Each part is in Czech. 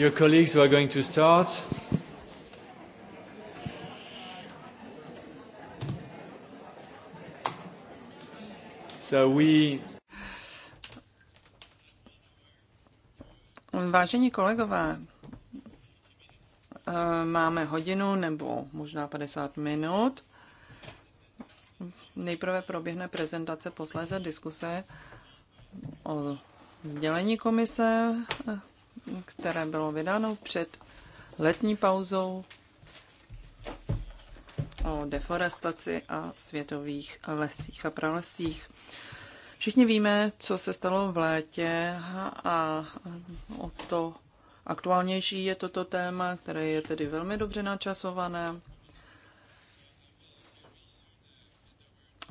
Dear colleagues, we are going to start. So we... Vážení kolegové, eh, máme hodinu nebo možná 50 minut. Nejprve proběhne prezentace, posléze diskuse o sdělení komise které bylo vydáno před letní pauzou o deforestaci a světových lesích a pralesích. Všichni víme, co se stalo v létě a o to aktuálnější je toto téma, které je tedy velmi dobře načasované.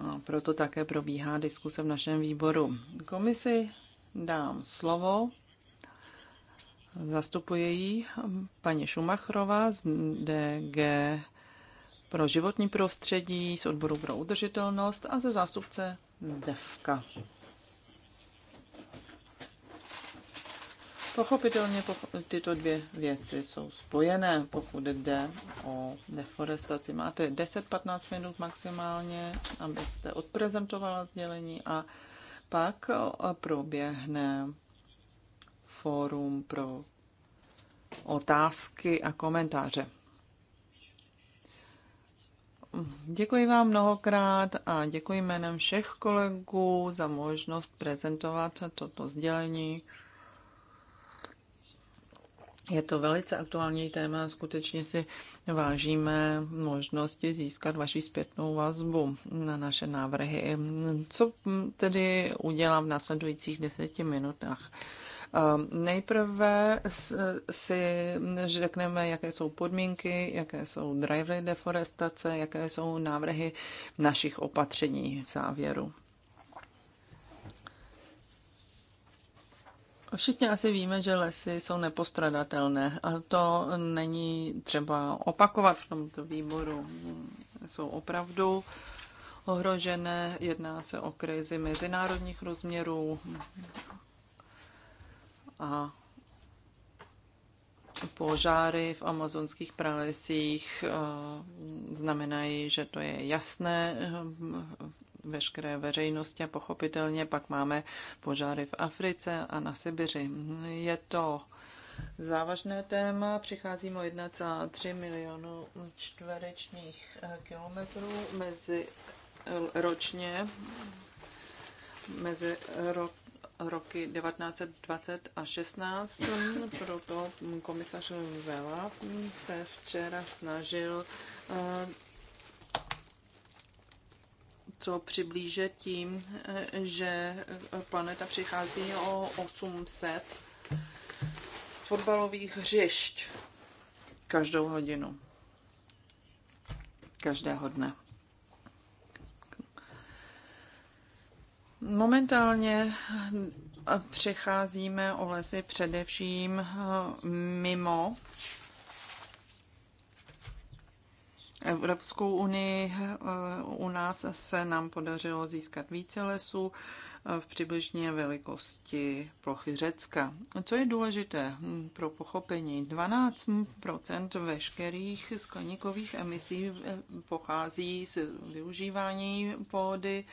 A proto také probíhá diskuse v našem výboru. Komisi dám slovo Zastupuje ji um, paní Šumachrova z DG pro životní prostředí, z odboru pro udržitelnost a ze zástupce DEVKA. Pochopitelně tyto dvě věci jsou spojené, pokud jde o deforestaci. Máte 10-15 minut maximálně, abyste odprezentovala sdělení a pak proběhne fórum pro otázky a komentáře. Děkuji vám mnohokrát a děkuji jménem všech kolegů za možnost prezentovat toto sdělení. Je to velice aktuální téma, skutečně si vážíme možnosti získat vaši zpětnou vazbu na naše návrhy. Co tedy udělám v následujících deseti minutách? Ehm, nejprve si řekneme, jaké jsou podmínky, jaké jsou drivery deforestace, jaké jsou návrhy našich opatření v závěru. Všichni asi víme, že lesy jsou nepostradatelné a to není třeba opakovat v tomto výboru. Jsou opravdu ohrožené, jedná se o krizi mezinárodních rozměrů, a požáry v amazonských pralesích eh, znamenají, že to je jasné eh, veškeré veřejnosti a pochopitelně pak máme požáry v Africe a na Sibiři. Je to závažné téma, přicházíme o 1,3 milionu čtverečních eh, kilometrů mezi ročně mezi rok roky 1920 a 16. Proto komisař Vela se včera snažil to eh, přiblíže tím, eh, že planeta přichází o 800 fotbalových hřišť každou hodinu, každého dne. Momentálně eh, přecházíme o lesy především eh, mimo Evropskou unii. Eh, u nás se nám podařilo získat více lesů v přibližně velikosti plochy Řecka. Co je důležité hm, pro pochopení? 12 veškerých skleníkových emisí pochází z využívání půdy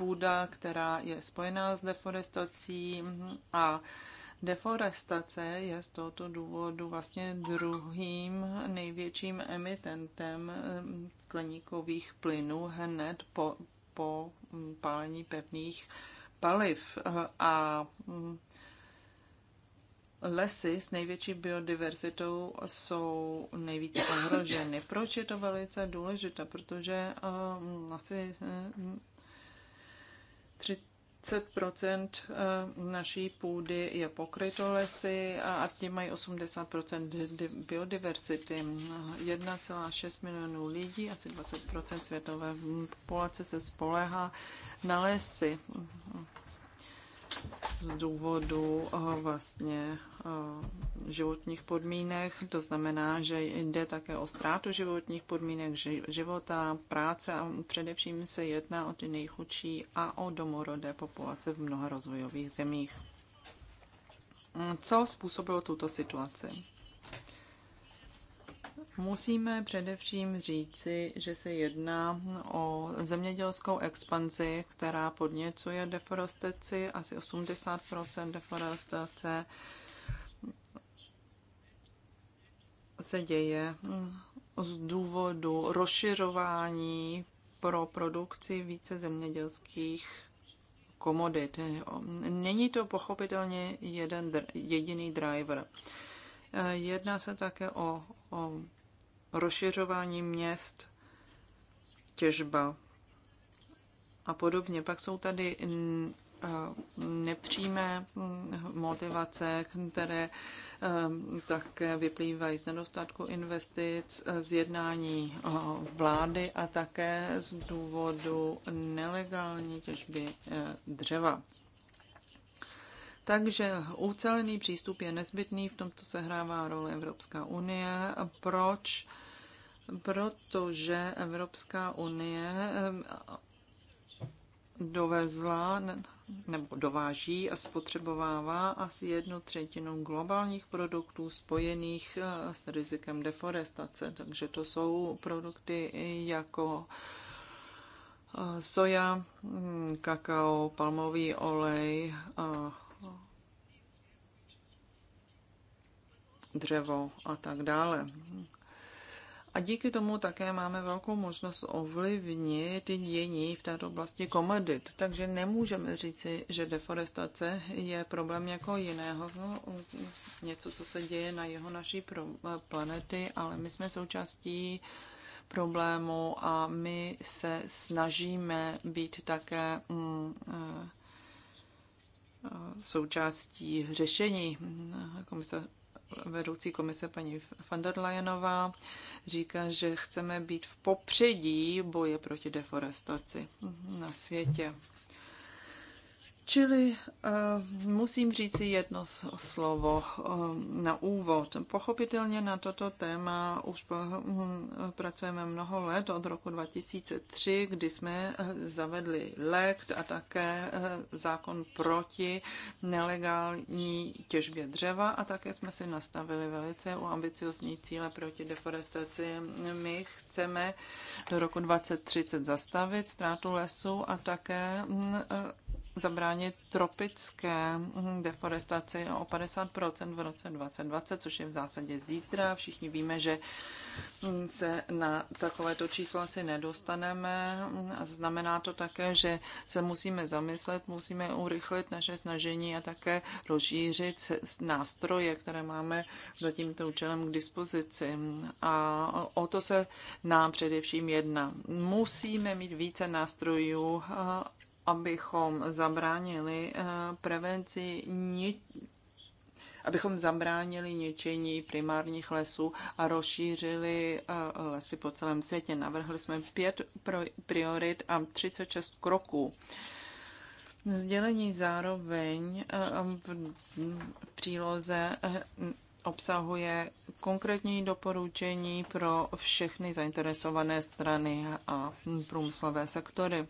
půda, která je spojená s deforestací mhm, a Deforestace je z tohoto důvodu vlastně druhým největším emitentem mhm, skleníkových plynů hned po, po mhm, pálení pevných paliv. A lesy s největší biodiverzitou jsou nejvíce ohroženy. Proč je to velice důležité? Protože um, asi 30 eh, naší půdy je pokryto lesy a tím mají 80 biodiverzity. 1,6 milionů lidí, asi 20 světové populace se spolehá na lesy z důvodu eh, vlastně eh, životních podmínek. To znamená, že jde také o ztrátu životních podmínek života, práce a především se jedná o ty nejchudší a o domorodé populace v mnoha rozvojových zemích. Co způsobilo tuto situaci? Musíme především říci, že se jedná o zemědělskou expanzi, která podněcuje deforestaci, asi 80 deforestace se děje z důvodu rozšiřování pro produkci více zemědělských komodit. Není to pochopitelně jeden jediný driver. Jedná se také o, o rozšiřování měst, těžba a podobně. Pak jsou tady nepřímé motivace, které také vyplývají z nedostatku investic, z jednání vlády a také z důvodu nelegální těžby e, dřeva. Takže ucelený přístup je nezbytný, v tomto se hrává role Evropská unie. Proč? Protože Evropská unie dovezla nebo dováží a spotřebovává asi jednu třetinu globálních produktů spojených eh, s rizikem deforestace. Takže to jsou produkty jako eh, soja, mm, kakao, palmový olej, eh, dřevo a tak dále. A díky tomu také máme velkou možnost ovlivnit dění v této oblasti komodit. Takže nemůžeme říci, že deforestace je problém jako jiného, no, něco, co se děje na jeho naší planety, ale my jsme součástí problému a my se snažíme být také mm, eh, součástí řešení. Komisař vedoucí komise paní van der Leyenová říká, že chceme být v popředí boje proti deforestaci na světě. Čili uh, musím říci jedno slovo uh, na úvod. Pochopitelně na toto téma už po, um, pracujeme mnoho let, od roku 2003, kdy jsme eh, zavedli lekt a také uh, zákon proti nelegální těžbě dřeva a také jsme si nastavili velice u ambiciozní cíle proti deforestaci. My chceme do roku 2030 zastavit ztrátu lesů a také um, zabránit tropické mhm, deforestaci o 50% v roce 2020, což je v zásadě zítra. Všichni víme, že mhm, se na takovéto číslo asi nedostaneme. A znamená to také, že se musíme zamyslet, musíme urychlit naše snažení a také rozšířit nástroje, které máme za tímto účelem k dispozici. A o to se nám především jedná. Musíme mít více nástrojů abychom zabránili eh, prevenci abychom zabránili ničení primárních lesů a rozšířili eh, lesy po celém světě. Navrhli jsme pět priorit a 36 kroků. Sdělení zároveň eh, v příloze obsahuje konkrétní doporučení pro všechny zainteresované strany a průmyslové sektory.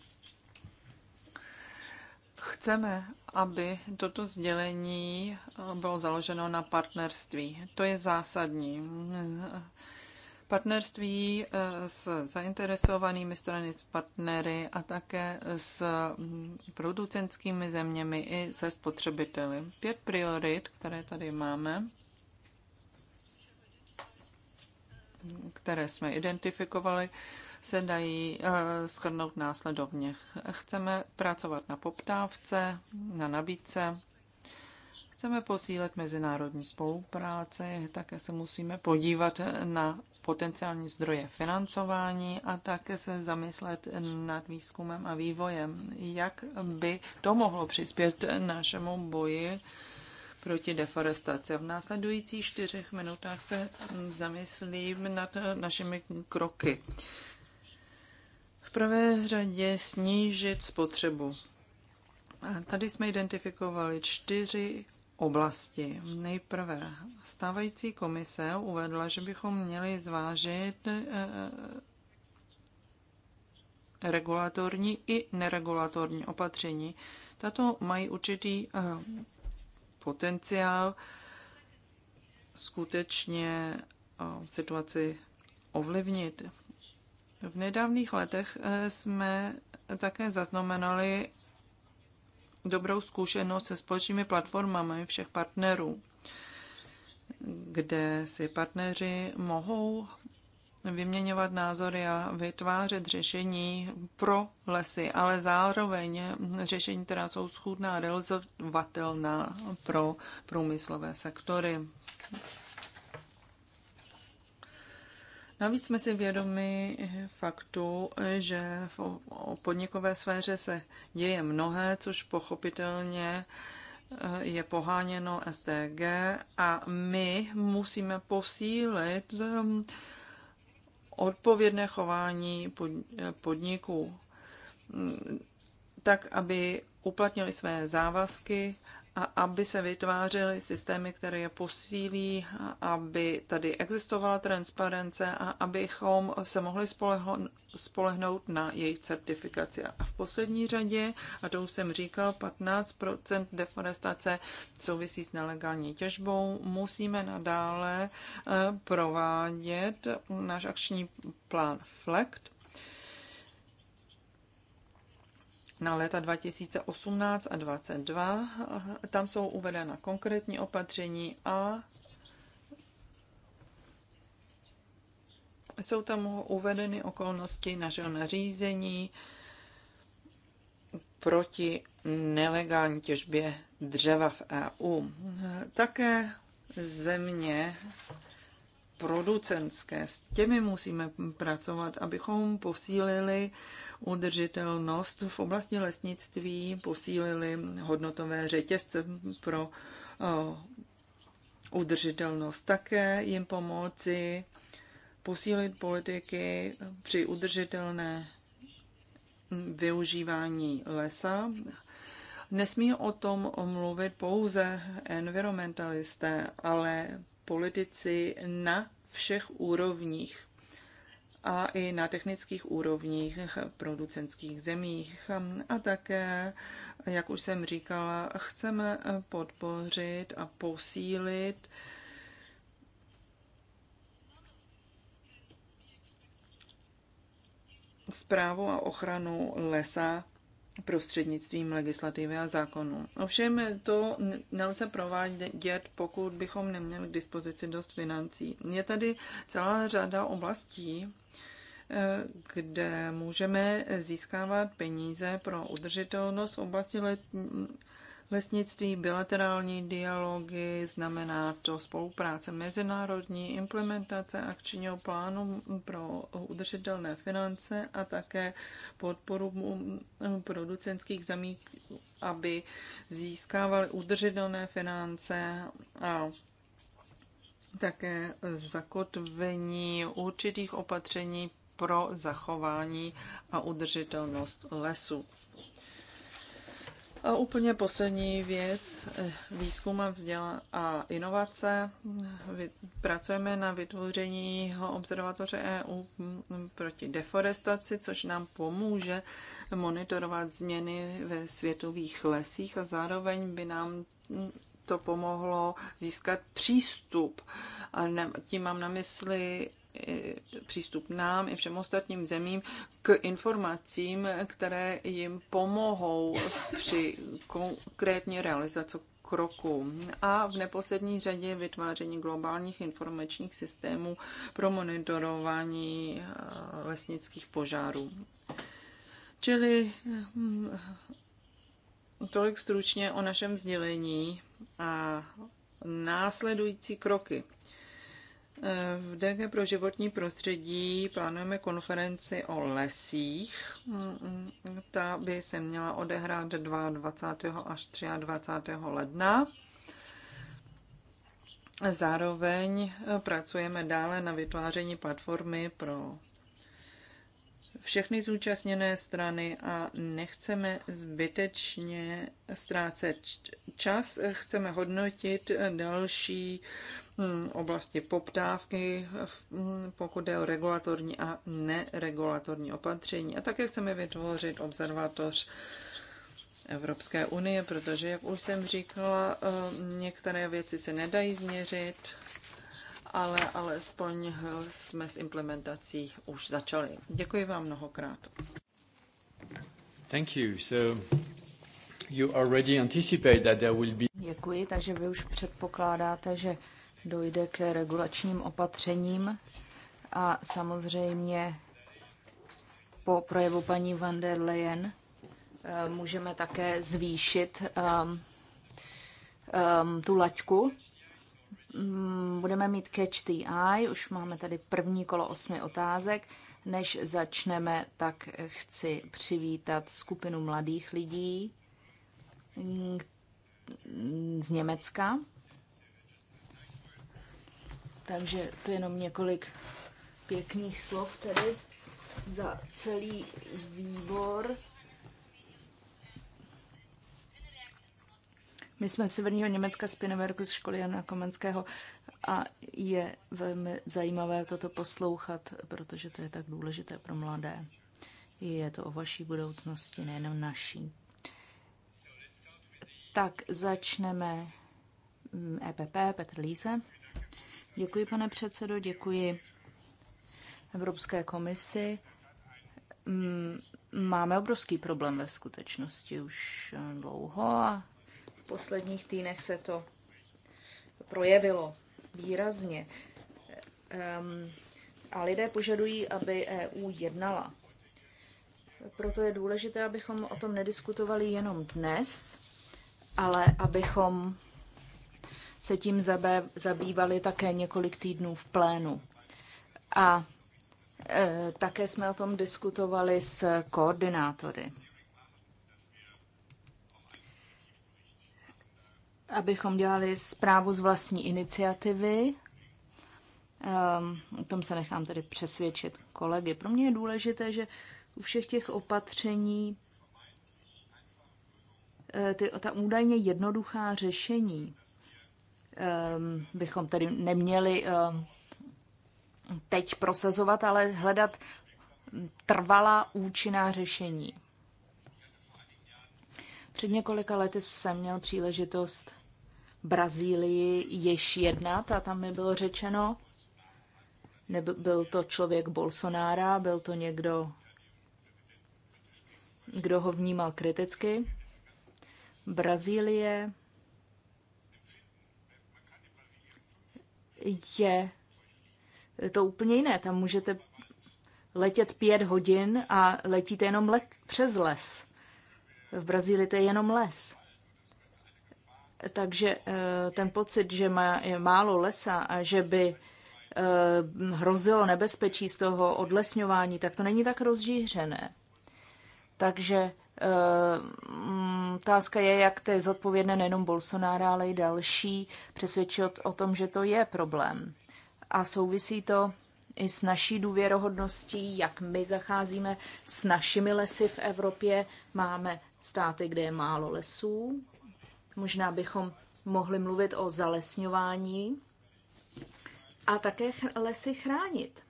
Chceme, aby toto sdělení eh, bylo založeno na partnerství. To je zásadní. Partnerství eh, s zainteresovanými strany, s partnery a také s mm, producentskými zeměmi i se spotřebiteli. Pět priorit, které tady máme, které jsme identifikovali, se dají eh, schrnout následovně. Chceme pracovat na poptávce, na nabídce, chceme posílit mezinárodní spolupráci, také se musíme podívat na potenciální zdroje financování a také se zamyslet nad výzkumem a vývojem, jak by to mohlo přispět našemu boji proti deforestaci. V následujících čtyřech minutách se zamyslím nad našimi kroky prvé řadě snížit spotřebu. A tady jsme identifikovali čtyři oblasti. Nejprve stávající komise uvedla, že bychom měli zvážit eh, eh, regulatorní i neregulatorní opatření. Tato mají určitý eh, potenciál skutečně situaci ovlivnit. V nedávných letech eh, jsme také zaznamenali dobrou zkušenost se společnými platformami všech partnerů, kde si partneři mohou vyměňovat názory a vytvářet řešení pro lesy, ale zároveň řešení, která jsou schůdná a realizovatelná pro průmyslové sektory Navíc jsme si vědomi faktu, že v podnikové sféře se děje mnohé, což pochopitelně eh, je poháněno SDG a my musíme posílit ehm, odpovědné chování podniků mm, tak, aby uplatnili své závazky a aby se vytvářely systémy, které je posílí, aby tady existovala transparence a abychom se mohli spolehnout na jejich certifikaci. A v poslední řadě, a to už jsem říkal, 15 deforestace souvisí s nelegální těžbou. Musíme nadále eh, provádět náš akční plán FLECT, na léta 2018 a 2022. Tam jsou uvedena konkrétní opatření a jsou tam uvedeny okolnosti našeho nařízení proti nelegální těžbě dřeva v EU. Také země producentské, s těmi musíme pracovat, abychom posílili uh, udržitelnost v oblasti lesnictví posílili hodnotové řetězce pro eh, udržitelnost. Také jim pomoci posílit politiky při udržitelné využívání lesa. Nesmí o tom mluvit pouze environmentalisté, ale politici na všech úrovních a i na technických úrovních producentských zemích. A také, jak už jsem říkala, chceme podpořit a posílit zprávu a ochranu lesa prostřednictvím legislativy a zákonů. Ovšem to nelze provádět, pokud bychom neměli k dispozici dost financí. Je tady celá řada oblastí, eh, kde můžeme získávat peníze pro udržitelnost v oblasti lesnictví, bilaterální dialogy, znamená to spolupráce mezinárodní, implementace akčního plánu pro udržitelné finance a také podporu producentských zemí, aby získávali udržitelné finance a také zakotvení určitých opatření pro zachování a udržitelnost lesu. A úplně poslední věc, eh, výzkum a, vzděla- a inovace. Pracujeme na vytvoření observatoře EU mm, proti deforestaci, což nám pomůže monitorovat změny ve světových lesích a zároveň by nám mm, to pomohlo získat přístup. A tím mám na mysli přístup nám i všem ostatním zemím k informacím, které jim pomohou při konkrétní realizaci kroku a v neposlední řadě vytváření globálních informačních systémů pro monitorování eh, lesnických požárů. Čili hm, tolik stručně o našem sdělení a následující kroky. V DG pro životní prostředí plánujeme konferenci o lesích. Ta by se měla odehrát 22. až 23. ledna. Zároveň pracujeme dále na vytváření platformy pro všechny zúčastněné strany a nechceme zbytečně ztrácet čas. Chceme hodnotit další hm, oblasti poptávky, hm, pokud je o regulatorní a neregulatorní opatření. A také chceme vytvořit observatoř Evropské unie, protože, jak už jsem říkala, hm, některé věci se nedají změřit ale alespoň eh, jsme s implementací už začali. Děkuji vám mnohokrát. Thank you. So you already anticipate that there will be... Děkuji, takže vy už předpokládáte, že dojde k regulačním opatřením a samozřejmě po projevu paní van der Leyen eh, můžeme také zvýšit um, um, tu laťku Mm, budeme mít catch the eye, už máme tady první kolo osmi otázek. Než začneme, tak chci přivítat skupinu mladých lidí mm, z Německa. Takže to je jenom několik pěkných slov tedy za celý výbor. My jsme z severního Německa z Pineberku z školy Jana Komenského a je velmi zajímavé toto poslouchat, protože to je tak důležité pro mladé. Je to o vaší budoucnosti, nejenom naší. Tak začneme mm, EPP, Petr Líze. Děkuji, pane předsedo, děkuji Evropské komisi. Mm, máme obrovský problém ve skutečnosti už eh, dlouho a posledních týdnech se to projevilo výrazně. Um, a lidé požadují, aby EU jednala. Proto je důležité, abychom o tom nediskutovali jenom dnes, ale abychom se tím zabývali také několik týdnů v plénu. A e, také jsme o tom diskutovali s koordinátory. abychom dělali zprávu z vlastní iniciativy. Ehm, o tom se nechám tedy přesvědčit kolegy. Pro mě je důležité, že u všech těch opatření eh, ty, ta údajně jednoduchá řešení ehm, bychom tedy neměli ehm, teď prosazovat, ale hledat trvalá účinná řešení. Před několika lety jsem měl příležitost Brazílii již jednat a tam mi bylo řečeno, nebyl byl to člověk Bolsonára, byl to někdo, kdo ho vnímal kriticky. Brazílie je to úplně jiné. Tam můžete letět pět hodin a letíte jenom le- přes les. V Brazílii to je jenom les. Takže eh, ten pocit, že má, je málo lesa a že by eh, hrozilo nebezpečí z toho odlesňování, tak to není tak rozžířené. Takže eh, mm, otázka je, jak to je zodpovědné nejenom Bolsonára, ale i další přesvědčit o tom, že to je problém. A souvisí to i s naší důvěrohodností, jak my zacházíme s našimi lesy v Evropě. Máme státy, kde je málo lesů, Možná bychom mohli mluvit o zalesňování a také lesy chránit.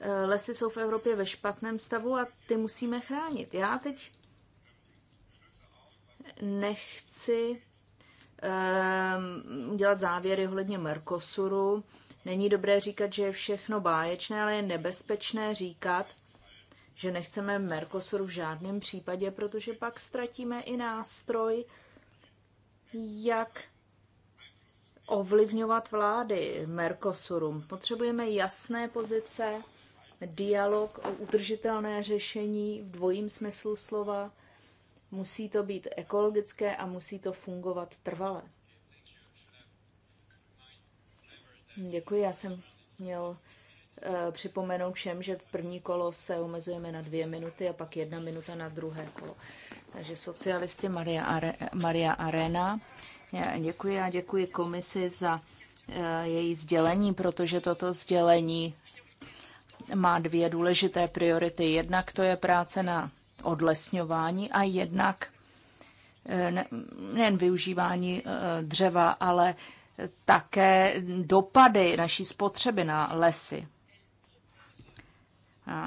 E, lesy jsou v Evropě ve špatném stavu a ty musíme chránit. Já teď nechci um, dělat závěry ohledně Mercosuru. Není dobré říkat, že je všechno báječné, ale je nebezpečné říkat, že nechceme Mercosur v žádném případě, protože pak ztratíme i nástroj, jak ovlivňovat vlády Mercosurum. Potřebujeme jasné pozice, dialog o udržitelné řešení v dvojím smyslu slova. Musí to být ekologické a musí to fungovat trvale. Děkuji, já jsem měl Eh, připomenout všem, že první kolo se omezujeme na dvě minuty a pak jedna minuta na druhé kolo. Takže socialisti Maria, Are, Maria Arena. Já děkuji a děkuji komisi za eh, její sdělení, protože toto sdělení má dvě důležité priority. Jednak to je práce na odlesňování a jednak eh, nejen využívání dřeva, ale také dopady naší spotřeby na lesy.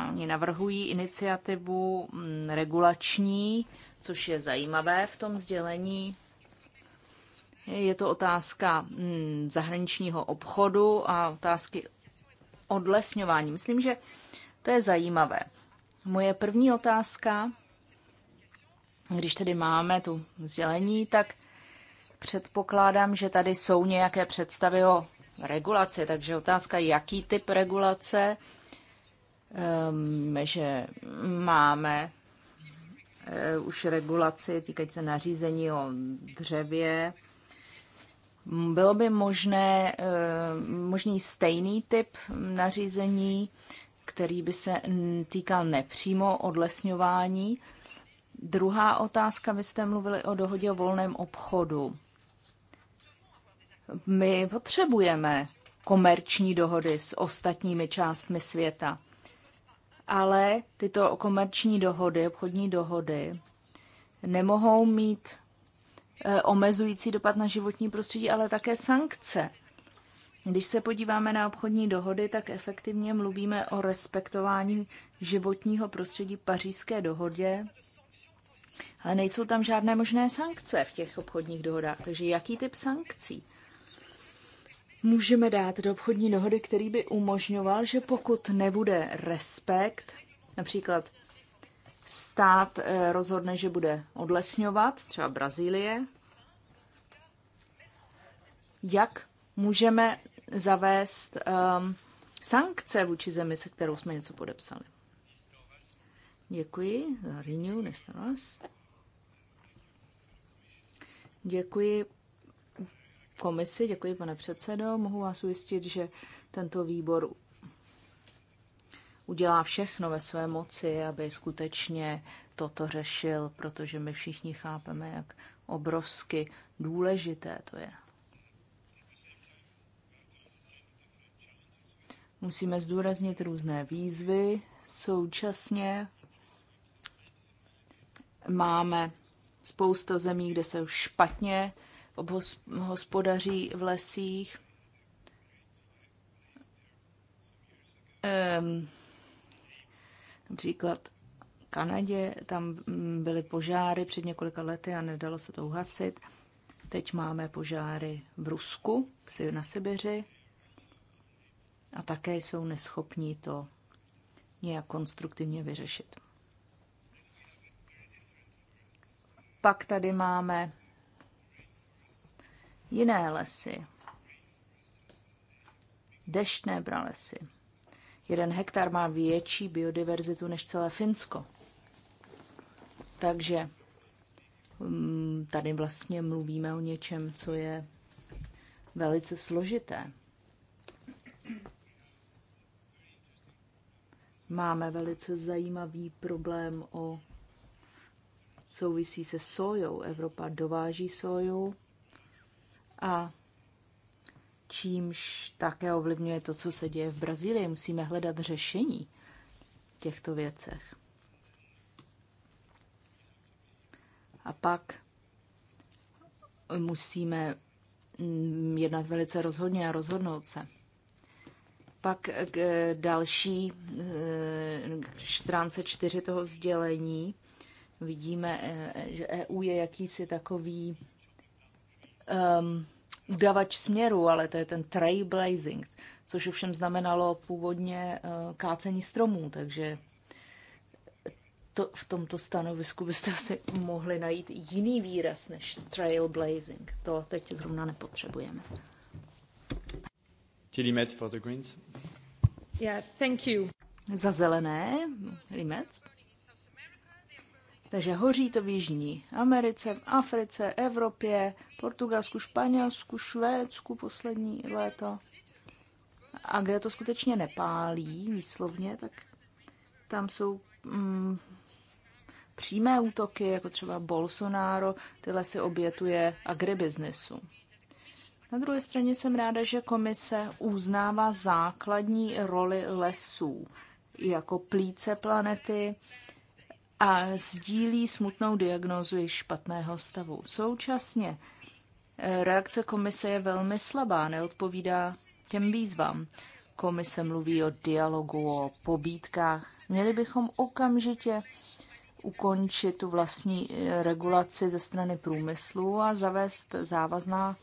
Oni navrhují iniciativu mm, regulační, což je zajímavé v tom sdělení. Je to otázka mm, zahraničního obchodu a otázky odlesňování. Myslím, že to je zajímavé. Moje první otázka, když tedy máme tu sdělení, tak předpokládám, že tady jsou nějaké představy o regulaci, takže otázka, jaký typ regulace, Ehm, že máme eh, už regulaci týkající se nařízení o dřevě. Bylo by možné, ehm, možný stejný typ nařízení, který by se týkal nepřímo odlesňování. Druhá otázka, vy jste mluvili o dohodě o volném obchodu. My potřebujeme komerční dohody s ostatními částmi světa ale tyto komerční dohody, obchodní dohody, nemohou mít eh, omezující dopad na životní prostředí, ale také sankce. Když se podíváme na obchodní dohody, tak efektivně mluvíme o respektování životního prostředí pařížské dohodě, ale nejsou tam žádné možné sankce v těch obchodních dohodách. Takže jaký typ sankcí? můžeme dát do obchodní dohody, který by umožňoval, že pokud nebude respekt, například stát eh, rozhodne, že bude odlesňovat, třeba Brazílie, jak můžeme zavést um, sankce vůči zemi, se kterou jsme něco podepsali. Děkuji za Renew, Děkuji, komisi. Děkuji, pane předsedo. Mohu vás ujistit, že tento výbor udělá všechno ve své moci, aby skutečně toto řešil, protože my všichni chápeme, jak obrovsky důležité to je. Musíme zdůraznit různé výzvy. Současně máme spousta zemí, kde se špatně hospodaří v lesích. Um, například v Kanadě tam mm, byly požáry před několika lety a nedalo se to uhasit. Teď máme požáry v Rusku, na Sibiři a také jsou neschopní to nějak konstruktivně vyřešit. Pak tady máme jiné lesy, deštné pralesy. Jeden hektar má větší biodiverzitu než celé Finsko. Takže mm, tady vlastně mluvíme o něčem, co je velice složité. Máme velice zajímavý problém o souvisí se sojou. Evropa dováží soju, a čímž také ovlivňuje to, co se děje v Brazílii. Musíme hledat řešení v těchto věcech. A pak musíme jednat velice rozhodně a rozhodnout se. Pak k další eh, stránce čtyři toho sdělení vidíme, eh, že EU je jakýsi takový um, udavač směru, ale to je ten trailblazing, což ovšem znamenalo původně uh, kácení stromů, takže to, v tomto stanovisku byste asi mohli najít jiný výraz než trailblazing. To teď zrovna nepotřebujeme. Tilly for the Greens. Yeah, thank you. Za zelené, Rimec. Takže hoří to v Jižní Americe, v Africe, Evropě, Portugalsku, Španělsku, Švédsku poslední léto. A kde to skutečně nepálí výslovně, tak tam jsou mm, přímé útoky, jako třeba Bolsonaro, ty lesy obětuje agribiznesu. Na druhé straně jsem ráda, že komise uznává základní roli lesů jako plíce planety, a sdílí smutnou diagnózu již špatného stavu. Současně eh, reakce komise je velmi slabá, neodpovídá těm výzvám. Komise mluví o dialogu, o pobídkách. Měli bychom okamžitě ukončit tu vlastní eh, regulaci ze strany průmyslu a zavést závazná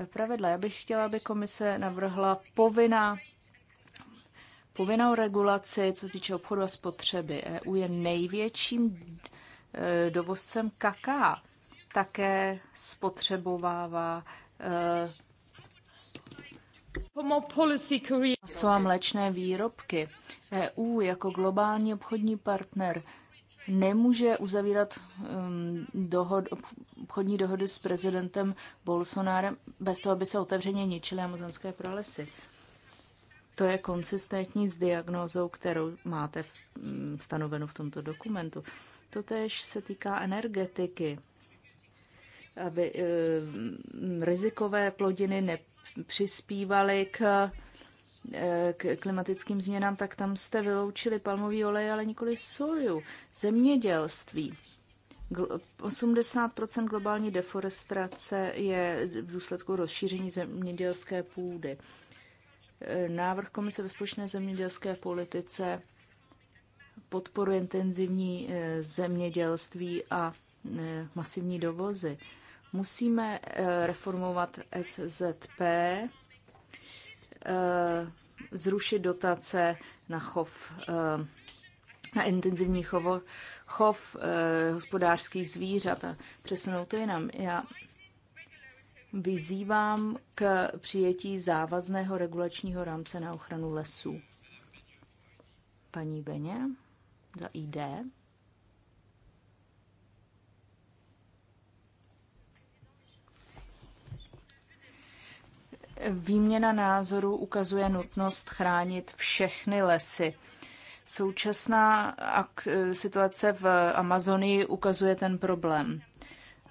eh, pravidla. Já bych chtěla, aby komise navrhla povinná povinnou regulaci, co týče obchodu a spotřeby. EU je největším e, dovozcem kaká. Také spotřebovává maso e, a mléčné výrobky. EU jako globální obchodní partner nemůže uzavírat um, dohod, obchodní dohody s prezidentem Bolsonárem bez toho, aby se otevřeně ničily amazonské pralesy. To je konsistentní s diagnózou, kterou máte v, mm, stanovenu v tomto dokumentu. Totež se týká energetiky, aby e, rizikové plodiny nepřispívaly k, e, k klimatickým změnám, tak tam jste vyloučili palmový olej, ale nikoli soju. Zemědělství. 80 globální deforestace je v důsledku rozšíření zemědělské půdy. Návrh Komise ve společné zemědělské politice podporuje intenzivní eh, zemědělství a eh, masivní dovozy. Musíme eh, reformovat SZP, zrušit dotace na chov, na intenzivní chov, chov hospodářských zvířat a přesunout to jinam. Já Vyzývám k přijetí závazného regulačního rámce na ochranu lesů. Paní Beně za ID. Výměna názoru ukazuje nutnost chránit všechny lesy. Současná situace v Amazonii ukazuje ten problém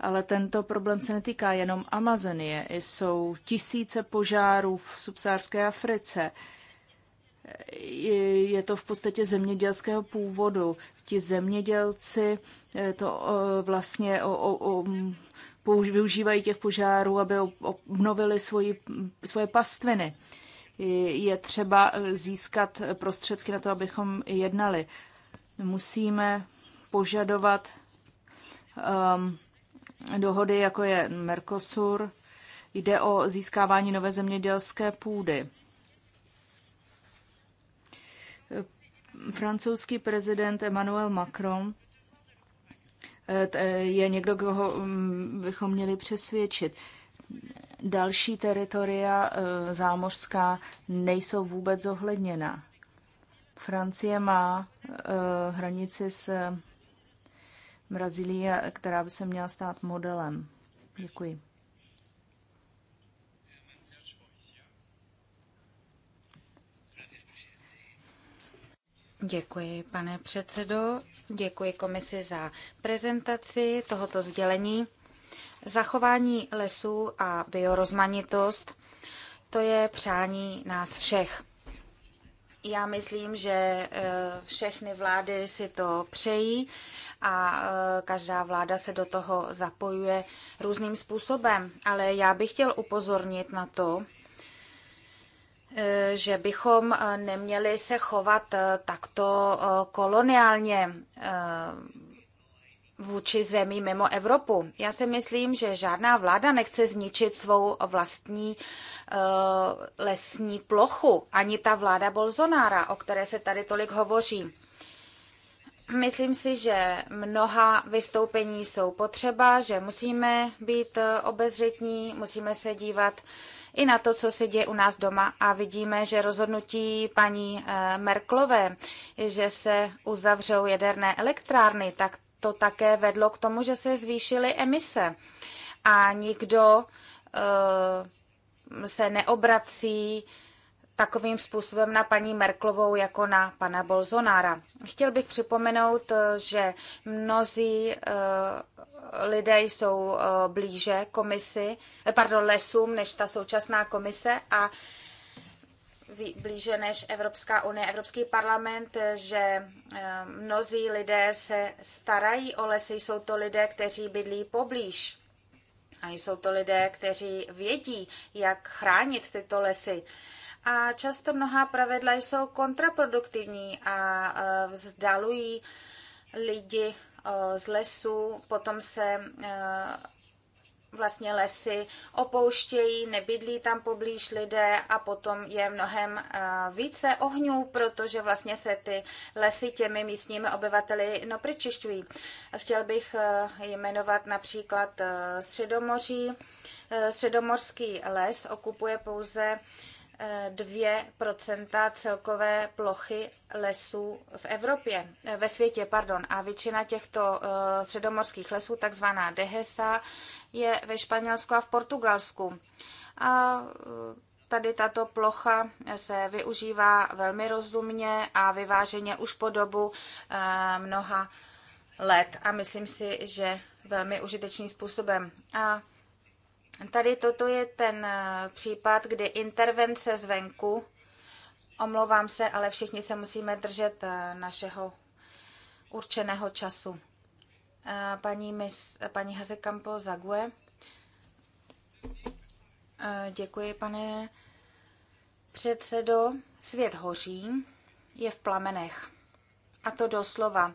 ale tento problém se netýká jenom Amazonie. Jsou tisíce požárů v subsárské Africe. Je to v podstatě zemědělského původu. Ti zemědělci eh, to eh, vlastně o, o, o, využívají těch požárů, aby obnovili svoji, svoje pastviny. Je třeba eh, získat prostředky na to, abychom jednali. Musíme požadovat um, dohody, jako je Mercosur, jde o získávání nové zemědělské půdy. Francouzský prezident Emmanuel Macron eh, eh, je někdo, koho mm, bychom měli přesvědčit. Další teritoria eh, zámořská nejsou vůbec zohledněna. Francie má hranici s Brazílie, která by se měla stát modelem. Děkuji. Děkuji, pane předsedo. Děkuji komisi za prezentaci tohoto sdělení. Zachování lesů a biorozmanitost, to je přání nás všech. Já myslím, že eh, všechny vlády si to přejí a eh, každá vláda se do toho zapojuje různým způsobem. Ale já bych chtěl upozornit na to, eh, že bychom neměli se chovat takto koloniálně vůči zemí mimo Evropu. Já si myslím, že žádná vláda nechce zničit svou vlastní uh, lesní plochu, ani ta vláda Bolzonára, o které se tady tolik hovoří. Myslím si, že mnoha vystoupení jsou potřeba, že musíme být eh, obezřetní, musíme se dívat i na to, co se děje u nás doma a vidíme, že rozhodnutí paní eh, Merklové, že se uzavřou jaderné elektrárny, tak to také vedlo k tomu, že se zvýšily emise. A nikdo eh, se neobrací takovým způsobem na paní Merklovou jako na pana Bolzonára. Chtěl bych připomenout, eh, že mnozí eh, lidé jsou blíže komisi, pardon, lesům než ta současná komise a blíže než Evropská unie, Evropský parlament, že eh, mnozí lidé se starají o lesy, jsou to lidé, kteří bydlí poblíž. A jsou to lidé, kteří vědí, jak chránit tyto lesy. A často mnohá pravidla jsou kontraproduktivní a eh, vzdalují lidi eh, z lesu, potom se vlastně lesy opouštějí, nebydlí tam poblíž lidé a potom je mnohem eh, více ohňů, protože vlastně se ty lesy těmi místními obyvateli no prečišťují. Chtěl bych eh, jmenovat například eh, Středomoří. Středomorský les okupuje pouze 2 celkové plochy lesů v Evropě, ve světě, pardon. A většina těchto středomorských lesů, takzvaná dehesa, je ve Španělsku a v Portugalsku. A e, tady tato plocha se využívá velmi rozumně a vyváženě už po dobu e, mnoha let a myslím si, že velmi užitečným způsobem. A tady toto je ten e, případ, kdy intervence zvenku, omlouvám se, ale všichni se musíme držet našeho určeného času paní, mis, paní Campo Zague. Děkuji, pane předsedo. Svět hoří, je v plamenech. A to doslova.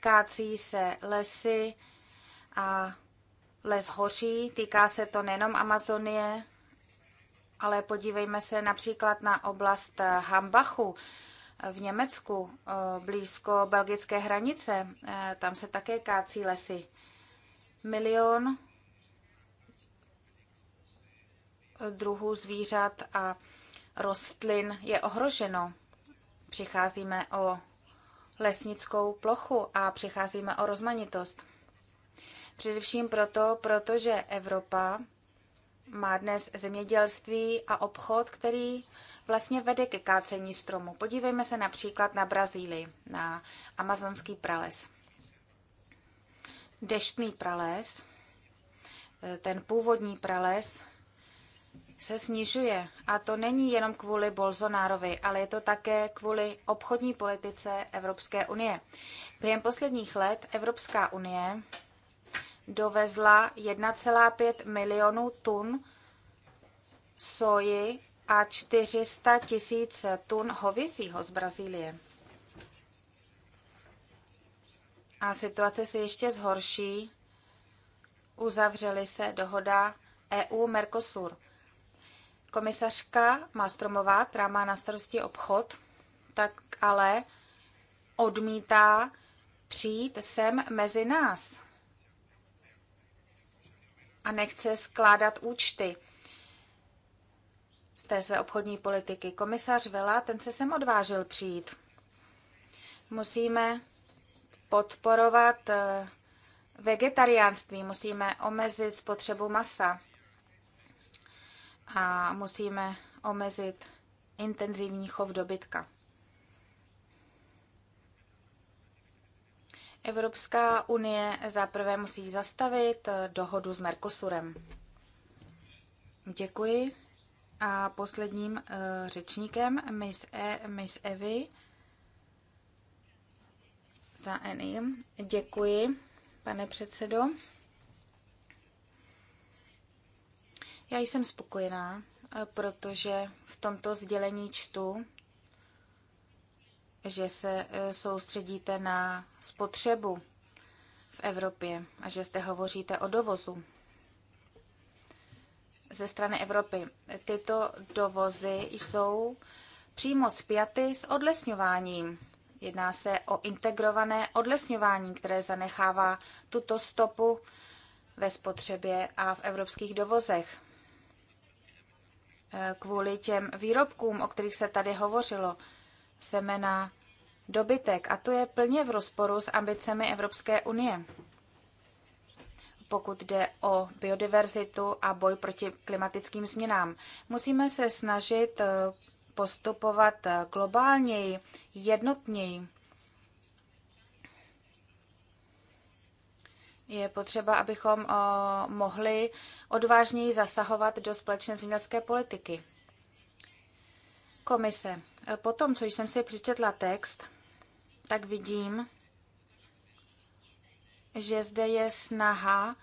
Kácí se lesy a les hoří. Týká se to nejenom Amazonie, ale podívejme se například na oblast Hambachu, v Německu, eh, blízko belgické hranice, eh, tam se také kácí lesy. Milion eh, druhů zvířat a rostlin je ohroženo. Přicházíme o lesnickou plochu a přicházíme o rozmanitost. Především proto, protože Evropa má dnes zemědělství a obchod, který vlastně vede ke kácení stromu. Podívejme se například na Brazílii, na amazonský prales. Deštný prales, eh, ten původní prales, se snižuje. A to není jenom kvůli Bolsonárovi, ale je to také kvůli obchodní politice Evropské unie. Během posledních let Evropská unie dovezla 1,5 milionů tun soji a 400 tisíc tun hovězího z Brazílie. A situace se ještě zhorší. Uzavřeli se dohoda EU-Mercosur. Komisařka Mastromová, která má na starosti obchod, tak ale odmítá přijít sem mezi nás a nechce skládat účty z té své obchodní politiky. Komisař Vela, ten se sem odvážil přijít. Musíme podporovat eh, vegetariánství, musíme omezit spotřebu masa a musíme omezit intenzivní chov dobytka. Evropská unie zaprvé musí zastavit eh, dohodu s Mercosurem. Děkuji. A posledním uh, řečníkem, Miss, e, Miss Evy za Eny. Děkuji, pane předsedo. Já jsem spokojená, eh, protože v tomto sdělení čtu, že se e, soustředíte na spotřebu v Evropě a že zde hovoříte o dovozu ze strany Evropy. Tyto dovozy jsou přímo spjaty s odlesňováním. Jedná se o integrované odlesňování, které zanechává tuto stopu ve spotřebě a v evropských dovozech. E, kvůli těm výrobkům, o kterých se tady hovořilo, semena, dobytek a to je plně v rozporu s ambicemi Evropské unie pokud jde o biodiverzitu a boj proti klimatickým změnám. Musíme se snažit eh, postupovat eh, globálněji, jednotněji. Je potřeba, abychom eh, mohli odvážněji zasahovat do společné zemědělské politiky. Komise. Potom, co jsem si přečetla text, tak vidím, že zde je snaha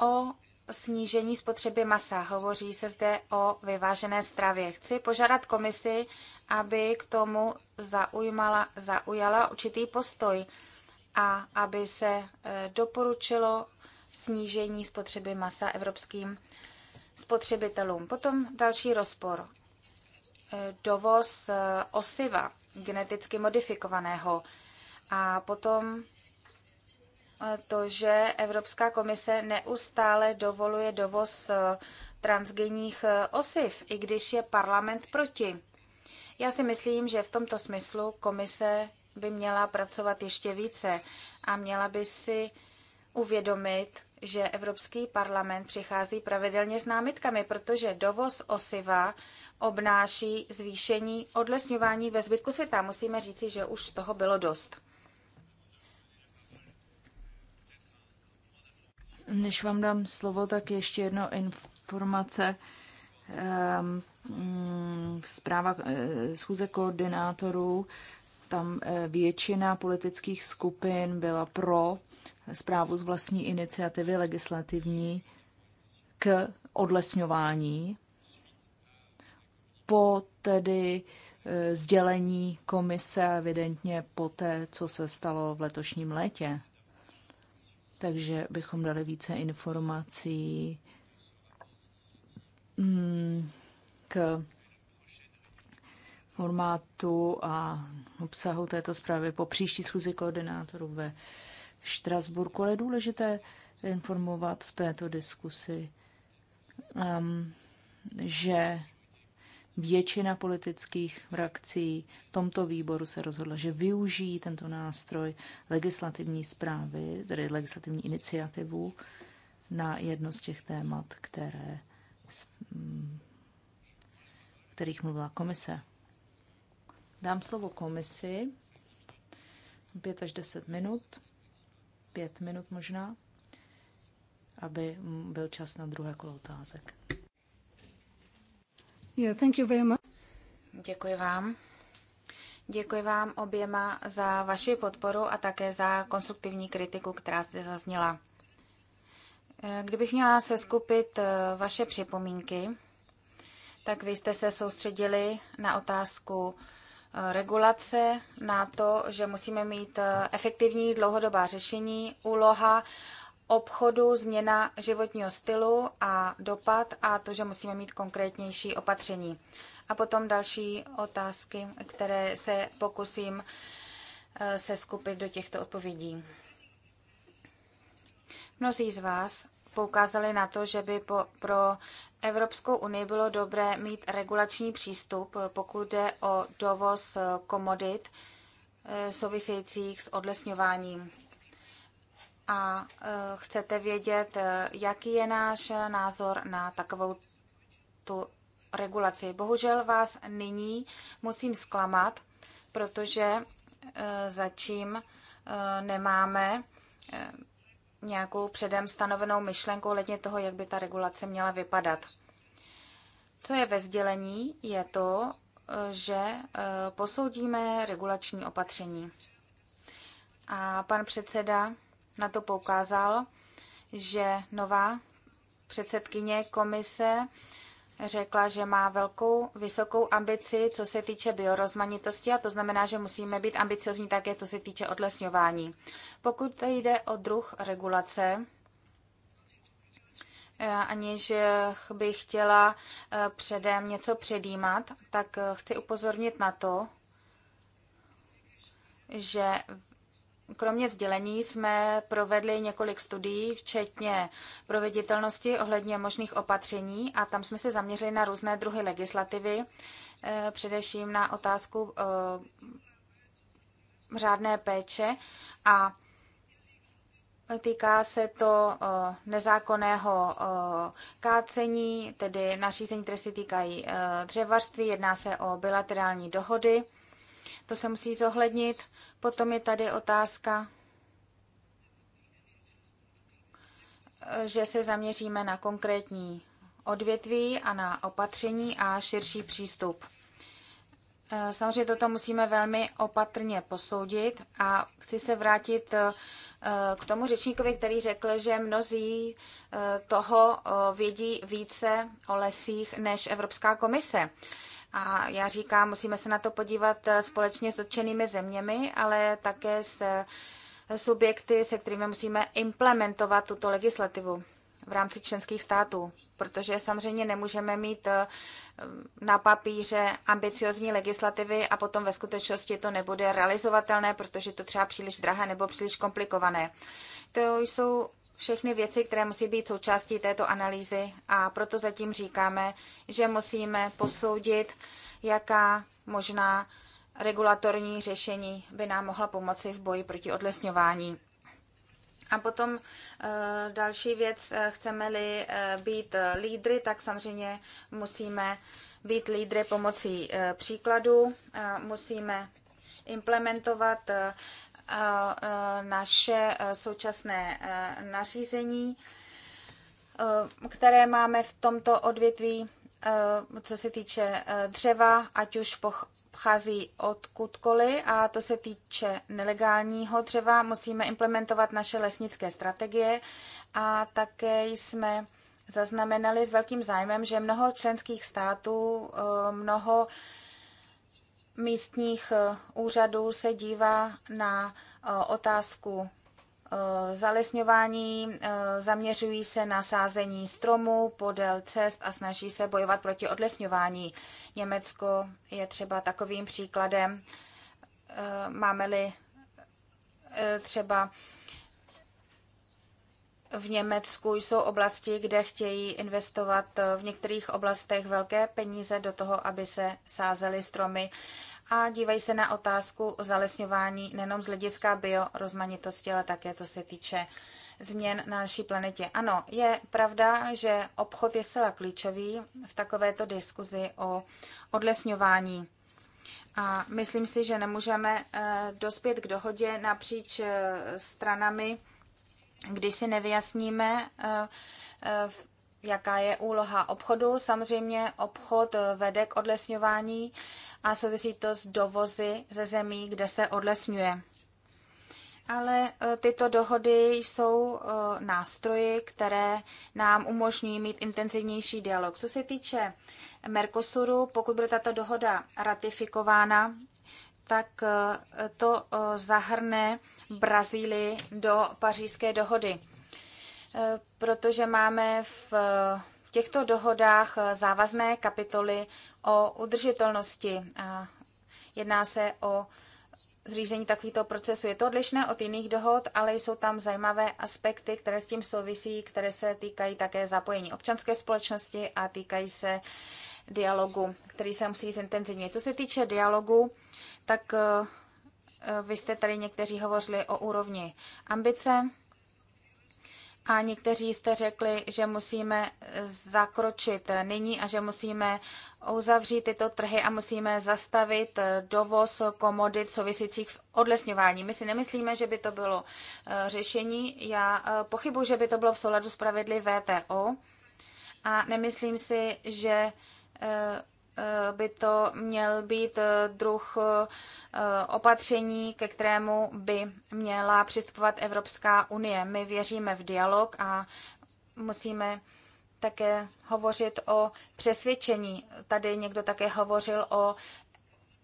o snížení spotřeby masa. Hovoří se zde o vyvážené stravě. Chci požádat komisi, aby k tomu zaujmala, zaujala určitý postoj a aby se eh, doporučilo snížení spotřeby masa evropským spotřebitelům. Potom další rozpor dovoz eh, osiva geneticky modifikovaného a potom eh, to, že Evropská komise neustále dovoluje dovoz eh, transgenních osiv, i když je parlament proti. Já si myslím, že v tomto smyslu komise by měla pracovat ještě více a měla by si uvědomit, že Evropský parlament přichází pravidelně s námitkami, protože dovoz osiva obnáší zvýšení odlesňování ve zbytku světa. Musíme říci, že už toho bylo dost. Než vám dám slovo, tak ještě jedno informace. Ehm, mm, zpráva eh, schůze koordinátorů, tam eh, většina politických skupin byla pro zprávu z vlastní iniciativy legislativní k odlesňování po tedy e, sdělení komise a evidentně po té, co se stalo v letošním létě. Takže bychom dali více informací mm, k formátu a obsahu této zprávy po příští schůzi koordinátorů ve Štrasburku, ale je důležité informovat v této diskusi, um, že většina politických frakcí v tomto výboru se rozhodla, že využijí tento nástroj legislativní zprávy, tedy legislativní iniciativu, na jedno z těch témat, které, kterých mluvila komise. Dám slovo komisi. Pět až deset minut. Pět minut možná, aby byl čas na druhé kolo otázek. Yeah, thank you very much. Děkuji vám. Děkuji vám oběma za vaši podporu a také za konstruktivní kritiku, která zde zazněla. Eh, kdybych měla se skupit eh, vaše připomínky, tak vy jste se soustředili na otázku eh, regulace, na to, že musíme mít efektivní dlouhodobá řešení, úloha obchodu, změna životního stylu a dopad a to, že musíme mít konkrétnější opatření. A potom další otázky, které se pokusím eh, se skupit do těchto odpovědí. Mnozí z vás poukázali na to, že by po, pro Evropskou unii bylo dobré mít regulační přístup, pokud jde o dovoz eh, komodit eh, souvisejících s odlesňováním a e, chcete vědět, e, jaký je náš názor na takovou tu regulaci. Bohužel vás nyní musím zklamat, protože e, zatím nemáme nějakou předem stanovenou myšlenku ohledně toho, jak by ta regulace měla vypadat. Co je ve sdělení, je to, že posoudíme regulační opatření. A pan předseda na to poukázal, že nová předsedkyně komise řekla, že má velkou, vysokou ambici, co se týče biorozmanitosti, a to znamená, že musíme být ambiciozní také, co se týče odlesňování. Pokud jde o druh regulace, eh, aniž bych chtěla eh, předem něco předjímat, tak eh, chci upozornit na to, že Kromě sdělení jsme provedli několik studií, včetně proveditelnosti ohledně možných opatření a tam jsme se zaměřili na různé druhy legislativy, eh, především na otázku eh, řádné péče a Týká se to eh, nezákonného kácení, tedy nařízení, které se týkají dřevařství. Jedná se o bilaterální dohody to se musí zohlednit. Potom je tady otázka, že se zaměříme na konkrétní odvětví a na opatření a širší přístup. Samozřejmě toto musíme velmi opatrně posoudit a chci se vrátit eh, k tomu řečníkovi, který řekl, že mnozí eh, toho eh, vědí více o lesích než Evropská komise. A já říkám, musíme se na to podívat eh, společně s dotčenými zeměmi, ale také s eh, subjekty, se kterými musíme implementovat tuto legislativu v rámci členských států, protože samozřejmě nemůžeme mít eh, na papíře ambiciozní legislativy a potom ve skutečnosti to nebude realizovatelné, protože to třeba příliš drahé nebo příliš komplikované. To jsou všechny věci, které musí být součástí této analýzy a proto zatím říkáme, že musíme posoudit, jaká možná regulatorní řešení by nám mohla pomoci v boji proti odlesňování. A potom eh, další věc, eh, chceme-li eh, být lídry, tak samozřejmě musíme být lídry pomocí příkladu, musíme implementovat naše současné nařízení, které máme v tomto odvětví, co se týče dřeva, ať už pochází odkudkoliv, a to se týče nelegálního dřeva, musíme implementovat naše lesnické strategie a také jsme zaznamenali s velkým zájmem, že mnoho členských států, mnoho místních eh, úřadů se dívá na eh, otázku eh, zalesňování, zaměřují se na sázení stromů podél cest a snaží se bojovat proti odlesňování. Německo je třeba takovým příkladem. Máme-li třeba v Německu jsou oblasti, kde chtějí investovat eh, v některých oblastech velké peníze do toho, aby se sázely stromy a dívají se na otázku zalesňování nejenom z hlediska biorozmanitosti, ale také co se týče změn na naší planetě. Ano, je pravda, že obchod je zcela klíčový v takovéto diskuzi o odlesňování. A myslím si, že nemůžeme eh, dospět k dohodě napříč eh, stranami, když si nevyjasníme, eh, eh, jaká je úloha obchodu. Samozřejmě obchod eh, vede k odlesňování a souvisí to s dovozy ze zemí, kde se odlesňuje. Ale tyto dohody jsou nástroji, které nám umožňují mít intenzivnější dialog. Co se týče Mercosuru, pokud bude tato dohoda ratifikována, tak to zahrne Brazílii do pařížské dohody, e, protože máme e, v těchto dohodách závazné kapitoly o udržitelnosti. A jedná se o zřízení takovýto procesu. Je to odlišné od jiných dohod, ale jsou tam zajímavé aspekty, které s tím souvisí, které se týkají také zapojení občanské společnosti a týkají se dialogu, který se musí zintenzivnit. Co se týče dialogu, tak e, vy jste tady někteří hovořili o úrovni ambice a někteří jste řekli, že musíme zakročit nyní a že musíme uzavřít tyto trhy a musíme zastavit dovoz komodit souvisících s odlesňováním. My si nemyslíme, že by to bylo eh, řešení. Já eh, pochybuji, že by to bylo v souladu s pravidly VTO a nemyslím si, že eh, Eh, by to měl být eh, druh eh, opatření, ke kterému by měla přistupovat Evropská unie. My věříme v dialog a musíme také hovořit o přesvědčení. Tady někdo také hovořil o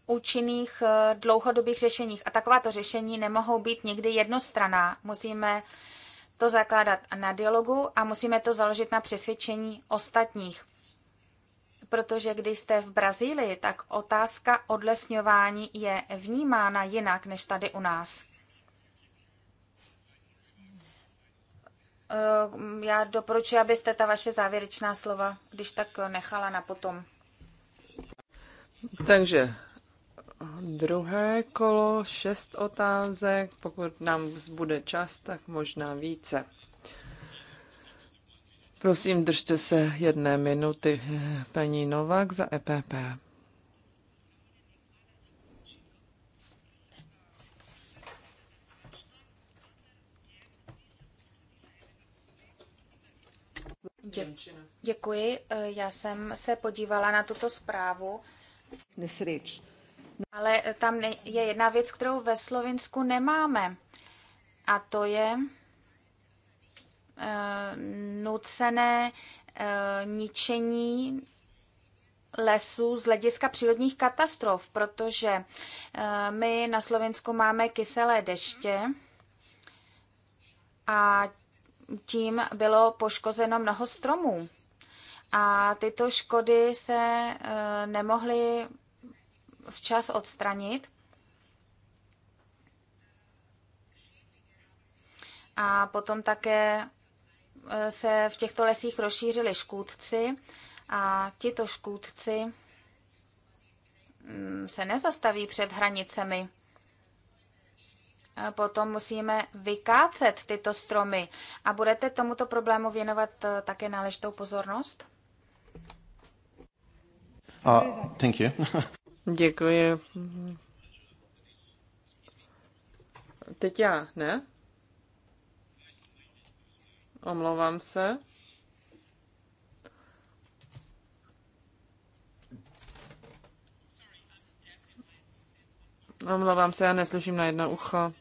účinných dlouhodobých řešeních. A takováto řešení nemohou být někdy jednostraná. Musíme to zakládat na dialogu a musíme to založit na přesvědčení ostatních protože když jste v Brazílii, tak otázka odlesňování je vnímána jinak než tady u nás. Eh, já doporučuji, abyste ta vaše závěrečná slova, když tak nechala na potom. Takže druhé kolo, šest otázek, pokud nám zbude čas, tak možná více. Prosím, držte se jedné minuty. Paní Novák za EPP. Děkuji. Já jsem se podívala na tuto zprávu. Ale tam je jedna věc, kterou ve Slovinsku nemáme. A to je Eh, nucené eh, ničení lesů z hlediska přírodních katastrof, protože eh, my na Slovensku máme kyselé deště a tím bylo poškozeno mnoho stromů. A tyto škody se nemohly včas odstranit. A potom také se v těchto lesích rozšířili škůdci a tito škůdci mm, se nezastaví před hranicemi. Potom musíme vykácet tyto stromy. A budete tomuto problému věnovat eh, také náležitou pozornost? Uh, thank you. Děkuji. Teď já, ne? Omlouvám se. Omlouvám se, já neslyším na jedno ucho.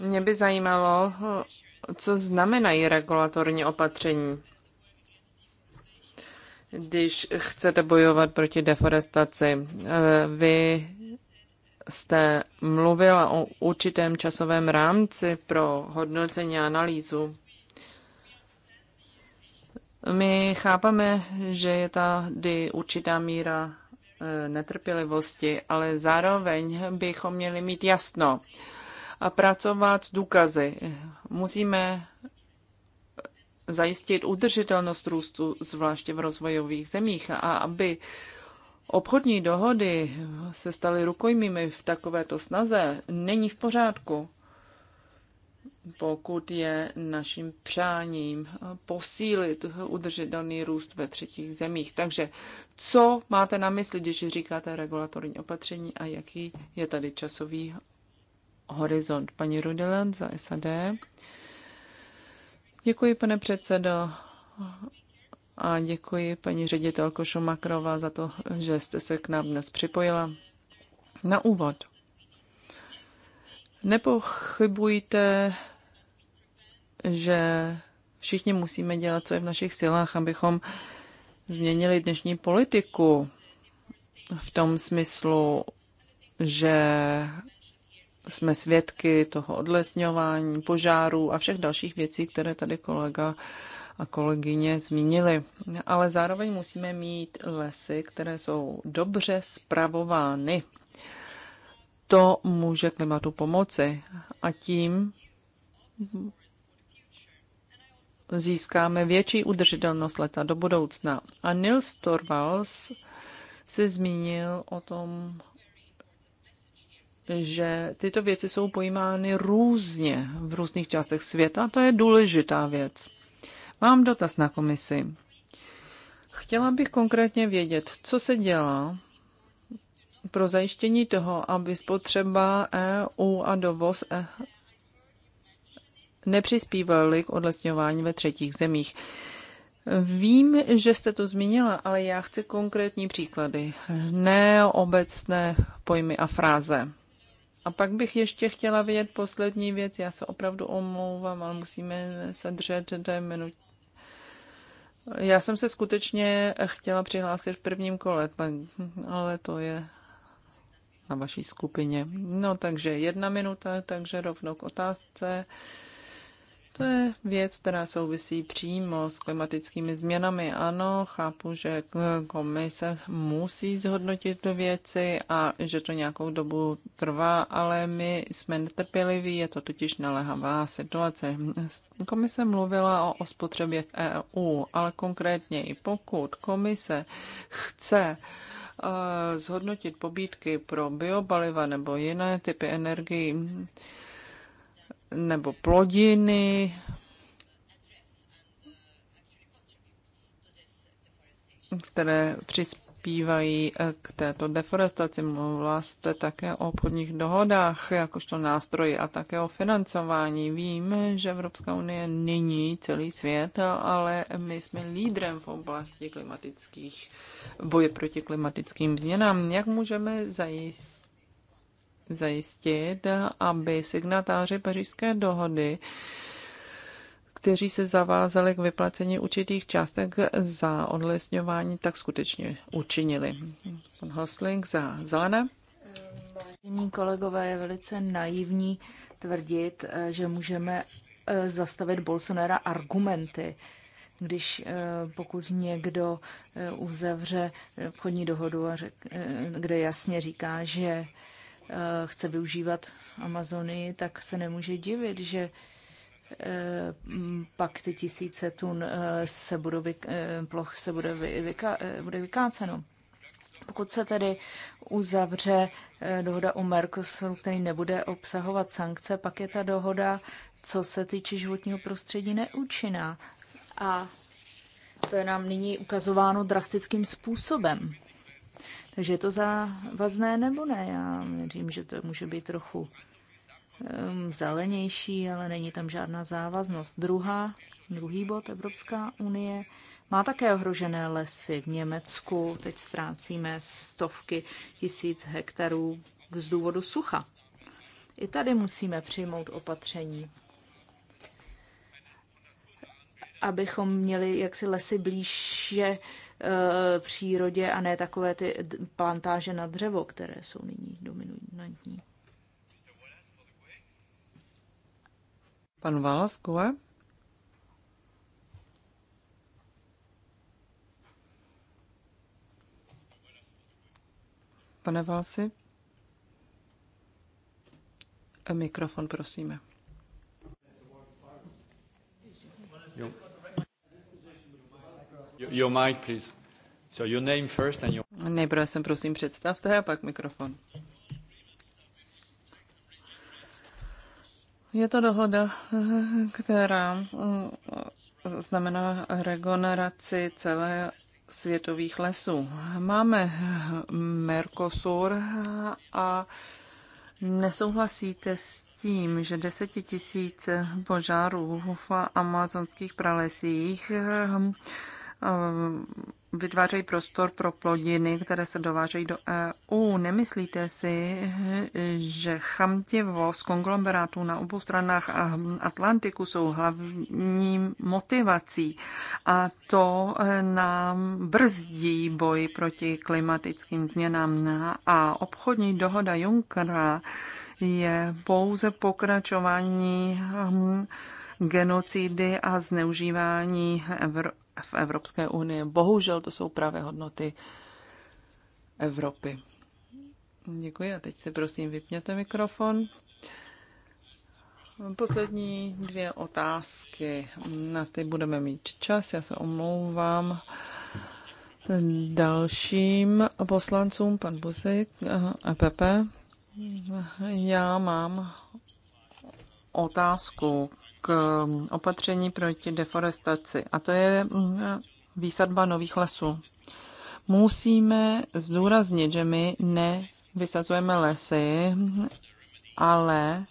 Mě by zajímalo, co znamenají regulatorní opatření, když chcete bojovat proti deforestaci. Vy jste mluvila o určitém časovém rámci pro hodnocení a analýzu. My chápeme, že je tady určitá míra e, netrpělivosti, ale zároveň bychom měli mít jasno a pracovat s důkazy. Musíme zajistit udržitelnost růstu, zvláště v rozvojových zemích, a aby obchodní dohody se staly rukojmími v takovéto snaze, není v pořádku. Pokud je naším přáním posílit udržitelný růst ve třetích zemích. Takže co máte na mysli, když říkáte regulatorní opatření a jaký je tady časový horizont? Paní Rudeland za SAD. Děkuji, pane předsedo a děkuji paní ředitelko Šumakrova za to, že jste se k nám dnes připojila. Na úvod. Nepochybujte, že všichni musíme dělat, co je v našich silách, abychom změnili dnešní politiku v tom smyslu, že jsme svědky toho odlesňování, požáru a všech dalších věcí, které tady kolega a kolegyně zmínili. Ale zároveň musíme mít lesy, které jsou dobře spravovány. To může klimatu pomoci a tím získáme větší udržitelnost leta do budoucna. A Nils Torvalds se zmínil o tom, že tyto věci jsou pojímány různě v různých částech světa. To je důležitá věc. Mám dotaz na komisi. Chtěla bych konkrétně vědět, co se dělá pro zajištění toho, aby spotřeba EU a dovoz e nepřispívaly k odlesňování ve třetích zemích. Vím, že jste to zmínila, ale já chci konkrétní příklady, ne obecné pojmy a fráze. A pak bych ještě chtěla vědět poslední věc, já se opravdu omlouvám, ale musíme se držet té minut, já jsem se skutečně chtěla přihlásit v prvním kole, tak, ale to je na vaší skupině. No takže jedna minuta, takže rovnou k otázce. Uh, to je věc, která souvisí přímo s klimatickými změnami. Ano, chápu, že komise musí zhodnotit věci a že to nějakou dobu trvá, ale my jsme netrpěliví, je to totiž nalehavá situace. Komise mluvila o, o spotřebě v EU, ale konkrétně i pokud komise chce eh, zhodnotit pobídky pro biopaliva nebo jiné typy energii, nebo plodiny, které přispívají eh, k této deforestaci. Mluvila jste také o obchodních dohodách, jakožto nástroji a také o financování. Vím, že Evropská unie není celý svět, ale my jsme lídrem v oblasti klimatických boje proti klimatickým změnám. Jak můžeme zajistit zajistit, aby signatáři pařížské dohody kteří se zavázali k vyplacení určitých částek za odlesňování, tak skutečně učinili. Pan Hosling za zelené. Vážení kolegové, je velice naivní tvrdit, že můžeme eh, zastavit Bolsonera argumenty. Když eh, pokud někdo eh, uzavře obchodní dohodu, kde jasně říká, že Eh, chce využívat Amazonii, tak se nemůže divit, že eh, pak ty tisíce tun eh, se budou vy, ploch se bude, vyka, bude vykáceno. Pokud se tedy uzavře dohoda o Mercosuru, který nebude obsahovat sankce, pak je ta dohoda, co se týče životního prostředí, neúčinná. A to je nám nyní ukazováno drastickým způsobem. Takže je to závazné nebo ne? Já věřím, že to může být trochu um, zelenější, ale není tam žádná závaznost. Druhá, druhý bod, Evropská unie má také ohrožené lesy. V Německu teď ztrácíme stovky tisíc hektarů z důvodu sucha. I tady musíme přijmout opatření, abychom měli jaksi lesy blíže Eh, přírodě a ne takové ty plantáže na dřevo, které jsou nyní dominantní. Pan Valaskova? Pane Valsi? Mikrofon, prosíme. Your mic, please. So your name first and your... Nejprve se prosím představte a pak mikrofon. Je to dohoda, která eh, znamená regeneraci celé světových lesů. Máme Mercosur a nesouhlasíte s tím, že desetitisíce požárů v amazonských pralesích eh, Eh, vytvářejí prostor pro plodiny, které se dovážejí do EU. Nemyslíte si, že z konglomerátů na obou stranách Atlantiku jsou hlavní motivací a to eh, nám brzdí boj proti klimatickým změnám a obchodní dohoda Junckera je pouze pokračování hm, genocidy a zneužívání v Evropské unii. Bohužel to jsou právě hodnoty Evropy. Děkuji a teď si prosím vypněte mikrofon. Poslední dvě otázky. Na ty budeme mít čas, já se omlouvám. Dalším poslancům, pan Busik a Pepe. Já mám otázku k um, opatření proti deforestaci, a to je mm, výsadba nových lesů. Musíme zdůraznit, že my nevysazujeme lesy, ale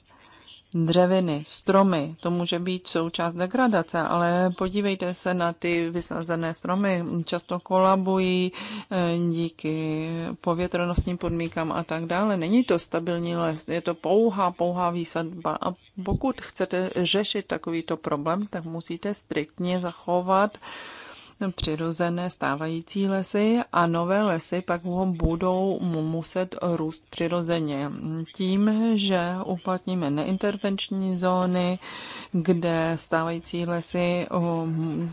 dřeviny, stromy, to může být součást degradace, ale podívejte se na ty vysazené stromy, často kolabují eh, díky povětrnostním podmínkám a tak dále. Není to stabilní les, je to pouhá, pouhá výsadba a pokud chcete řešit takovýto problém, tak musíte striktně zachovat uh, přirozené stávající lesy a nové lesy pak budou muset růst přirozeně. Tím, že uplatníme neintervenční zóny, kde stávající lesy eh,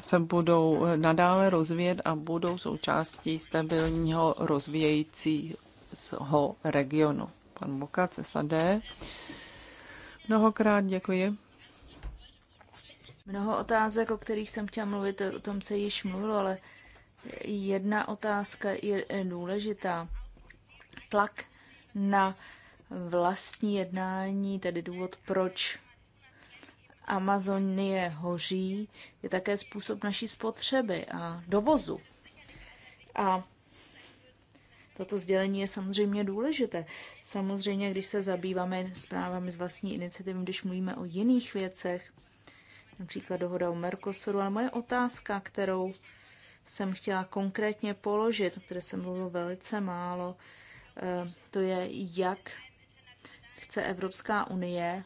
se budou nadále rozvíjet a budou součástí stabilního rozvíjejícího regionu. Pan Bukace Sadé. Mnohokrát děkuji. Mnoho otázek, o kterých jsem chtěla mluvit, o tom se již mluvilo, ale jedna otázka je důležitá. Tlak na vlastní jednání, tedy důvod, proč Amazonie hoří, je také způsob naší spotřeby a dovozu. A toto sdělení je samozřejmě důležité. Samozřejmě, když se zabýváme zprávami z vlastní iniciativy, když mluvíme o jiných věcech, například dohoda o Mercosuru, ale moje otázka, kterou jsem chtěla konkrétně položit, o které jsem mluvil velice málo, eh, to je, jak chce Evropská unie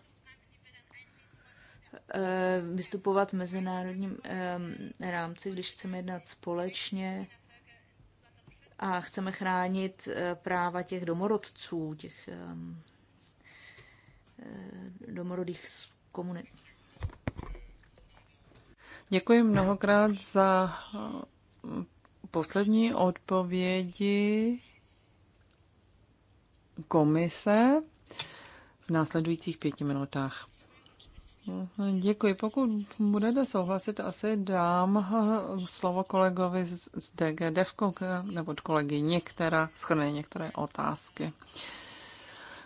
eh, vystupovat v mezinárodním eh, rámci, když chceme jednat společně a chceme chránit práva těch domorodců, těch domorodých komunit. Děkuji mnohokrát za eh, poslední odpovědi komise v následujících pěti minutách. Děkuji. Pokud budete souhlasit, asi dám eh, slovo kolegovi z DG Devko eh, nebo kolegy některá, schrne některé otázky.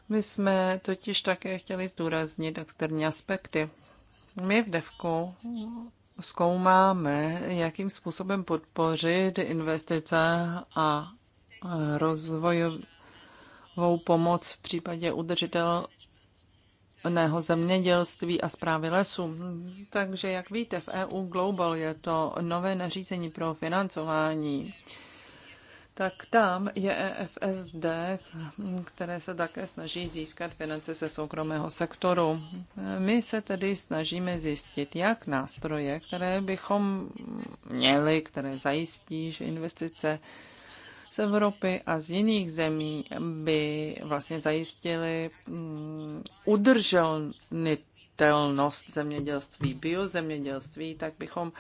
My jsme totiž také chtěli zdůraznit externí aspekty. My v Devku zkoumáme, jakým způsobem podpořit investice a rozvojovou pomoc v případě udržitelného zemědělství a zprávy lesů. Takže, jak víte, v EU Global je to nové nařízení pro financování tak tam je EFSD, které se také snaží získat finance ze soukromého sektoru. My se tedy snažíme zjistit, jak nástroje, které bychom měli, které zajistí, že investice z Evropy a z jiných zemí by vlastně zajistily mm, udrželnit zemědělství, biozemědělství, tak bychom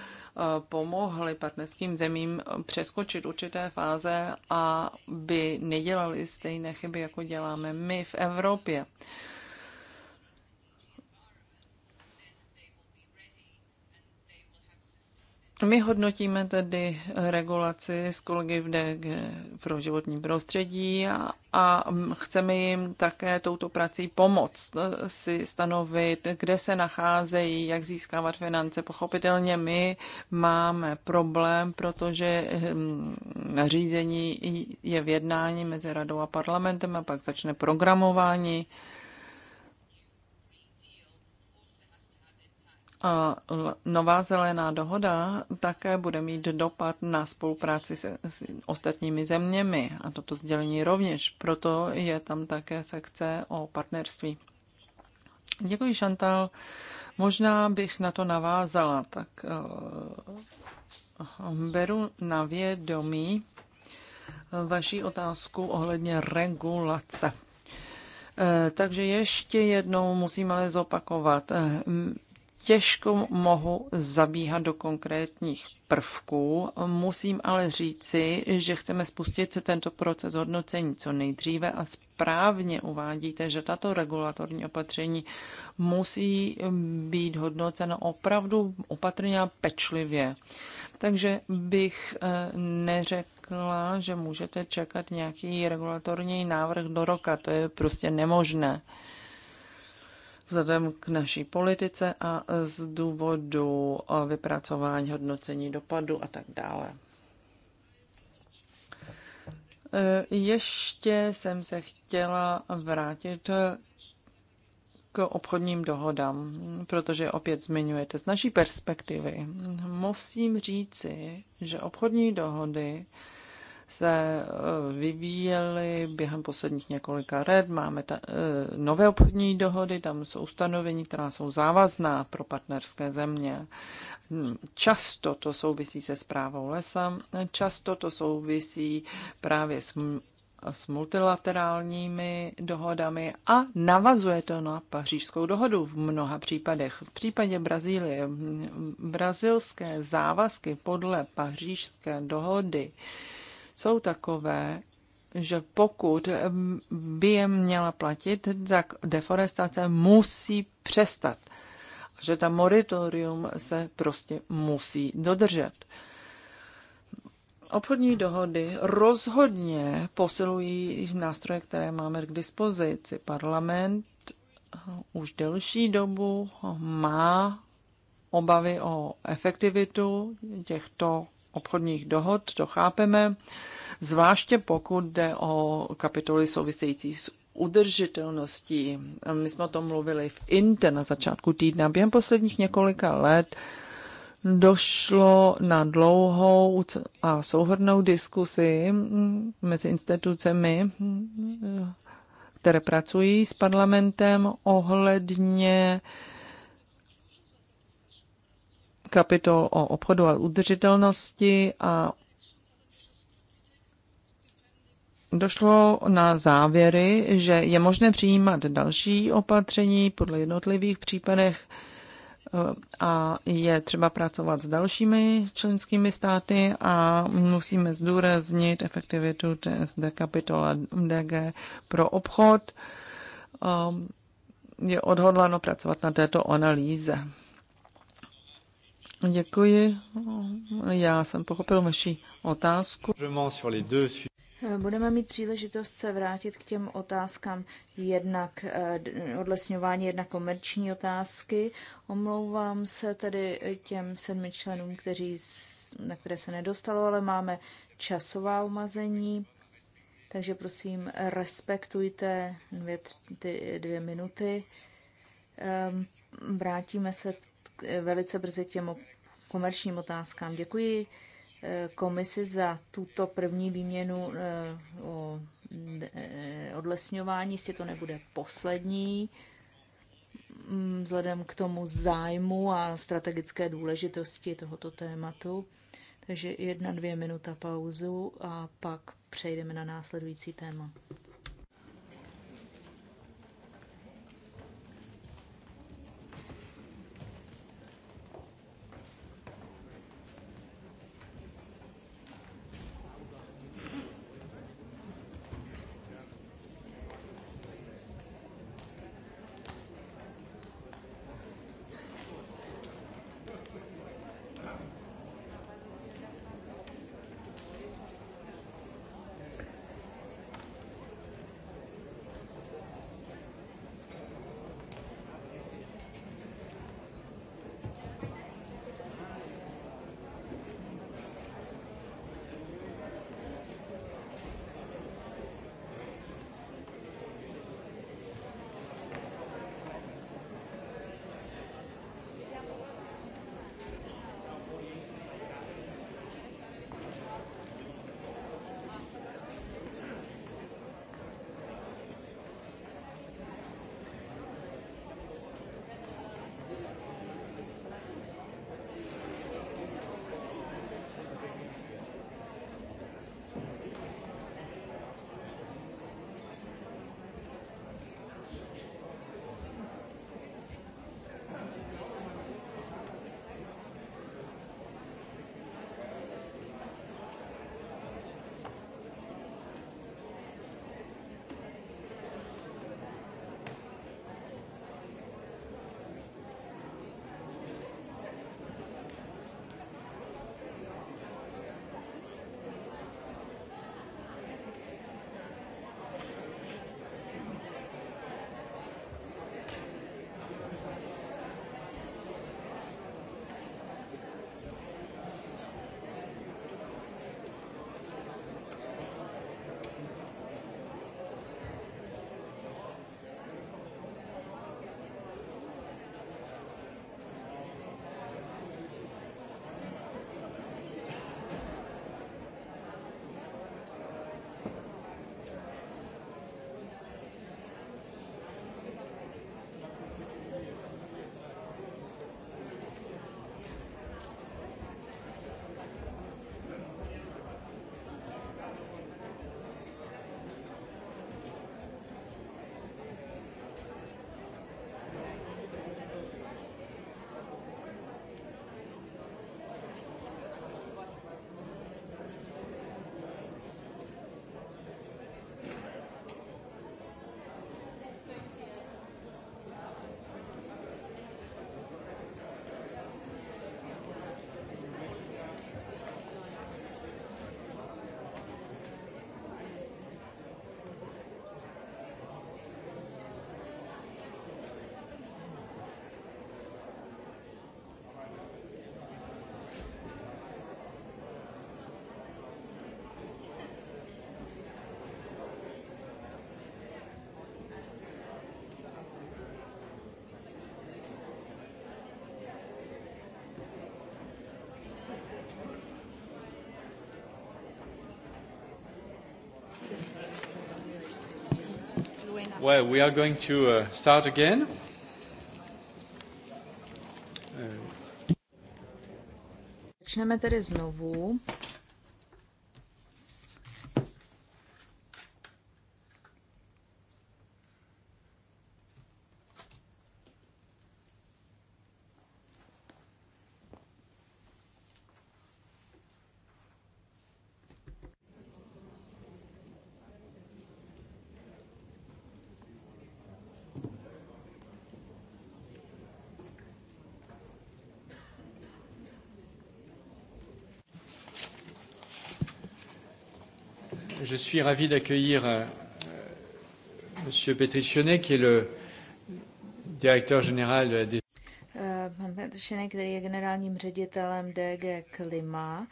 pomohli partnerským zemím přeskočit určité fáze a by nedělali stejné chyby, jako děláme my v Evropě. My hodnotíme tedy regulaci s kolegy v DG pro životní prostředí a, a chceme jim také touto prací pomoct eh, si stanovit, kde se nacházejí, jak získávat finance. Pochopitelně my máme problém, protože hm, nařízení je v jednání mezi radou a parlamentem a pak začne programování nová zelená dohoda také bude mít dopad na spolupráci se, s ostatními zeměmi a toto sdělení rovněž. Proto je tam také sekce o partnerství. Děkuji, Šantal. Možná bych na to navázala, tak uh, beru na vědomí vaši otázku ohledně regulace. Eh, takže ještě jednou musím ale zopakovat. Eh, těžko mohu zabíhat do konkrétních prvků. Musím ale říci, že chceme spustit tento proces hodnocení co nejdříve a správně uvádíte, že tato regulatorní opatření musí být hodnocena opravdu opatrně a pečlivě. Takže bych eh, neřekla, že můžete čekat nějaký regulatorní návrh do roka. To je prostě nemožné vzhledem k naší politice a z důvodu eh, vypracování hodnocení dopadu a tak dále. Eh, ještě jsem se chtěla vrátit k obchodním dohodám, protože opět zmiňujete z naší perspektivy. Musím říci, že obchodní dohody se eh, vyvíjely během posledních několika let. Máme ta, eh, nové obchodní dohody, tam jsou ustanovení, která jsou závazná pro partnerské země. Hm, často to souvisí se zprávou lesa, často to souvisí právě s s multilaterálními dohodami a navazuje to na pařížskou dohodu v mnoha případech. V případě Brazílie hm, brazilské závazky podle pařížské dohody jsou takové, že pokud by je měla platit, tak deforestace musí přestat. Že ta moratorium se prostě musí dodržet. Obchodní dohody rozhodně posilují nástroje, které máme k dispozici. Parlament už delší dobu má obavy o efektivitu těchto obchodních dohod, to chápeme, zvláště pokud jde o kapitoly související s udržitelností. My jsme o tom mluvili v Inte na začátku týdna. Během posledních několika let došlo na dlouhou a souhrnou diskusi mezi institucemi, které pracují s parlamentem ohledně kapitol o obchodu a udržitelnosti a došlo na závěry, že je možné přijímat další opatření podle jednotlivých případech eh, a je třeba pracovat s dalšími členskými státy a musíme zdůraznit efektivitu TSD kapitola DG pro obchod. Eh, je odhodláno pracovat na této analýze. Děkuji. Já jsem pochopil vaši otázku. Budeme mít příležitost se vrátit k těm otázkám jednak eh, odlesňování, jednak komerční otázky. Omlouvám se tedy těm sedmi členům, kteří, na které se nedostalo, ale máme časová omazení, takže prosím respektujte dvě, ty dvě minuty. Ehm, vrátíme se velice brzy k těm komerčním otázkám. Děkuji eh, komisi za tuto první výměnu eh, o eh, odlesňování, jestli to nebude poslední, mm, vzhledem k tomu zájmu a strategické důležitosti tohoto tématu. Takže jedna, dvě minuta pauzu a pak přejdeme na následující téma. Well, we are going to uh, start again. Začneme tedy znovu. je suis ravi d'accueillir euh, euh, Monsieur Petrichonnet, qui est le directeur général de la DG. Pan Petrišenek, který je generálním ředitelem DG Klima,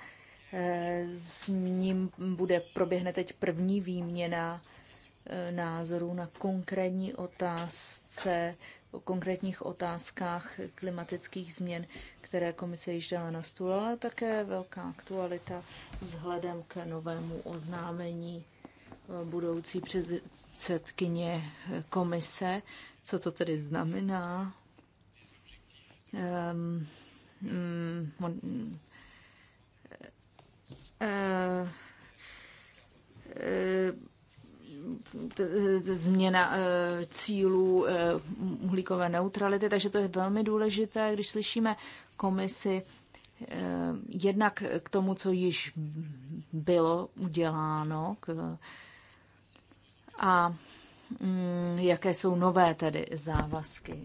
eh, s ním bude proběhne teď první výměna eh, názorů na konkrétní otázce, o konkrétních otázkách klimatických změn které komise již dala na stůl, ale také velká aktualita vzhledem k novému oznámení eh, budoucí předsedkyně komise. Co to tedy znamená? Um, um, uh, uh, změna eh, cílů eh, uhlíkové neutrality, takže to je velmi důležité, když slyšíme komisi eh, jednak k tomu, co již bylo uděláno a mm, jaké jsou nové tedy závazky,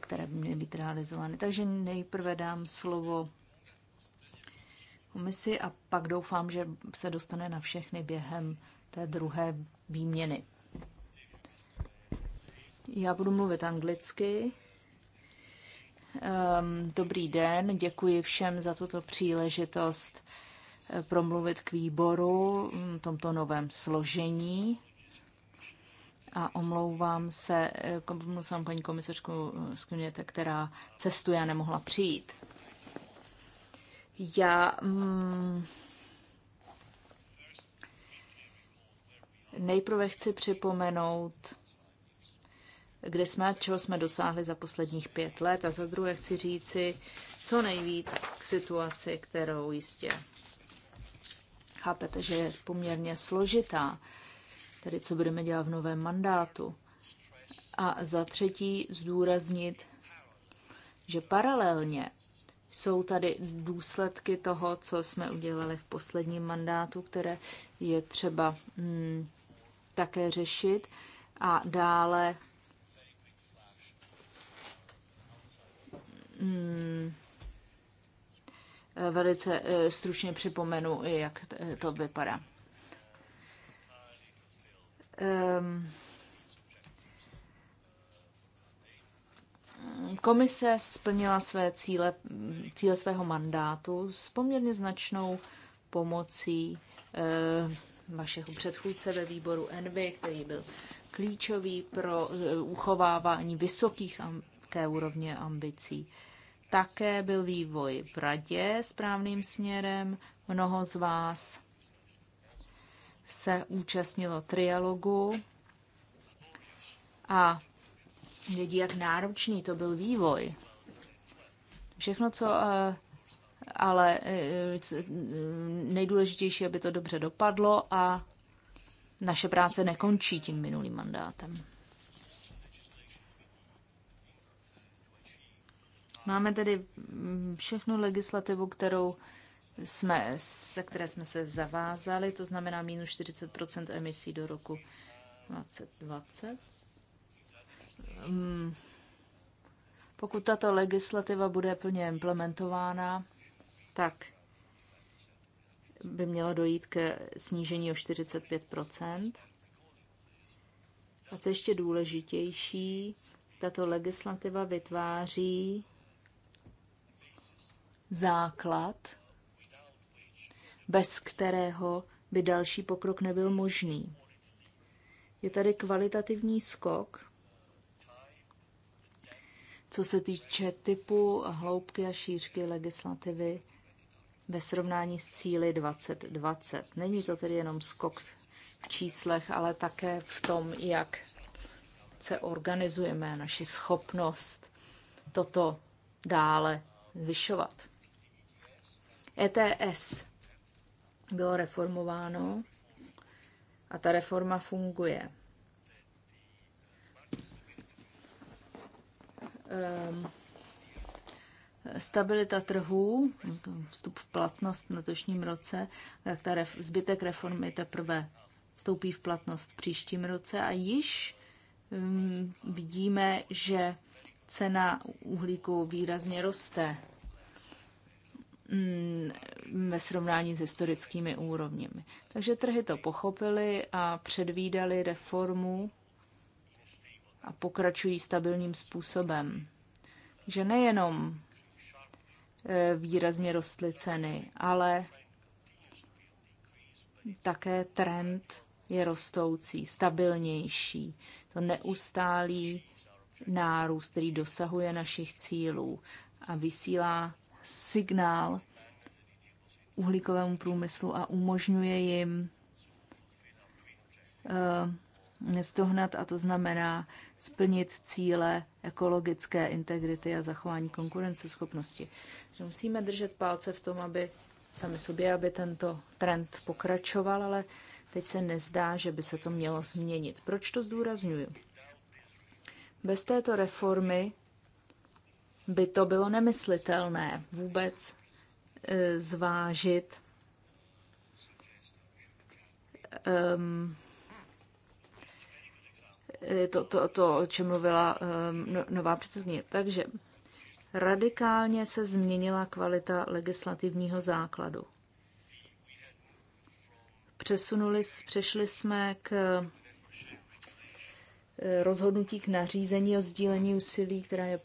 které by měly být realizovány. Takže nejprve dám slovo komisi a pak doufám, že se dostane na všechny během té druhé výměny. Já budu mluvit anglicky. Um, dobrý den, děkuji všem za tuto příležitost eh, promluvit k výboru hm, tomto novém složení. A omlouvám se, eh, omlouvám paní komisařku eh, Skuněte, která cestuje a nemohla přijít. Já mm, Nejprve chci připomenout, kde jsme a čeho jsme dosáhli za posledních pět let a za druhé chci říci co nejvíc k situaci, kterou jistě chápete, že je poměrně složitá, tedy co budeme dělat v novém mandátu. A za třetí zdůraznit, že paralelně jsou tady důsledky toho, co jsme udělali v posledním mandátu, které je třeba hmm, také řešit. A dále hmm, velice eh, stručně připomenu, jak to vypadá. Um, komise splnila své cíle, cíle svého mandátu s poměrně značnou pomocí eh, vašeho předchůdce ve výboru Envy, který byl klíčový pro eh, uchovávání vysokých amké úrovně ambicí. Také byl vývoj v radě správným směrem. Mnoho z vás se účastnilo trialogu a vědí, jak náročný to byl vývoj. Všechno, co eh, ale eh, eh, nejdůležitější, aby to dobře dopadlo a naše práce nekončí tím minulým mandátem. Máme tedy mm, všechnu legislativu, kterou jsme, se které jsme se zavázali, to znamená minus 40 emisí do roku 2020. Mm, pokud tato legislativa bude plně implementována, tak by mělo dojít k snížení o 45 A co ještě důležitější, tato legislativa vytváří základ, bez kterého by další pokrok nebyl možný. Je tady kvalitativní skok, co se týče typu a hloubky a šířky legislativy ve srovnání s cíly 2020. Není to tedy jenom skok v číslech, ale také v tom, jak se organizujeme, naši schopnost toto dále zvyšovat. ETS bylo reformováno a ta reforma funguje. Um, Stabilita trhů, vstup v platnost v letošním roce, tak ta ref, zbytek reformy teprve vstoupí v platnost v příštím roce a již um, vidíme, že cena uhlíku výrazně roste mm, ve srovnání s historickými úrovněmi. Takže trhy to pochopili a předvídali reformu a pokračují stabilním způsobem. Že nejenom Eh, výrazně rostly ceny, ale také trend je rostoucí, stabilnější. To neustálý nárůst, který dosahuje našich cílů a vysílá signál uhlíkovému průmyslu a umožňuje jim uh, nestohnat a to znamená splnit cíle ekologické integrity a zachování konkurenceschopnosti. Že musíme držet palce v tom, aby sami sobě, aby tento trend pokračoval, ale teď se nezdá, že by se to mělo změnit. Proč to zdůraznuju? Bez této reformy by to bylo nemyslitelné vůbec e, zvážit Eh, to, to, to o čem mluvila ehm, no, nová předsedkyně. Takže radikálně se změnila kvalita legislativního základu. Přesunuli, přešli jsme k eh, rozhodnutí k nařízení o sdílení úsilí, která je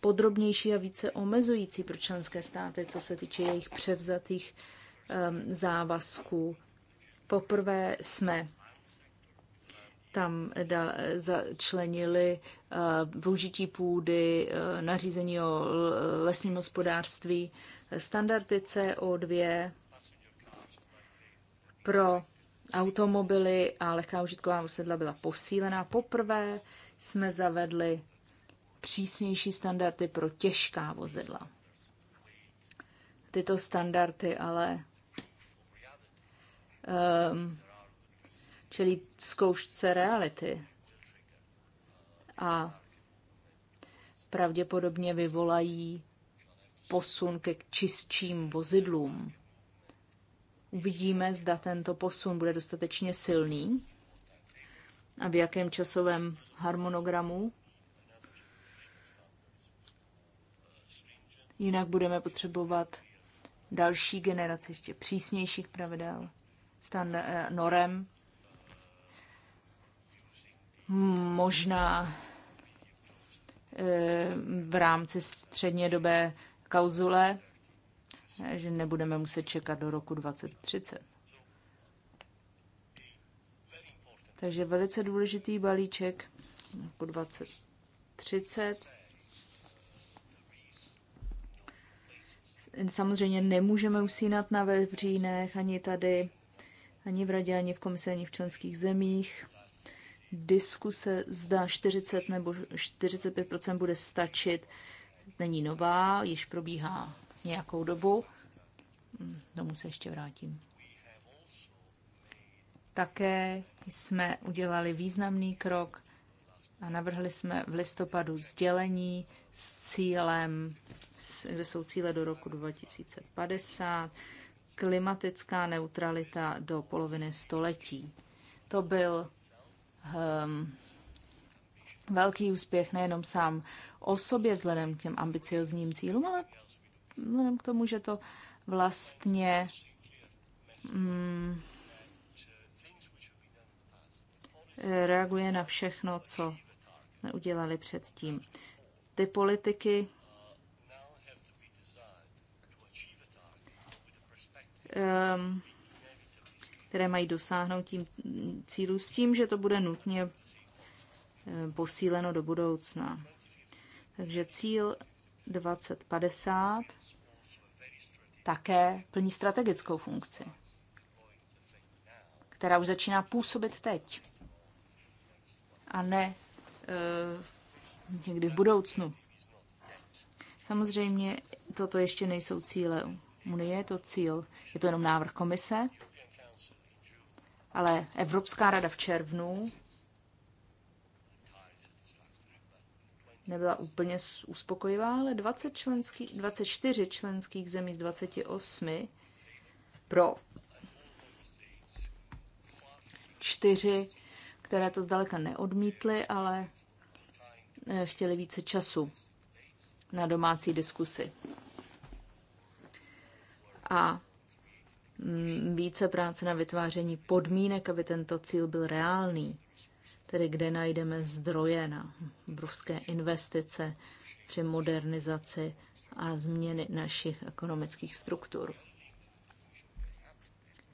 podrobnější a více omezující pro členské státy, co se týče jejich převzatých um, závazků. Poprvé jsme tam da, začlenili eh, využití půdy, eh, nařízení o lesním hospodářství, standardy CO2 pro automobily a lehká užitková usedla byla posílená. Poprvé jsme zavedli přísnější standardy pro těžká vozidla. Tyto standardy ale um, čelí zkoušce reality a pravděpodobně vyvolají posun ke čistším vozidlům. Uvidíme, zda tento posun bude dostatečně silný a v jakém časovém harmonogramu. Jinak budeme potřebovat další generaci ještě přísnějších pravidel, stand, eh, norem možná eh, v rámci střednědobé kauzule, že nebudeme muset čekat do roku 2030. Takže velice důležitý balíček roku 2030. Samozřejmě nemůžeme usínat na vevřínech ani tady, ani v radě, ani v komisi, ani v členských zemích Diskuse zda 40 nebo 45 bude stačit, není nová, již probíhá nějakou dobu. Domů hm, se ještě vrátím. Také jsme udělali významný krok a navrhli jsme v listopadu sdělení s cílem, kde jsou cíle do roku 2050, klimatická neutralita do poloviny století. To byl um, velký úspěch nejenom sám o sobě vzhledem k těm ambiciozním cílům, ale vzhledem k tomu, že to vlastně um, reaguje na všechno, co jsme udělali předtím. Ty politiky um, které mají dosáhnout tím cílu s tím, že to bude nutně eh, posíleno do budoucna. Takže cíl 2050 také plní strategickou funkci, která už začíná působit teď a ne e, někdy v budoucnu. Samozřejmě toto ještě nejsou cíle Unie, je to cíl, je to jenom návrh komise, ale Evropská rada v červnu nebyla úplně uspokojivá, ale 20 členský, 24 členských zemí z 28 pro čtyři, které to zdaleka neodmítly, ale eh, chtěli více času na domácí diskusy. A Mm, více práce na vytváření podmínek, aby tento cíl byl reálný, tedy kde najdeme zdroje na bruské investice při modernizaci a změny našich ekonomických struktur.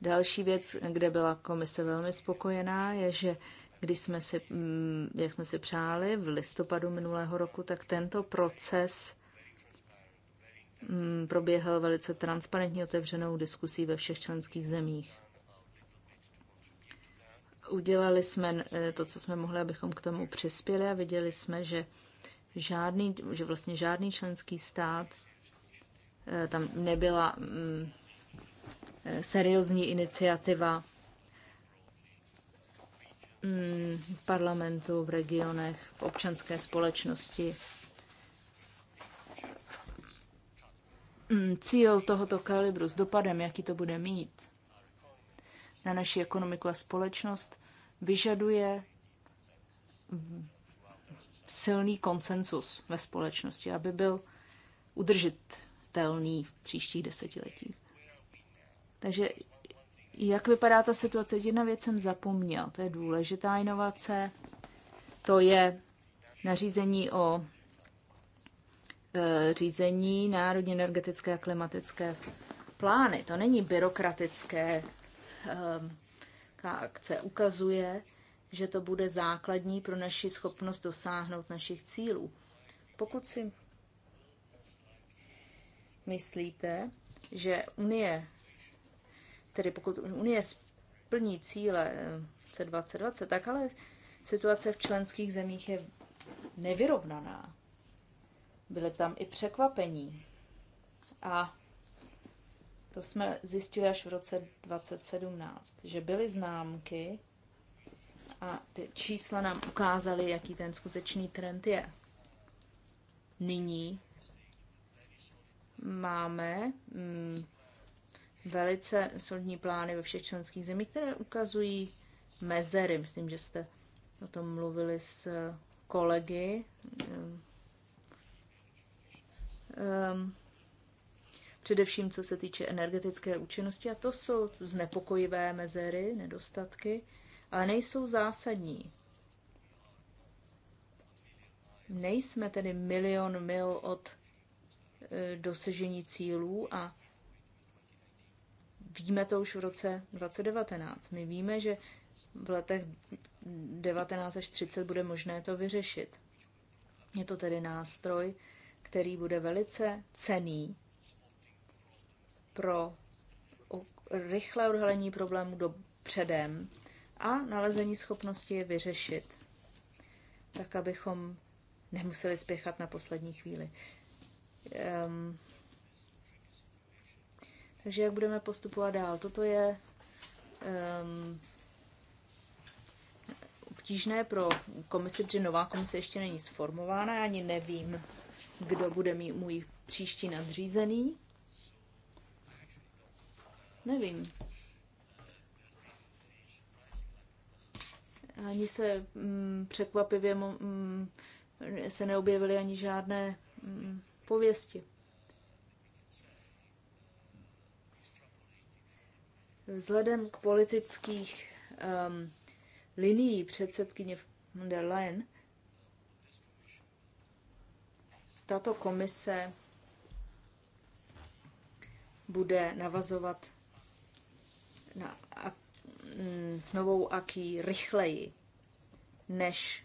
Další věc, kde byla komise velmi spokojená, je, že když jsme si, mm, jak jsme si přáli v listopadu minulého roku, tak tento proces Mm, proběhl velice transparentní otevřenou diskusí ve všech členských zemích. Udělali jsme eh, to, co jsme mohli, abychom k tomu přispěli a viděli jsme, že, žádný, že vlastně žádný členský stát eh, tam nebyla mm, eh, seriózní iniciativa mm, parlamentu v regionech, v občanské společnosti Mm, cíl tohoto kalibru s dopadem, jaký to bude mít na naši ekonomiku a společnost, vyžaduje silný konsensus ve společnosti, aby byl udržitelný v příštích desetiletích. Takže jak vypadá ta situace? Jedna věc jsem zapomněl, to je důležitá inovace, to je nařízení o Eh, řízení národní energetické a klimatické plány. To není byrokratické eh, akce. Ukazuje, že to bude základní pro naši schopnost dosáhnout našich cílů. Pokud si myslíte, že Unie, tedy pokud Unie splní cíle eh, c 2020, tak ale situace v členských zemích je nevyrovnaná. Byly tam i překvapení. A to jsme zjistili až v roce 2017, že byly známky a ty čísla nám ukázaly, jaký ten skutečný trend je. Nyní máme mm, velice solidní plány ve všech členských zemích, které ukazují mezery. Myslím, že jste o tom mluvili s kolegy mm, Ehm, především co se týče energetické účinnosti, a to jsou znepokojivé mezery, nedostatky, ale nejsou zásadní. Nejsme tedy milion mil od e, dosažení cílů a víme to už v roce 2019. My víme, že v letech 19 až 30 bude možné to vyřešit. Je to tedy nástroj, který bude velice cený pro rychlé odhalení problémů do předem a nalezení schopnosti je vyřešit, tak abychom nemuseli spěchat na poslední chvíli. Um, takže jak budeme postupovat dál? Toto je um, obtížné pro komisi, protože nová komise ještě není sformována, já ani nevím, kdo bude mít můj příští nadřízený. Nevím. Ani se mm, překvapivě mm, mm se neobjevily ani žádné mm, pověsti. Vzhledem k politických um, linií předsedkyně von der Leyen tato komise bude navazovat na mm, novou aký rychleji, než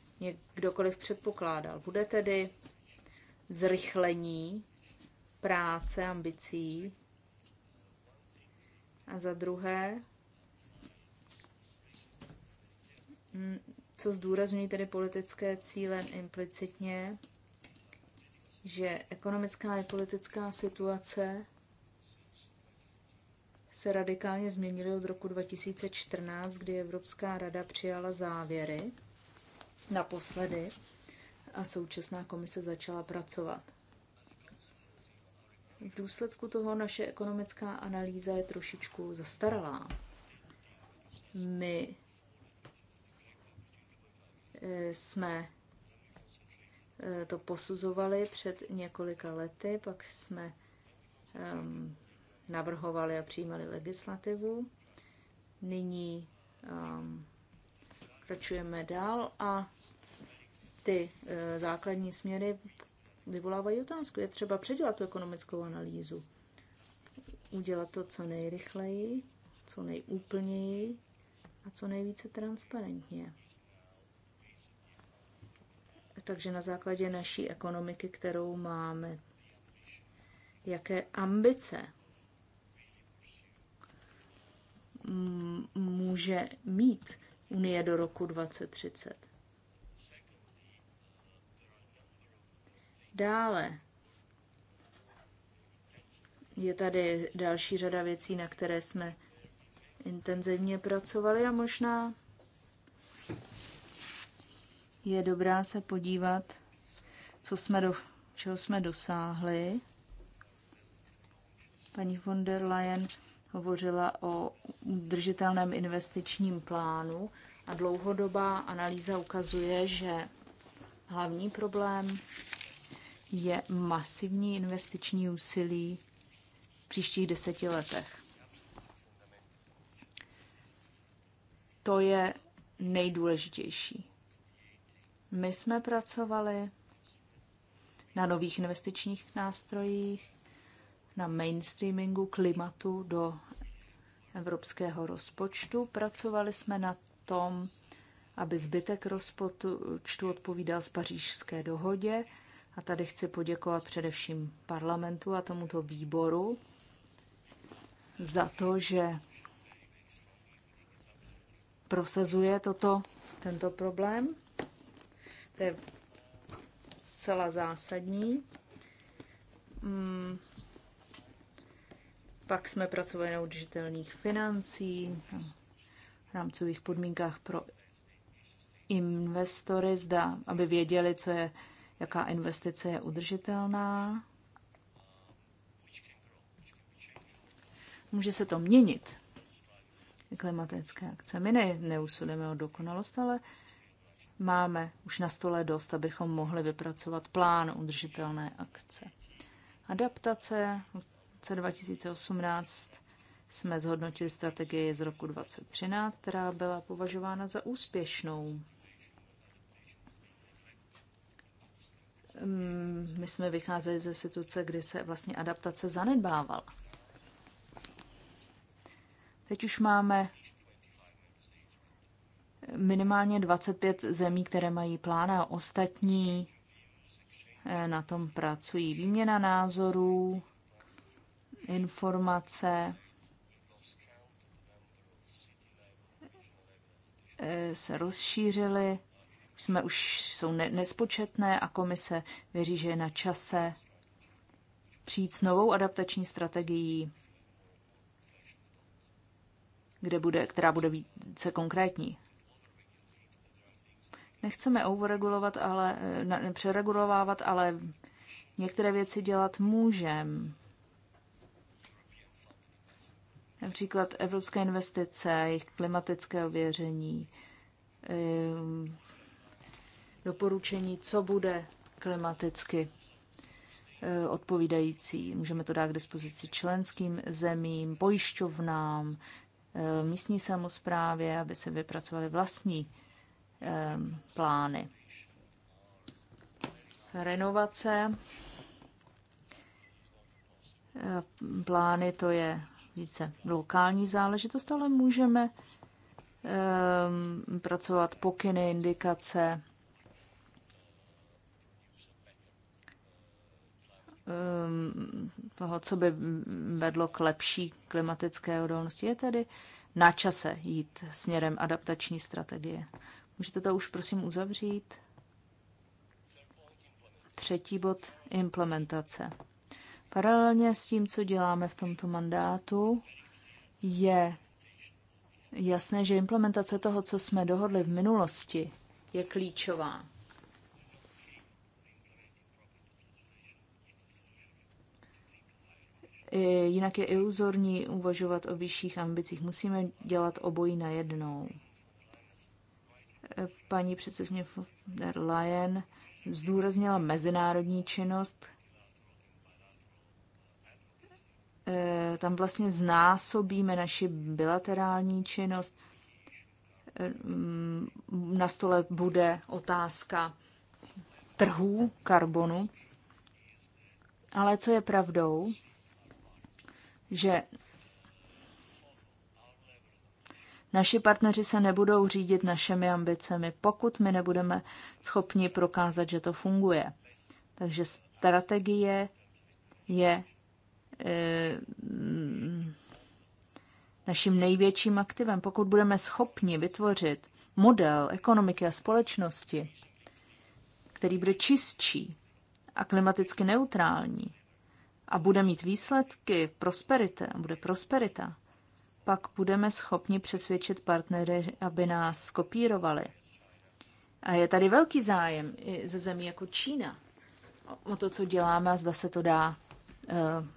kdokoliv předpokládal. Bude tedy zrychlení práce, ambicí a za druhé, mm, co zdůrazňují tedy politické cíle implicitně, že ekonomická i politická situace se radikálně změnily od roku 2014, kdy Evropská rada přijala závěry naposledy a současná komise začala pracovat. V důsledku toho naše ekonomická analýza je trošičku zastaralá. My eh, jsme Eh, to posuzovali před několika lety, pak jsme um, navrhovali a přijímali legislativu. Nyní um, ehm, kračujeme dál a ty uh, základní směry vyvolávají otázku. Je třeba předělat tu ekonomickou analýzu, udělat to co nejrychleji, co nejúplněji a co nejvíce transparentně takže na základě naší ekonomiky, kterou máme. Jaké ambice může mít Unie do roku 2030? Dále je tady další řada věcí, na které jsme intenzivně pracovali a možná je dobrá se podívat, co jsme do, čeho jsme dosáhli. Paní von der Leyen hovořila o udržitelném investičním plánu a dlouhodobá analýza ukazuje, že hlavní problém je masivní investiční úsilí v příštích deseti letech. To je nejdůležitější. My jsme pracovali na nových investičních nástrojích, na mainstreamingu klimatu do evropského rozpočtu. Pracovali jsme na tom, aby zbytek rozpočtu odpovídal z pařížské dohodě. A tady chci poděkovat především parlamentu a tomuto výboru za to, že prosazuje toto, tento problém. To je zcela zásadní. Hmm. Pak jsme pracovali na udržitelných financí, v rámcových podmínkách pro investory, zda, aby věděli, co je, jaká investice je udržitelná. Může se to měnit, klimatické akce. My ne, neusudeme o dokonalost, ale máme už na stole dost, abychom mohli vypracovat plán udržitelné akce. Adaptace v roce 2018 jsme zhodnotili strategii z roku 2013, která byla považována za úspěšnou. Ehm, my jsme vycházeli ze situace, kdy se vlastně adaptace zanedbávala. Teď už máme minimálně 25 zemí, které mají plán a ostatní eh, na tom pracují. Výměna názorů, informace, eh, se rozšířily, jsme už jsou ne, nespočetné a komise věří, že je na čase přijít s novou adaptační strategií, kde bude, která bude více konkrétní. Nechceme overregulovat, ale eh, ne, přeregulovávat, ale některé věci dělat můžeme. Například evropské investice, jejich klimatické ověření, eh, doporučení, co bude klimaticky eh, odpovídající. Můžeme to dát k dispozici členským zemím, pojišťovnám, místní samozprávě, aby se vypracovali vlastní plány. Renovace, plány, to je více lokální záležitost, ale můžeme pracovat pokyny, indikace, toho, co by vedlo k lepší klimatické odolnosti, je tedy na čase jít směrem adaptační strategie. Můžete to už prosím uzavřít? Třetí bod implementace. Paralelně s tím, co děláme v tomto mandátu, je jasné, že implementace toho, co jsme dohodli v minulosti, je klíčová. Jinak je iluzorní uvažovat o vyšších ambicích. Musíme dělat obojí najednou. jednou paní předsedkyně der Leyen zdůraznila mezinárodní činnost. Eh, tam vlastně znásobíme naši bilaterální činnost. Eh, na stole bude otázka trhů karbonu. Ale co je pravdou, že Naši partneři se nebudou řídit našimi ambicemi, pokud my nebudeme schopni prokázat, že to funguje. Takže strategie je e, naším největším aktivem. Pokud budeme schopni vytvořit model ekonomiky a společnosti, který bude čistší a klimaticky neutrální a bude mít výsledky prosperity, bude prosperita, pak budeme schopni přesvědčit partnery, aby nás kopírovali. A je tady velký zájem i ze zemí jako Čína o to, co děláme a zda se to dá uh,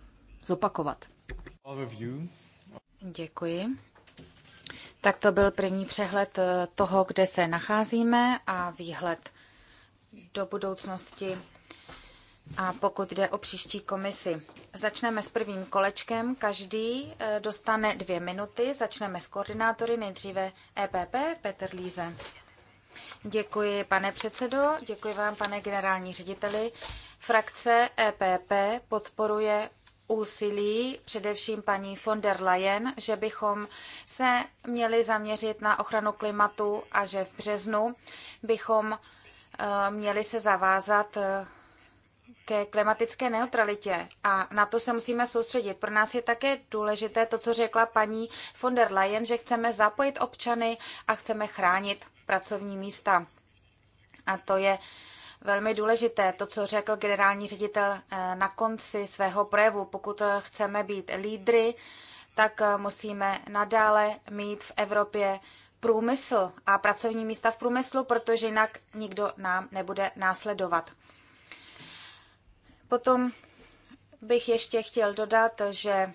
zopakovat. Děkuji. Tak to byl první přehled eh, toho, kde se nacházíme a výhled do budoucnosti a pokud jde o příští komisi, začneme s prvním kolečkem. Každý eh, dostane dvě minuty. Začneme s koordinátory, nejdříve EPP, Petr Líze. Děkuji, pane předsedo, děkuji vám, pane generální řediteli. Frakce EPP podporuje úsilí, především paní von der Leyen, že bychom se měli zaměřit na ochranu klimatu a že v březnu bychom eh, měli se zavázat eh, ke klimatické neutralitě a na to se musíme soustředit. Pro nás je také důležité to, co řekla paní von der Leyen, že chceme zapojit občany a chceme chránit pracovní místa. A to je velmi důležité, to, co řekl generální ředitel eh, na konci svého projevu. Pokud eh, chceme být lídry, tak eh, musíme nadále mít v Evropě průmysl a pracovní místa v průmyslu, protože jinak nikdo nám nebude následovat. Potom bych ještě chtěl dodat, že eh,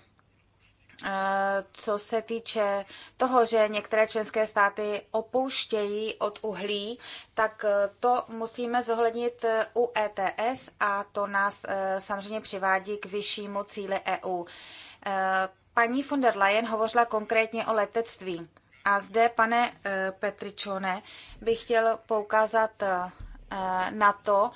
co se týče toho, že některé členské státy opouštějí od uhlí, tak eh, to musíme zohlednit eh, u ETS a to nás samozřejmě přivádí k vyššímu cíli EU. Paní von der Leyen hovořila konkrétně o letectví. A zde, pane Petričone, bych chtěl poukázat na to,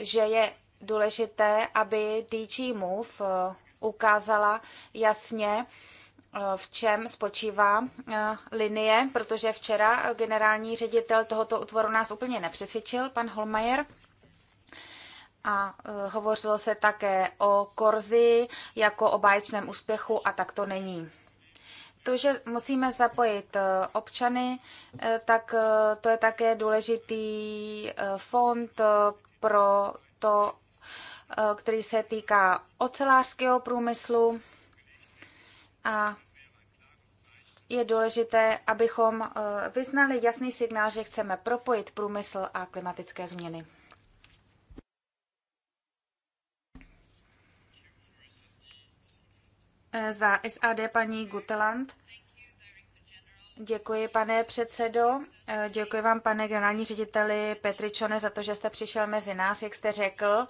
že je důležité, aby DG Move eh, ukázala jasně, eh, v čem spočívá eh, linie, protože včera generální ředitel tohoto útvoru nás úplně nepřesvědčil, pan Holmajer. A hovořilo se také o Korzi jako o báječném úspěchu a tak to není. To, že musíme zapojit občany, tak to je také důležitý fond pro to, Eh, který se týká ocelářského průmyslu a je důležité, abychom eh, vyznali jasný signál, že chceme propojit průmysl a klimatické změny. Eh, za SAD paní Guteland. Děkuji, pane předsedo. Děkuji vám, pane generální řediteli Petričone, za to, že jste přišel mezi nás, jak jste řekl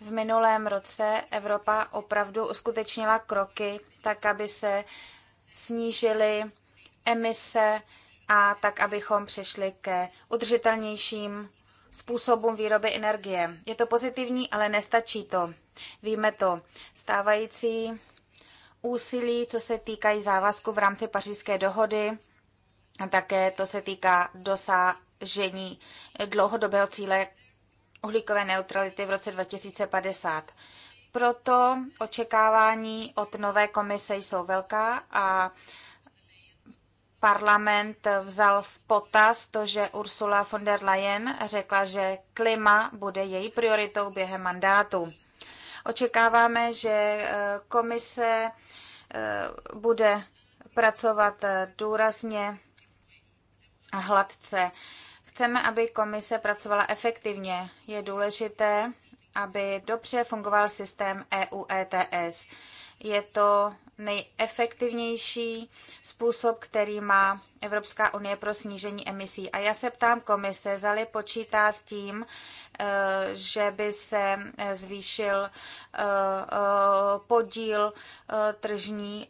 v minulém roce Evropa opravdu uskutečnila kroky tak, aby se snížily emise a tak, abychom přešli ke udržitelnějším způsobům výroby energie. Je to pozitivní, ale nestačí to. Víme to. Stávající úsilí, co se týkají závazku v rámci pařížské dohody, a také to se týká dosažení dlouhodobého cíle uhlíkové neutrality v roce 2050. Proto očekávání od nové komise jsou velká a parlament vzal v potaz to, že Ursula von der Leyen řekla, že klima bude její prioritou během mandátu. Očekáváme, že eh, komise eh, bude pracovat eh, důrazně a hladce Chceme, aby komise pracovala efektivně. Je důležité, aby dobře fungoval systém EU ETS. Je to nejefektivnější způsob, který má Evropská unie pro snížení emisí. A já se ptám komise, zali počítá s tím, eh, že by se eh, zvýšil eh, podíl tržní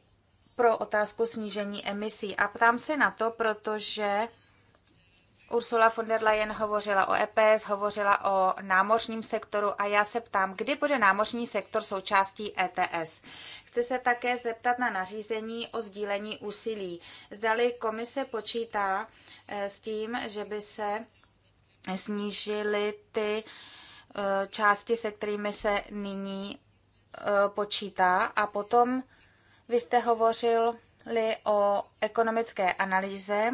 pro otázku snížení emisí. A ptám se na to, protože Ursula von der Leyen hovořila o EPS, hovořila o námořním sektoru a já se ptám, kdy bude námořní sektor součástí ETS. Chci se také zeptat na nařízení o sdílení úsilí. Zdali komise počítá eh, s tím, že by se snížily ty eh, části, se kterými se nyní eh, počítá. A potom vy jste hovořil o ekonomické analýze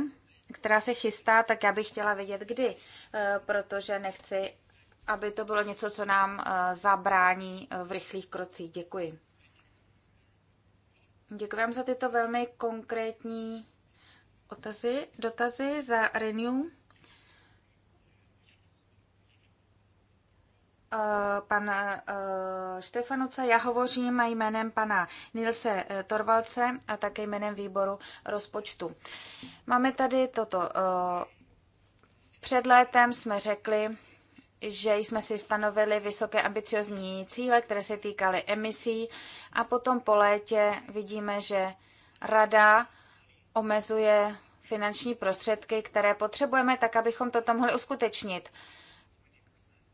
která se chystá, tak já bych chtěla vědět kdy, eh, protože nechci, aby to bylo něco, co nám eh, zabrání eh, v rychlých krocích. Děkuji. Děkuji vám za tyto velmi konkrétní otazy, dotazy za Renew. Eh, pan eh, Štefanuce, já hovořím jménem pana Nilse eh, Torvalce a také jménem výboru rozpočtu. Máme tady toto. Před létem jsme řekli, že jsme si stanovili vysoké ambiciozní cíle, které se týkaly emisí a potom po létě vidíme, že rada omezuje finanční prostředky, které potřebujeme, tak abychom toto mohli uskutečnit.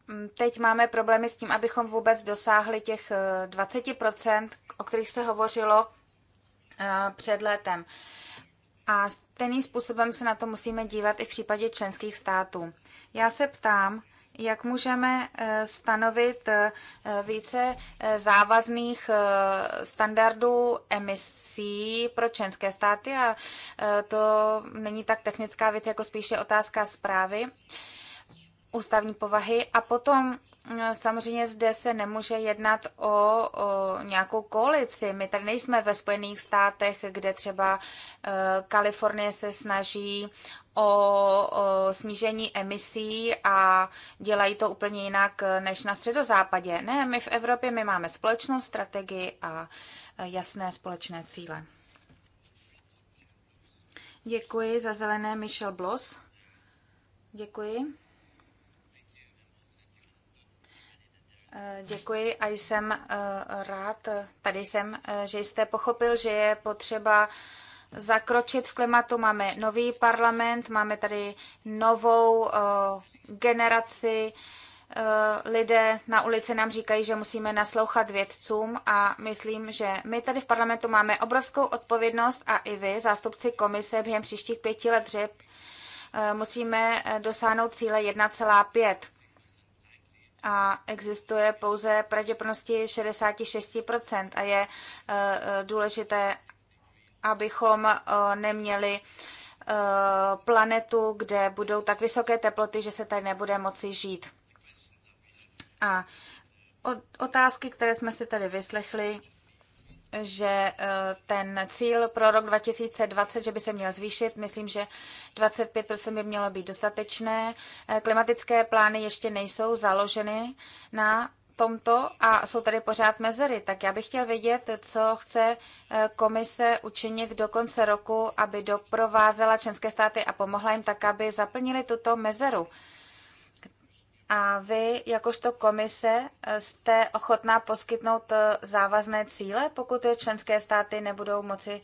Mm, teď máme problémy s tím, abychom vůbec dosáhli těch 20%, eh, o kterých se hovořilo eh, před létem. A stejným způsobem se na to musíme dívat i v případě členských států. Já se ptám, jak můžeme eh, stanovit více závazných standardů emisí pro členské státy a to není tak technická věc, jako spíše otázka zprávy ústavní povahy a potom eh, samozřejmě zde se nemůže jednat o, o nějakou koalici. My tady nejsme ve Spojených státech, kde třeba e, Kalifornie se snaží o, o snížení emisí a dělají to úplně jinak eh, než na středozápadě. Ne, my v Evropě my máme společnou strategii a jasné společné cíle. Děkuji za zelené Michel Bloss. Děkuji. Eh, děkuji a jsem eh, rád, tady jsem, eh, že jste pochopil, že je potřeba zakročit v klimatu. Máme nový parlament, máme tady novou generaci. Lidé na ulici nám říkají, že musíme naslouchat vědcům a myslím, že my tady v parlamentu máme obrovskou odpovědnost a i vy, zástupci komise, během příštích pěti let, řep musíme dosáhnout cíle 1,5 a existuje pouze pravděpodobnosti 66% a je eh, eh, důležité, abychom eh, neměli planetu, kde budou tak vysoké teploty, že se tady nebude moci žít. A otázky, které jsme si tady vyslechli, že eh, ten cíl pro rok 2020, že by se měl zvýšit, myslím, že 25% by mělo být dostatečné. Eh, klimatické plány ještě nejsou založeny na tomto a jsou tady pořád mezery, tak já bych chtěl vědět, co chce eh, komise učinit do konce roku, aby doprovázela členské státy a pomohla jim tak, aby zaplnili tuto mezeru a vy jakožto komise eh, jste ochotná poskytnout eh, závazné cíle, pokud členské státy nebudou moci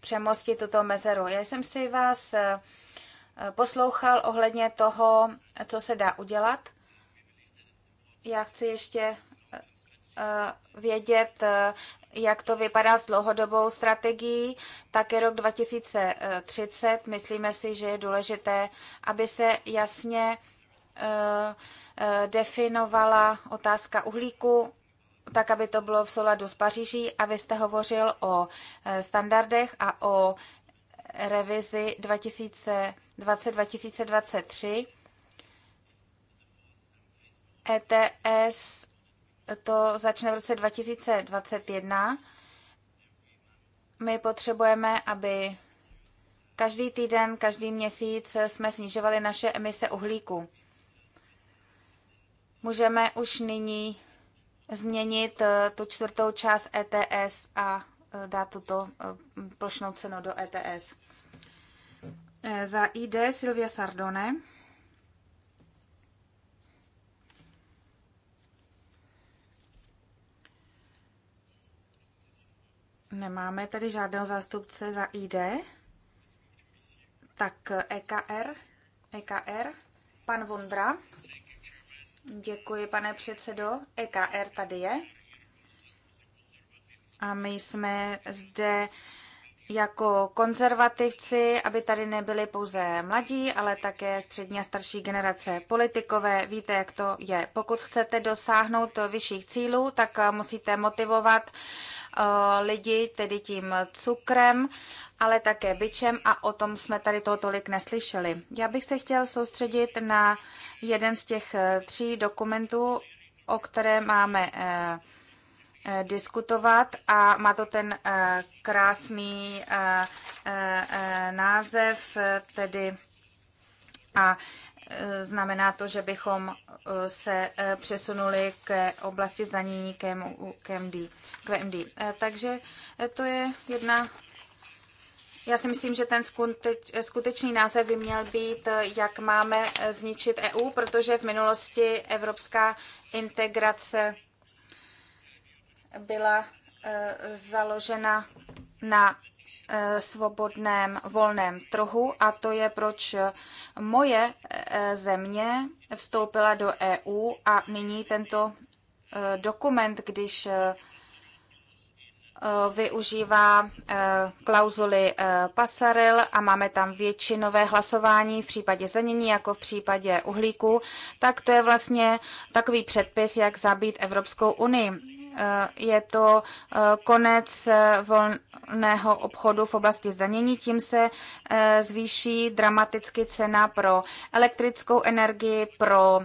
přemostit tuto mezeru. Já jsem si vás eh, poslouchal ohledně toho, co se dá udělat. Já chci ještě vědět, jak to vypadá s dlouhodobou strategií, také rok 2030. Myslíme si, že je důležité, aby se jasně eh, eh, definovala otázka uhlíku, tak aby to bylo v souladu s Paříží. A vy jste hovořil o eh, standardech a o revizi 2020-2023. ETS to začne v roce 2021. My potřebujeme, aby každý týden, každý měsíc jsme snižovali naše emise uhlíku. Můžeme už nyní změnit eh, tu čtvrtou část ETS a eh, dát tuto eh, plošnou cenu do ETS. Za ID Silvia Sardone. Nemáme tady žádného zástupce za ID. Tak EKR, EKR, pan Vondra. Děkuji, pane předsedo. EKR tady je. A my jsme zde jako konzervativci, aby tady nebyli pouze mladí, ale také střední a starší generace politikové. Víte, jak to je. Pokud chcete dosáhnout vyšších cílů, tak musíte motivovat Eh, lidi, tedy tím cukrem, ale také byčem a o tom jsme tady toho tolik neslyšeli. Já bych se chtěl soustředit na jeden z těch eh, tří dokumentů, o které máme eh, diskutovat a má to ten krásný název, tedy a Eh, znamená to, že bychom eh, se eh, přesunuli k oblasti zdanění KMD. KMD. Takže to je jedna já si myslím, že ten skutečný název by měl být, jak máme zničit EU, protože v minulosti evropská integrace byla založena na Eh, svobodném volném trhu a to je, proč moje eh, země vstoupila do EU a nyní tento eh, dokument, když využívá klauzuly pasaril a máme tam většinové hlasování v případě zanění, jako v případě uhlíku, tak to je vlastně takový předpis, jak zabít Evropskou unii. Eh, je to eh, konec eh, volného obchodu v oblasti zdanění. Tím se zvýší dramaticky cena pro elektrickou energii, pro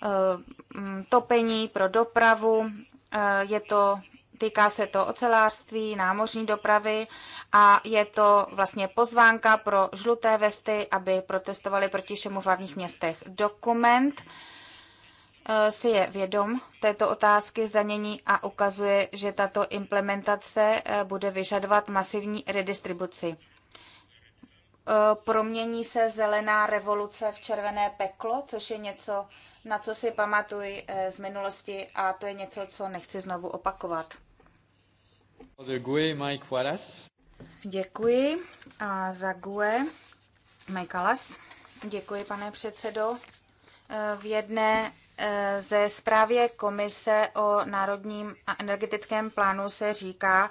mm, topení, pro dopravu. Je to Týká se to ocelářství, námořní dopravy a je to vlastně pozvánka pro žluté vesty, aby protestovali proti všemu v hlavních městech. Dokument uh, Eh, si je vědom této otázky zdanění a ukazuje, že tato implementace eh, bude vyžadovat masivní redistribuci. Eh, promění se zelená revoluce v červené peklo, což je něco, na co si pamatuji z minulosti a to je něco, co nechci znovu opakovat. Děkuji a za GUE Majkalas. Děkuji, pane předsedo. V jedné Eh, ze zprávě Komise o Národním energetickém plánu se říká,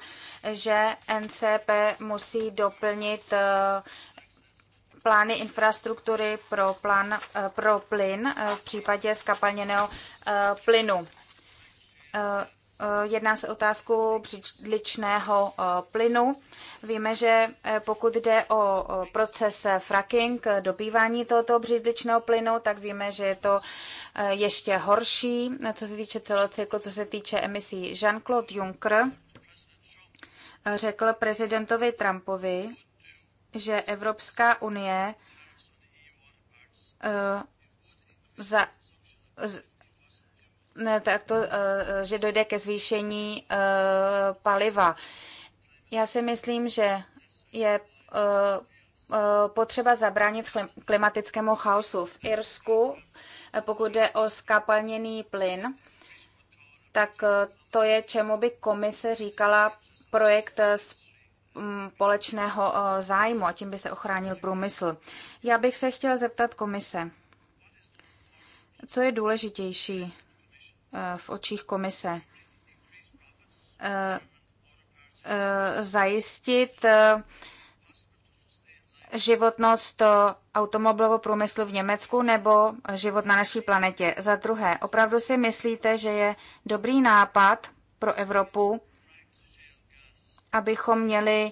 že NCP musí doplnit eh, plány infrastruktury pro, plán, eh, pro plyn v případě skapalněného plynu. Eh, jedná se o otázku břidličného eh, plynu. Víme, že eh, pokud jde o proces fracking, dobývání tohoto břidličného plynu, tak víme, že je to ještě horší, co se týče celého cyklu, co se týče emisí. Jean-Claude Juncker řekl prezidentovi Trumpovi, že Evropská unie za, tak to, eh, že dojde ke zvýšení eh, paliva. Já si myslím, že je eh, potřeba zabránit klimatickému chaosu. V Irsku, pokud jde o skapalněný plyn, tak to je, čemu by komise říkala projekt mm, společného zájmu a tím by se ochránil průmysl. Já bych se chtěl zeptat komise, co je důležitější? v očích komise eh, eh, zajistit eh, životnost automobilového průmyslu v Německu nebo život na naší planetě. Za druhé, opravdu si myslíte, že je dobrý nápad pro Evropu, abychom měli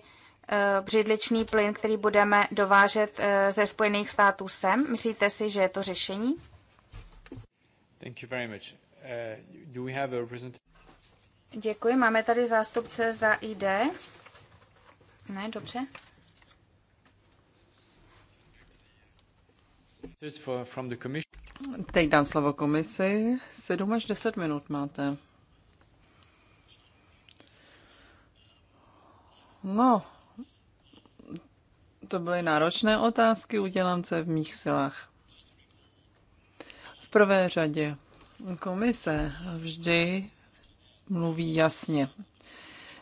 břidličný plyn, který budeme dovážet ze Spojených států sem? Myslíte si, že je to řešení? Thank you very much. Uh, do we have a representative? Děkuji. Máme tady zástupce za ID. Ne, dobře. Teď dám slovo komisi. 7 až 10 minut máte. No, to byly náročné otázky, udělám, co je v mých silách. V prvé řadě Komise vždy mluví jasně.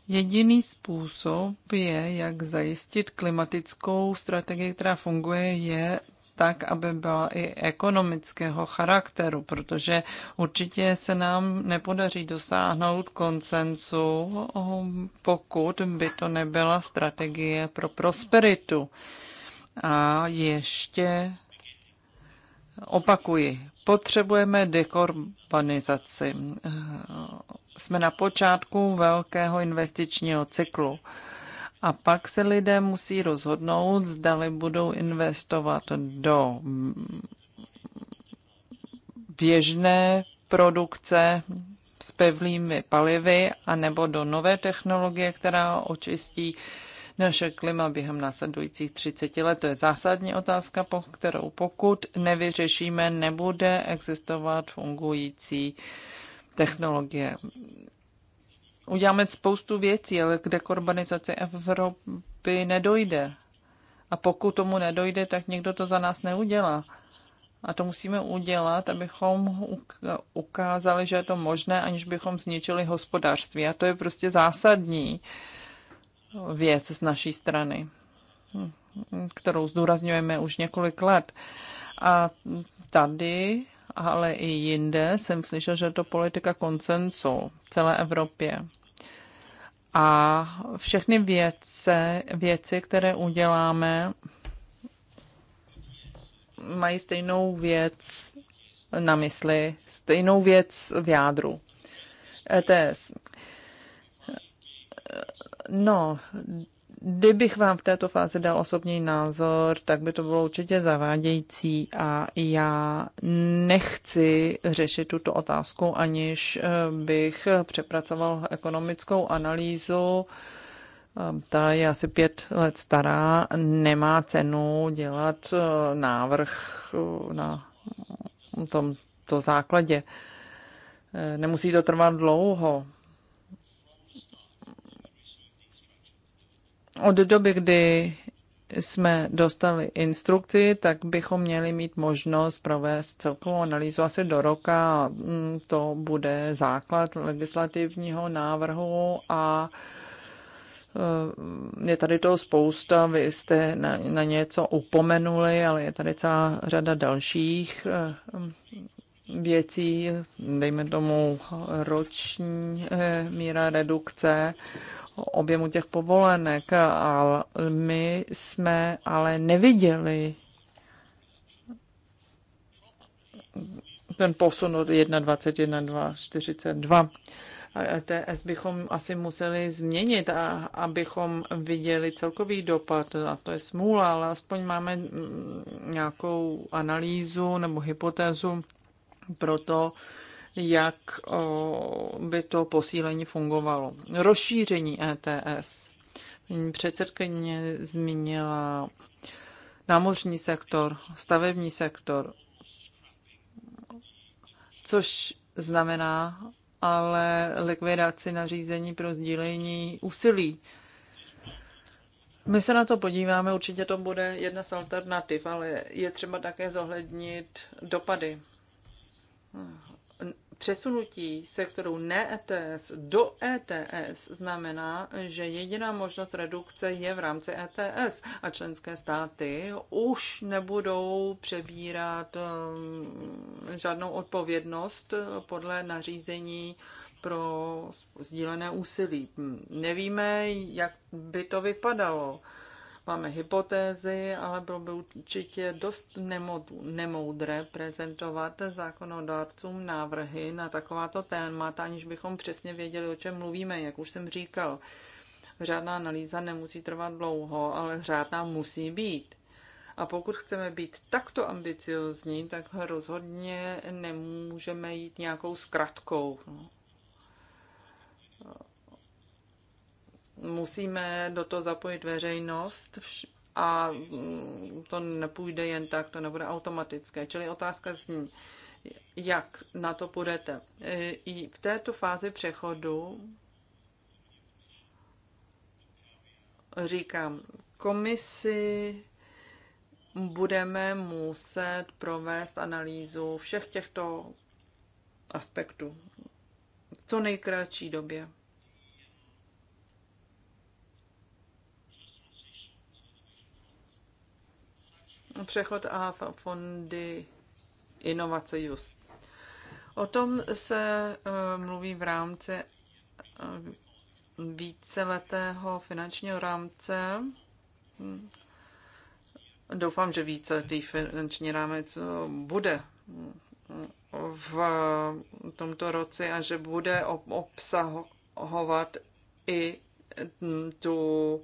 Jediný způsob je, jak zajistit klimatickou strategii, která funguje, je tak, aby byla i ekonomického charakteru, protože určitě se nám nepodaří dosáhnout konsenzu, pokud by to nebyla strategie pro prosperitu. A ještě Opakuji, potřebujeme dekorbanizaci. Jsme na počátku velkého investičního cyklu. A pak se lidé musí rozhodnout, zdali budou investovat do běžné produkce s pevnými palivy, anebo do nové technologie, která očistí naše klima během následujících 30 let. To je zásadní otázka, po kterou pokud nevyřešíme, nebude existovat fungující technologie. Uděláme spoustu věcí, ale kde k dekorbanizaci Evropy nedojde. A pokud tomu nedojde, tak někdo to za nás neudělá. A to musíme udělat, abychom ukázali, že je to možné, aniž bychom zničili hospodářství. A to je prostě zásadní věc z naší strany, kterou zdůrazňujeme už několik let. A tady, ale i jinde jsem slyšel, že je to politika koncensu v celé Evropě. A všechny věce, věci, které uděláme, mají stejnou věc na mysli, stejnou věc v jádru. ETS. No, kdybych vám v této fázi dal osobní názor, tak by to bylo určitě zavádějící a já nechci řešit tuto otázku, aniž eh, bych přepracoval ekonomickou analýzu. Eh, ta je asi pět let stará, nemá cenu dělat eh, návrh na tomto základě. Nemusí to trvat dlouho od doby, kdy jsme dostali instrukci, tak bychom měli mít možnost provést celkovou analýzu asi do roka. To bude základ legislativního návrhu a eh, je tady toho spousta, vy jste na, na něco upomenuli, ale je tady celá řada dalších eh, věcí, dejme tomu roční eh, míra redukce objemu těch povolenek, ale my jsme ale neviděli ten posun od 1,21,42. TS bychom asi museli změnit, a, abychom viděli celkový dopad. A to je smůla, ale aspoň máme mm, nějakou analýzu nebo hypotézu pro to, jak by to posílení fungovalo. Rozšíření ETS. Předsedkyně zmínila námořní sektor, stavební sektor, což znamená ale likvidaci nařízení pro sdílení úsilí. My se na to podíváme, určitě to bude jedna z alternativ, ale je třeba také zohlednit dopady. Přesunutí sektoru ne ETS do ETS znamená, že jediná možnost redukce je v rámci ETS a členské státy už nebudou přebírat um, žádnou odpovědnost podle nařízení pro sdílené úsilí. Nevíme, jak by to vypadalo. Máme hypotézy, ale bylo by určitě dost nemoudré prezentovat zákonodárcům návrhy na takováto témata, aniž bychom přesně věděli, o čem mluvíme, jak už jsem říkal. Řádná analýza nemusí trvat dlouho, ale řádná musí být. A pokud chceme být takto ambiciozní, tak rozhodně nemůžeme jít nějakou zkratkou. No. Musíme do toho zapojit veřejnost a mm, to nepůjde jen tak, to nebude automatické. Čili otázka zní, jak na to půjdete. E, I v této fázi přechodu říkám, komisi budeme muset provést analýzu všech těchto aspektů co nejkratší době. přechod a fondy inovace just. O tom se eh, mluví v rámci eh, víceletého finančního rámce. Hm. Doufám, že víceletý finanční rámec eh, bude hm, v tomto roce a že bude obsahovat i hm, tu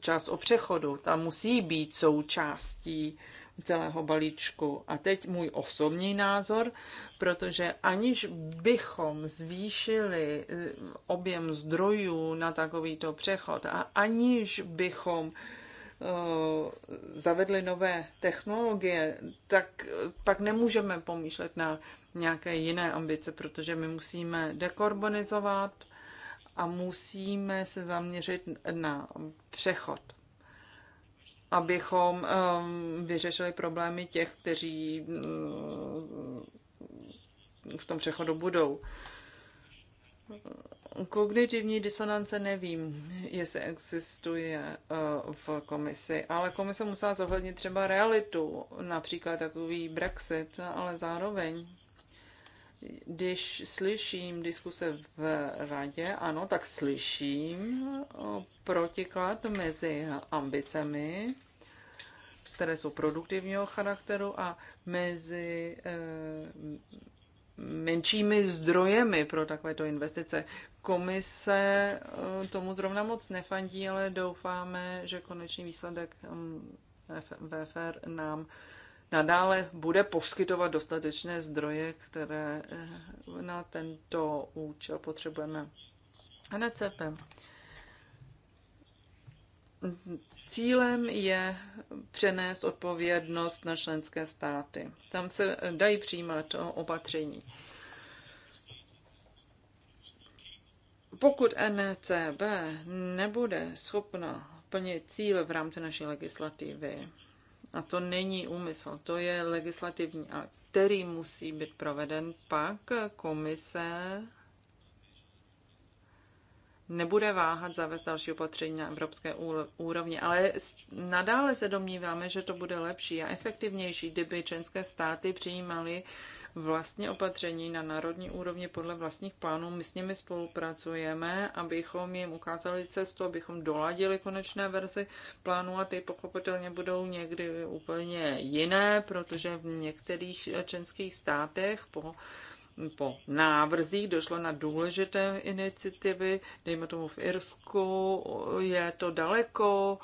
část o přechodu, ta musí být součástí celého balíčku. A teď můj osobní názor, protože aniž bychom zvýšili eh, objem zdrojů na takovýto přechod a aniž bychom eh, zavedli nové technologie, tak eh, pak nemůžeme pomýšlet na nějaké jiné ambice, protože my musíme dekarbonizovat, a musíme se zaměřit na přechod, abychom um, vyřešili problémy těch, kteří mm, v tom přechodu budou. Kognitivní disonance nevím, jestli existuje uh, v komisi, ale komise musela zohlednit třeba realitu, například takový Brexit, ale zároveň když slyším diskuse v radě, ano, tak slyším eh, protiklad mezi ambicemi, které jsou produktivního charakteru, a mezi eh, menšími zdrojemi pro takovéto investice. Komise eh, tomu zrovna moc nefandí, ale doufáme, že konečný výsledek mm, VFR nám nadále bude poskytovat dostatečné zdroje, které eh, na tento účel potřebujeme. NCP. Cílem je přenést odpovědnost na členské státy. Tam se dají přijímat opatření. Pokud NCB nebude schopna plnit cíl v rámci naší legislativy, a to není úmysl, to je legislativní akt, který musí být proveden pak komise nebude váhat zavést další opatření na evropské úrovni, ale nadále se domníváme, že to bude lepší a efektivnější, kdyby členské státy přijímaly vlastně opatření na národní úrovni podle vlastních plánů. My s nimi spolupracujeme, abychom jim ukázali cestu, abychom doladili konečné verzi plánu a ty pochopitelně budou někdy úplně jiné, protože v některých členských státech po po návrzích došlo na důležité iniciativy, dejme tomu v Irsku, je to daleko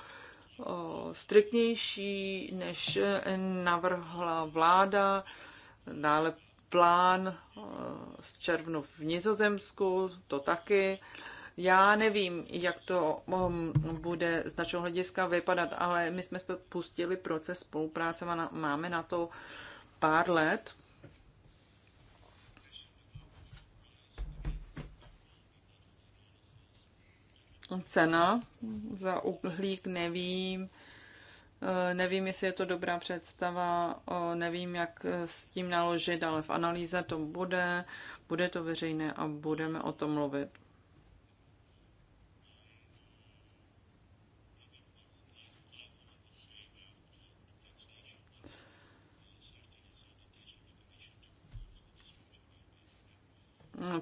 striktnější, než navrhla vláda. Dále plán z červnu v Nizozemsku, to taky. Já nevím, jak to bude z našeho hlediska vypadat, ale my jsme spustili proces spolupráce a máme na to pár let. cena za uhlík, nevím. Eh, nevím, jestli je to dobrá představa, eh, nevím, jak s tím naložit, ale v analýze to bude, bude to veřejné a budeme o tom mluvit.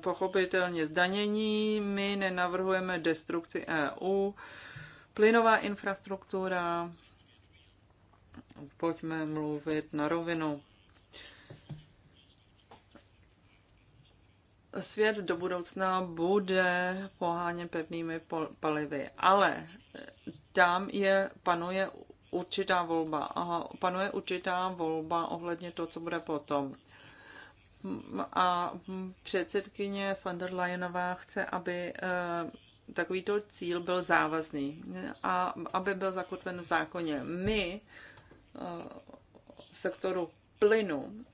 pochopitelně zdanění. My nenavrhujeme destrukci EU. Plynová infrastruktura, pojďme mluvit na rovinu. Svět do budoucna bude poháněn pevnými palivy, ale tam je, panuje určitá volba. Aha, panuje určitá volba ohledně toho, co bude potom a předsedkyně van der Leyenová chce, aby eh, takovýto cíl byl závazný a aby byl zakotven v zákoně. My eh, v sektoru plynu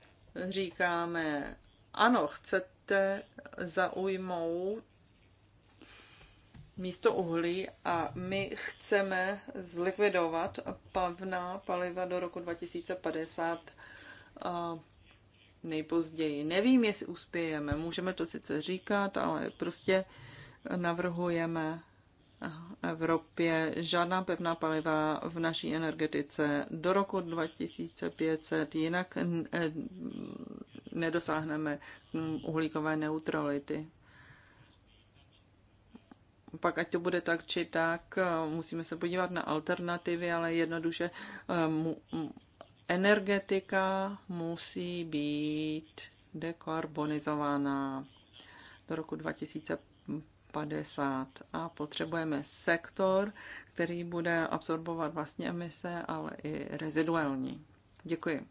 říkáme, ano, chcete zaujmout místo uhlí a my chceme zlikvidovat pavná paliva do roku 2050 eh, nejpozději. Nevím, jestli uspějeme, můžeme to sice říkat, ale prostě navrhujeme Evropě žádná pevná paliva v naší energetice do roku 2500, jinak nedosáhneme uhlíkové neutrality. Pak ať to bude tak či tak, musíme se podívat na alternativy, ale jednoduše eh, energetika musí být dekarbonizována do roku 2050 a potřebujeme sektor, který bude absorbovat vlastně emise, ale i reziduální. Děkuji.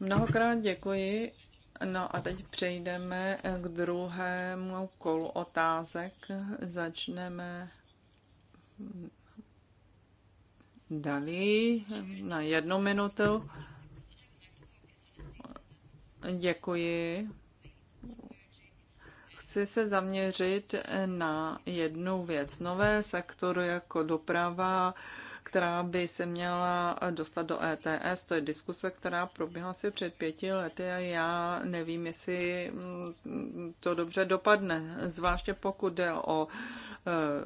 Mnohokrát děkuji. No a teď přejdeme k druhému kolu otázek. Začneme dali na jednu minutu. Děkuji. Chci se zaměřit na jednu věc. Nové sektory jako doprava, která by se měla dostat do ETS. To je diskuse, která proběhla si před pěti lety a já nevím, jestli to dobře dopadne, zvláště pokud jde o Eh,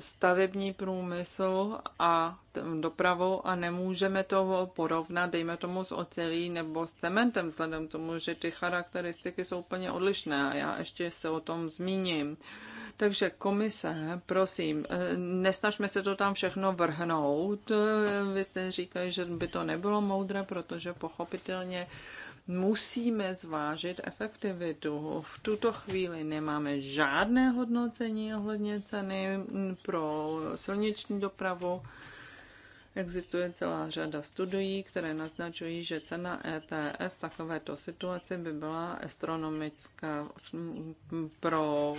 stavební průmysl a dopravu a nemůžeme to porovnat, dejme tomu, s ocelí nebo s cementem, vzhledem tomu, že ty charakteristiky jsou úplně odlišné a já ještě se o tom zmíním. Takže komise, prosím, eh, nesnažme se to tam všechno vrhnout. Eh, vy jste říkali, že by to nebylo moudré, protože pochopitelně musíme zvážit efektivitu. V tuto chvíli nemáme žádné hodnocení ohledně ceny pro silniční dopravu. Existuje celá řada studií, které naznačují, že cena ETS takovéto situaci by byla astronomická pro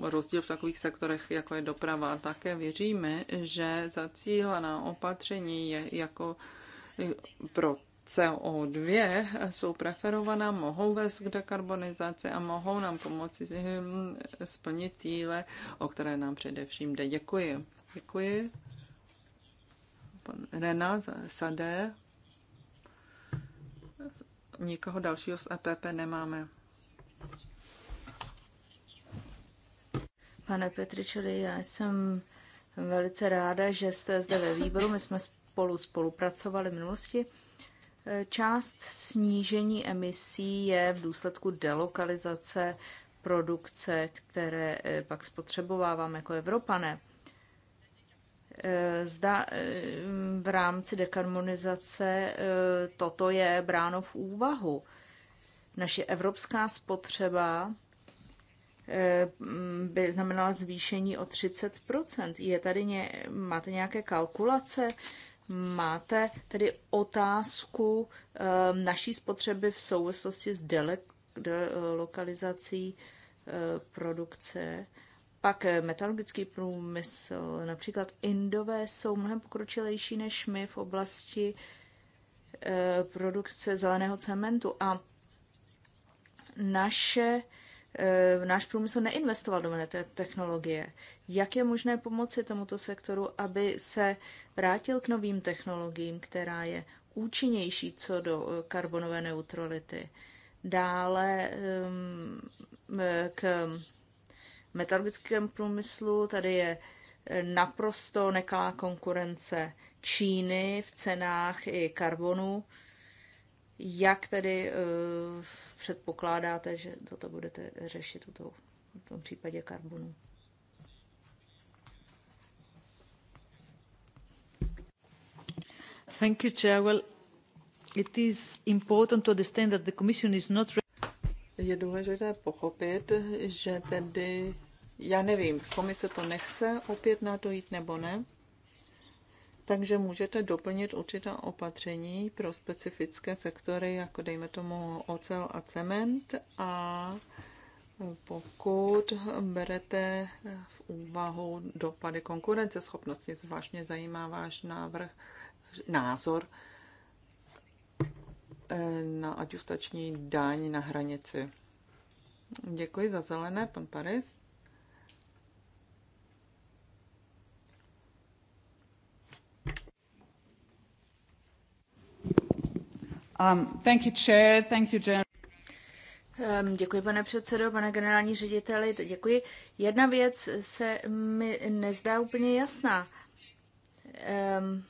rozdíl v takových sektorech, jako je doprava. Také věříme, že zacílená opatření je jako pro CO2 jsou preferovaná, mohou vést k dekarbonizaci a mohou nám pomoci eh, splnit cíle, o které nám především jde. Děkuji. Děkuji. Pan Rena Sade. Nikoho dalšího z EPP nemáme. Pane Petričeli, já jsem velice ráda, že jste zde ve výboru. My jsme spolu spolupracovali v minulosti. Část snížení emisí je v důsledku delokalizace produkce, které eh, pak spotřebováváme jako Evropané. Eh, zda eh, v rámci dekarbonizace toto je bráno v úvahu. Naše evropská spotřeba by znamenala zvýšení o 30 Je tady ně, máte nějaké kalkulace Máte tedy otázku ehm, naší spotřeby v souvislosti s delokalizací ehm, produkce. Pak eh, metalurgický průmysl, například Indové jsou mnohem pokročilejší než my v oblasti ehm, produkce zeleného cementu a naše E, náš průmysl neinvestoval do té technologie. Jak je možné pomoci tomuto sektoru, aby se vrátil k novým technologiím, která je účinnější co do e, karbonové neutrality? Dále e, k metalurgickému průmyslu tady je naprosto nekalá konkurence Číny v cenách i karbonu jak tedy eh, předpokládáte, že toto budete řešit u toho, v tom případě karbonu? Thank you, Chair. Well, it is important to understand that the Commission is not je důležité pochopit, že tedy, já nevím, komise to nechce opět na to jít nebo ne, takže můžete doplnit určitá opatření pro specifické sektory, jako dejme tomu ocel a cement a pokud berete v úvahu dopady konkurenceschopnosti, schopnosti, mě zajímá váš návrh, názor eh, na adjustační daň na hranici. Děkuji za zelené, pan Paris. Um, um, děkuji, pane předsedo, pane generální řediteli, děkuji. Jedna věc se mi nezdá úplně jasná. Um,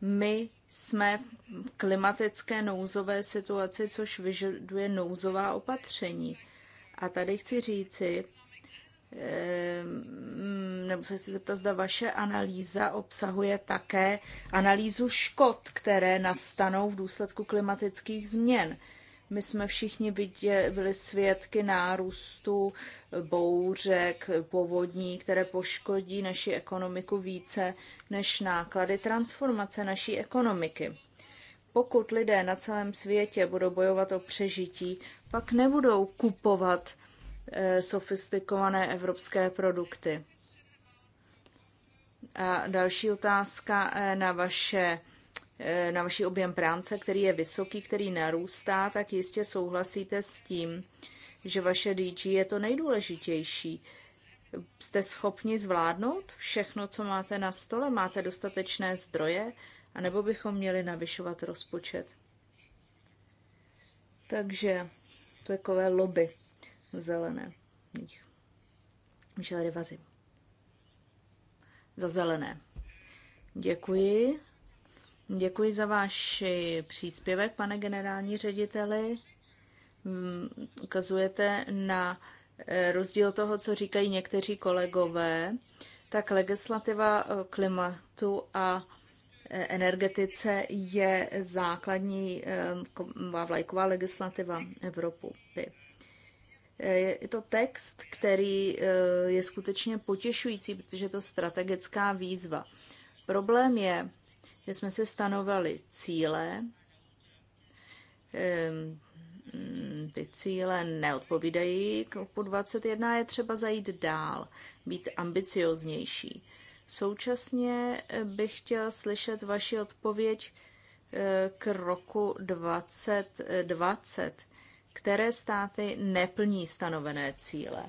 my jsme v klimatické nouzové situaci, což vyžaduje nouzová opatření. A tady chci říci, Ehm, nebo se chci zeptat, zda vaše analýza obsahuje také analýzu škod, které nastanou v důsledku klimatických změn. My jsme všichni viděli, byli svědky nárůstu bouřek, povodní, které poškodí naši ekonomiku více než náklady transformace naší ekonomiky. Pokud lidé na celém světě budou bojovat o přežití, pak nebudou kupovat Eh, sofistikované evropské produkty. A další otázka eh, na vaše eh, na vaši objem práce, který je vysoký, který narůstá, tak jistě souhlasíte s tím, že vaše DG je to nejdůležitější. Jste schopni zvládnout všechno, co máte na stole? Máte dostatečné zdroje? A nebo bychom měli navyšovat rozpočet? Takže to je takové lobby zelené. Michel Rivazi. Za zelené. Děkuji. Děkuji za váš příspěvek, pane generální řediteli. Mm, ukazujete na e, rozdíl toho, co říkají někteří kolegové, tak legislativa e, klimatu a e, energetice je základní vlajková legislativa Evropy. Eh, je to text, který eh, je skutečně potěšující, protože je to strategická výzva. Problém je, že jsme si stanovali cíle, ehm, mm, ty cíle neodpovídají k po 21, je třeba zajít dál, být ambicioznější. Současně eh, bych chtěla slyšet vaši odpověď k roku 2020 které státy neplní stanovené cíle.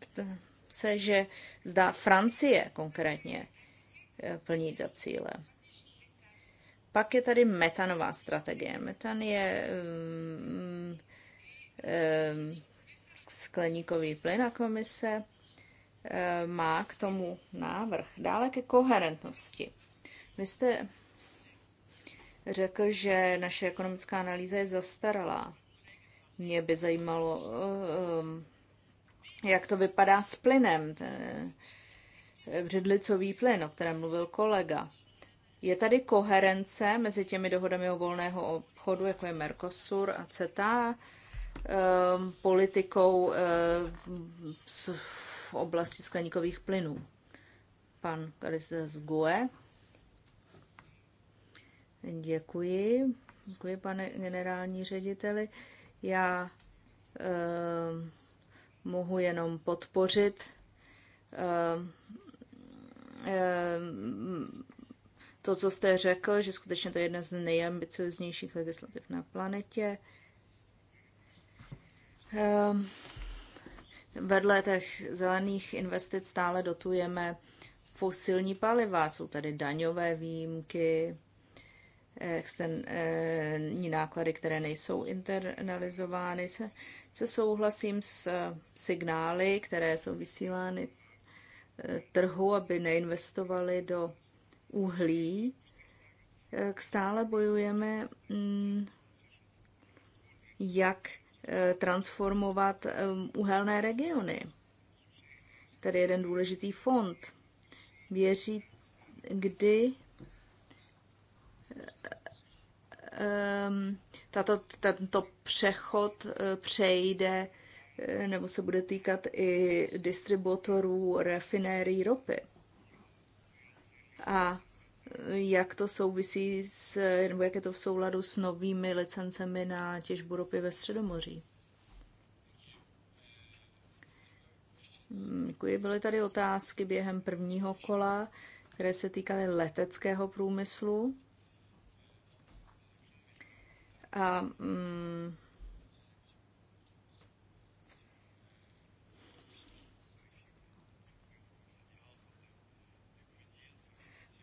Ptám se, že zdá Francie konkrétně eh, plní ta cíle. Pak je tady metanová strategie. Metan je um, um, skleníkový plyn a komise eh, má k tomu návrh. Dále ke koherentnosti. Vy jste řekl, že naše ekonomická analýza je zastaralá. Mě by zajímalo, eh, eh, jak to vypadá s plynem, vředlicový plyn, o kterém mluvil kolega. Je tady koherence mezi těmi dohodami o volného obchodu, jako je Mercosur a CETA, eh, politikou v oblasti skleníkových plynů? Pan Karis z GUE, Děkuji. Děkuji, pane generální řediteli. Já e, mohu jenom podpořit e, e, to, co jste řekl, že skutečně to je jedna z nejambicioznějších legislativ na planetě. E, vedle těch zelených investic stále dotujeme fosilní paliva, jsou tady daňové výjimky, externí eh, eh, náklady, které nejsou internalizovány. Se, se souhlasím s eh, signály, které jsou vysílány trhu, aby neinvestovali do uhlí. Stále bojujeme, mm, jak transformovat uhelné regiony. Tady jeden důležitý fond. Věří, kdy Ehm, tato, tento přechod eh, přejde eh, nebo se bude týkat i distributorů refinérií ropy. A eh, jak to souvisí s, nebo jak je to v souladu s novými licencemi na těžbu ropy ve Středomoří? Hmm, děkuji. Byly tady otázky během prvního kola, které se týkaly leteckého průmyslu. A, mm,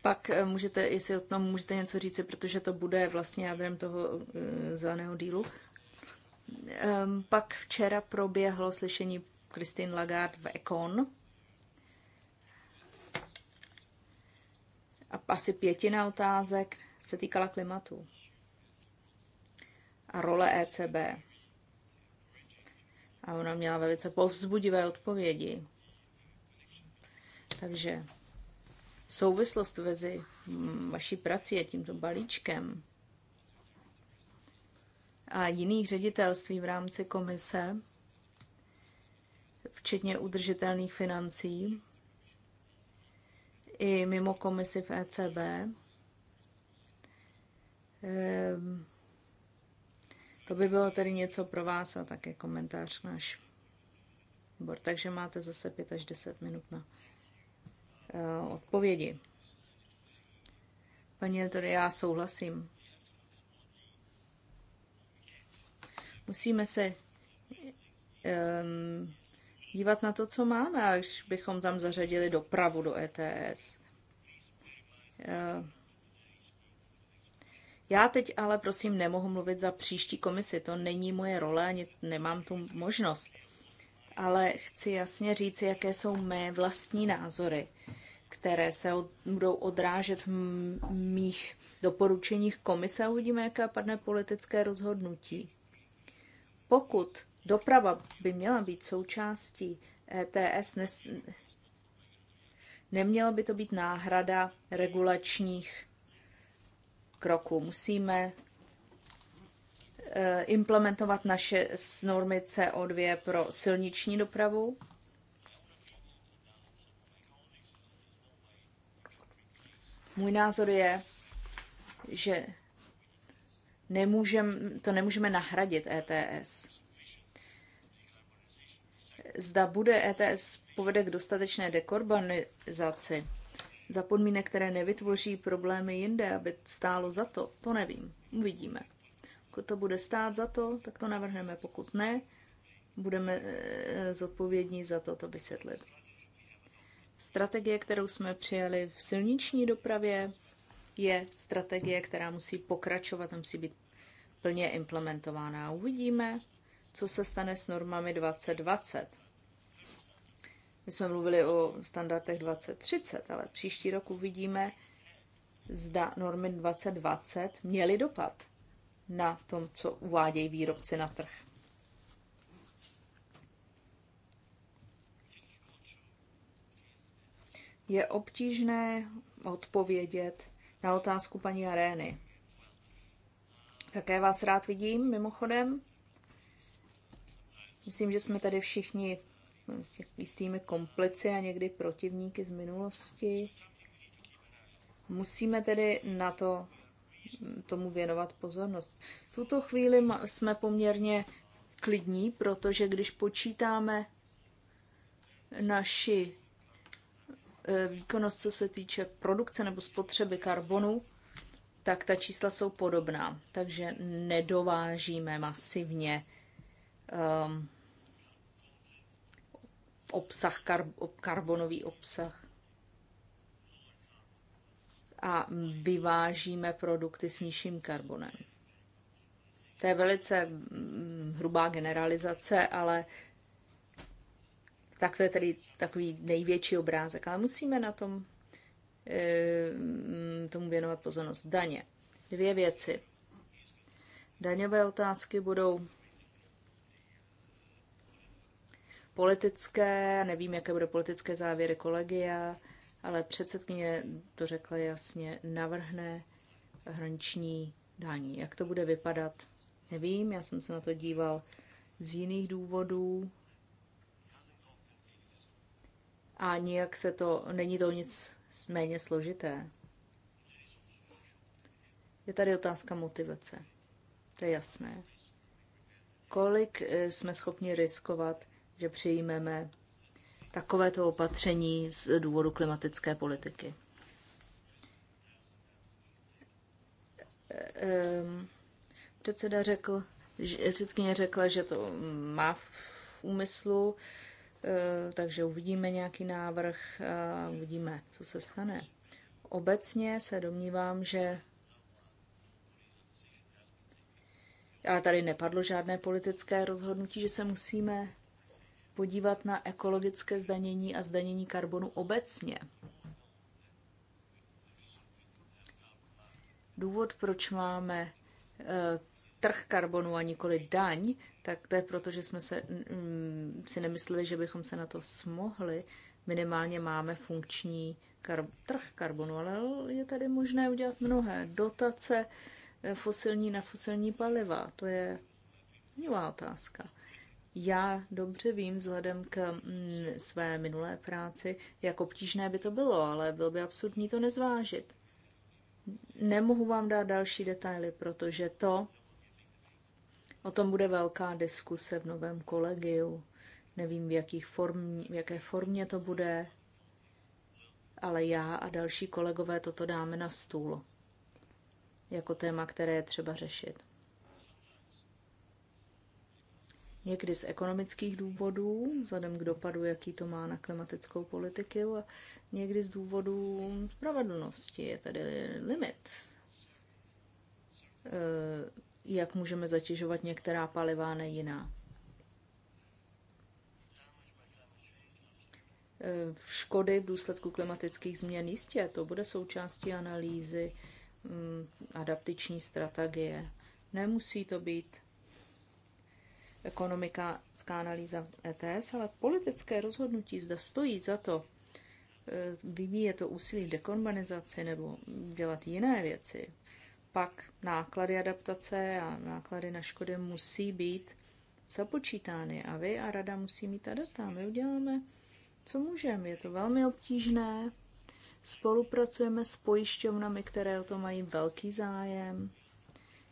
pak eh, můžete, jestli o tom můžete něco říci, protože to bude vlastně jádrem toho uh, zeleného dílu. Um, pak včera proběhlo slyšení Christine Lagarde v Econ. A asi pětina otázek se týkala klimatu a role ECB. A ona měla velice povzbudivé odpovědi. Takže souvislost mezi mm, vaší prací a tímto balíčkem a jiných ředitelství v rámci komise, včetně udržitelných financí, i mimo komisi v ECB, ehm to by bylo tedy něco pro vás a také jako komentář náš. Výbor. Takže máte zase 5 až 10 minut na uh, odpovědi. Paní tady já souhlasím. Musíme se um, dívat na to, co máme, až bychom tam zařadili dopravu do ETS. Uh, eh, já teď ale prosím nemohu mluvit za příští komisi, to není moje role, ani nemám tu možnost. Ale chci jasně říct, jaké jsou mé vlastní názory, které se od, budou odrážet v mých doporučeních komise a uvidíme, jaké padne politické rozhodnutí. Pokud doprava by měla být součástí ETS, nes, neměla by to být náhrada regulačních kroků. Musíme eh, implementovat naše normy CO2 pro silniční dopravu. Můj názor je, že nemůžem, to nemůžeme nahradit ETS. Zda bude ETS povede k dostatečné dekarbonizaci za podmínek, které nevytvoří problémy jinde, aby stálo za to, to nevím. Uvidíme. Pokud to bude stát za to, tak to navrhneme. Pokud ne, budeme eh, zodpovědní za to, to vysvětlit. Strategie, kterou jsme přijali v silniční dopravě, je strategie, která musí pokračovat a musí být plně implementována. Uvidíme, co se stane s normami 2020. My jsme mluvili o standardech 2030, ale příští rok uvidíme, zda normy 2020 měly dopad na tom, co uvádějí výrobci na trh. Je obtížné odpovědět na otázku paní Arény. Také vás rád vidím, mimochodem. Myslím, že jsme tady všichni jistými komplici a někdy protivníky z minulosti. Musíme tedy na to mm, tomu věnovat pozornost. V tuto chvíli jsme poměrně klidní, protože když počítáme naši e, výkonnost, co se týče produkce nebo spotřeby karbonu, tak ta čísla jsou podobná. Takže nedovážíme masivně um, obsah, kar, karbonový obsah. A vyvážíme produkty s nižším karbonem. To je velice mm, hrubá generalizace, ale tak to je tedy takový největší obrázek. Ale musíme na tom e, mm, tomu věnovat pozornost. Daně. Dvě věci. Daňové otázky budou politické, nevím, jaké bude politické závěry kolegia, ale předsedkyně to řekla jasně, navrhne hraniční dání. Jak to bude vypadat, nevím, já jsem se na to díval z jiných důvodů. A nijak se to, není to nic méně složité. Je tady otázka motivace. To je jasné. Kolik eh, jsme schopni riskovat, že přijmeme takovéto opatření z důvodu klimatické politiky. Ehm, předseda řekl, předsedkyně řekla, že to má v úmyslu, eh, takže uvidíme nějaký návrh, uvidíme, co se stane. Obecně se domnívám, že ale tady nepadlo žádné politické rozhodnutí, že se musíme podívat na ekologické zdanění a zdanění karbonu obecně. Důvod, proč máme eh, trh karbonu a nikoli daň, tak to je proto, že jsme se, mm, si nemysleli, že bychom se na to smohli. Minimálně máme funkční kar- trh karbonu, ale je tady možné udělat mnohé. Dotace eh, fosilní na fosilní paliva, to je nová otázka. Já dobře vím, vzhledem k mm, své minulé práci, jak obtížné by to bylo, ale bylo by absurdní to nezvážit. Nemohu vám dát další detaily, protože to, o tom bude velká diskuse v novém kolegiu. Nevím, v, jakých form, v jaké formě to bude, ale já a další kolegové toto dáme na stůl jako téma, které je třeba řešit. někdy z ekonomických důvodů, vzhledem k dopadu, jaký to má na klimatickou politiku, a někdy z důvodů spravedlnosti. Je tady limit, eh, jak můžeme zatěžovat některá paliva ne jiná. Eh, škody v důsledku klimatických změn jistě, to bude součástí analýzy mm, adaptiční strategie. Nemusí to být ekonomická analýza ETS, ale politické rozhodnutí zda stojí za to e, vyvíjet to úsilí v dekorbanizaci nebo dělat jiné věci, pak náklady adaptace a náklady na škody musí být započítány a vy a rada musí mít ta data. My uděláme, co můžeme. Je to velmi obtížné. Spolupracujeme s pojišťovnami, které o to mají velký zájem.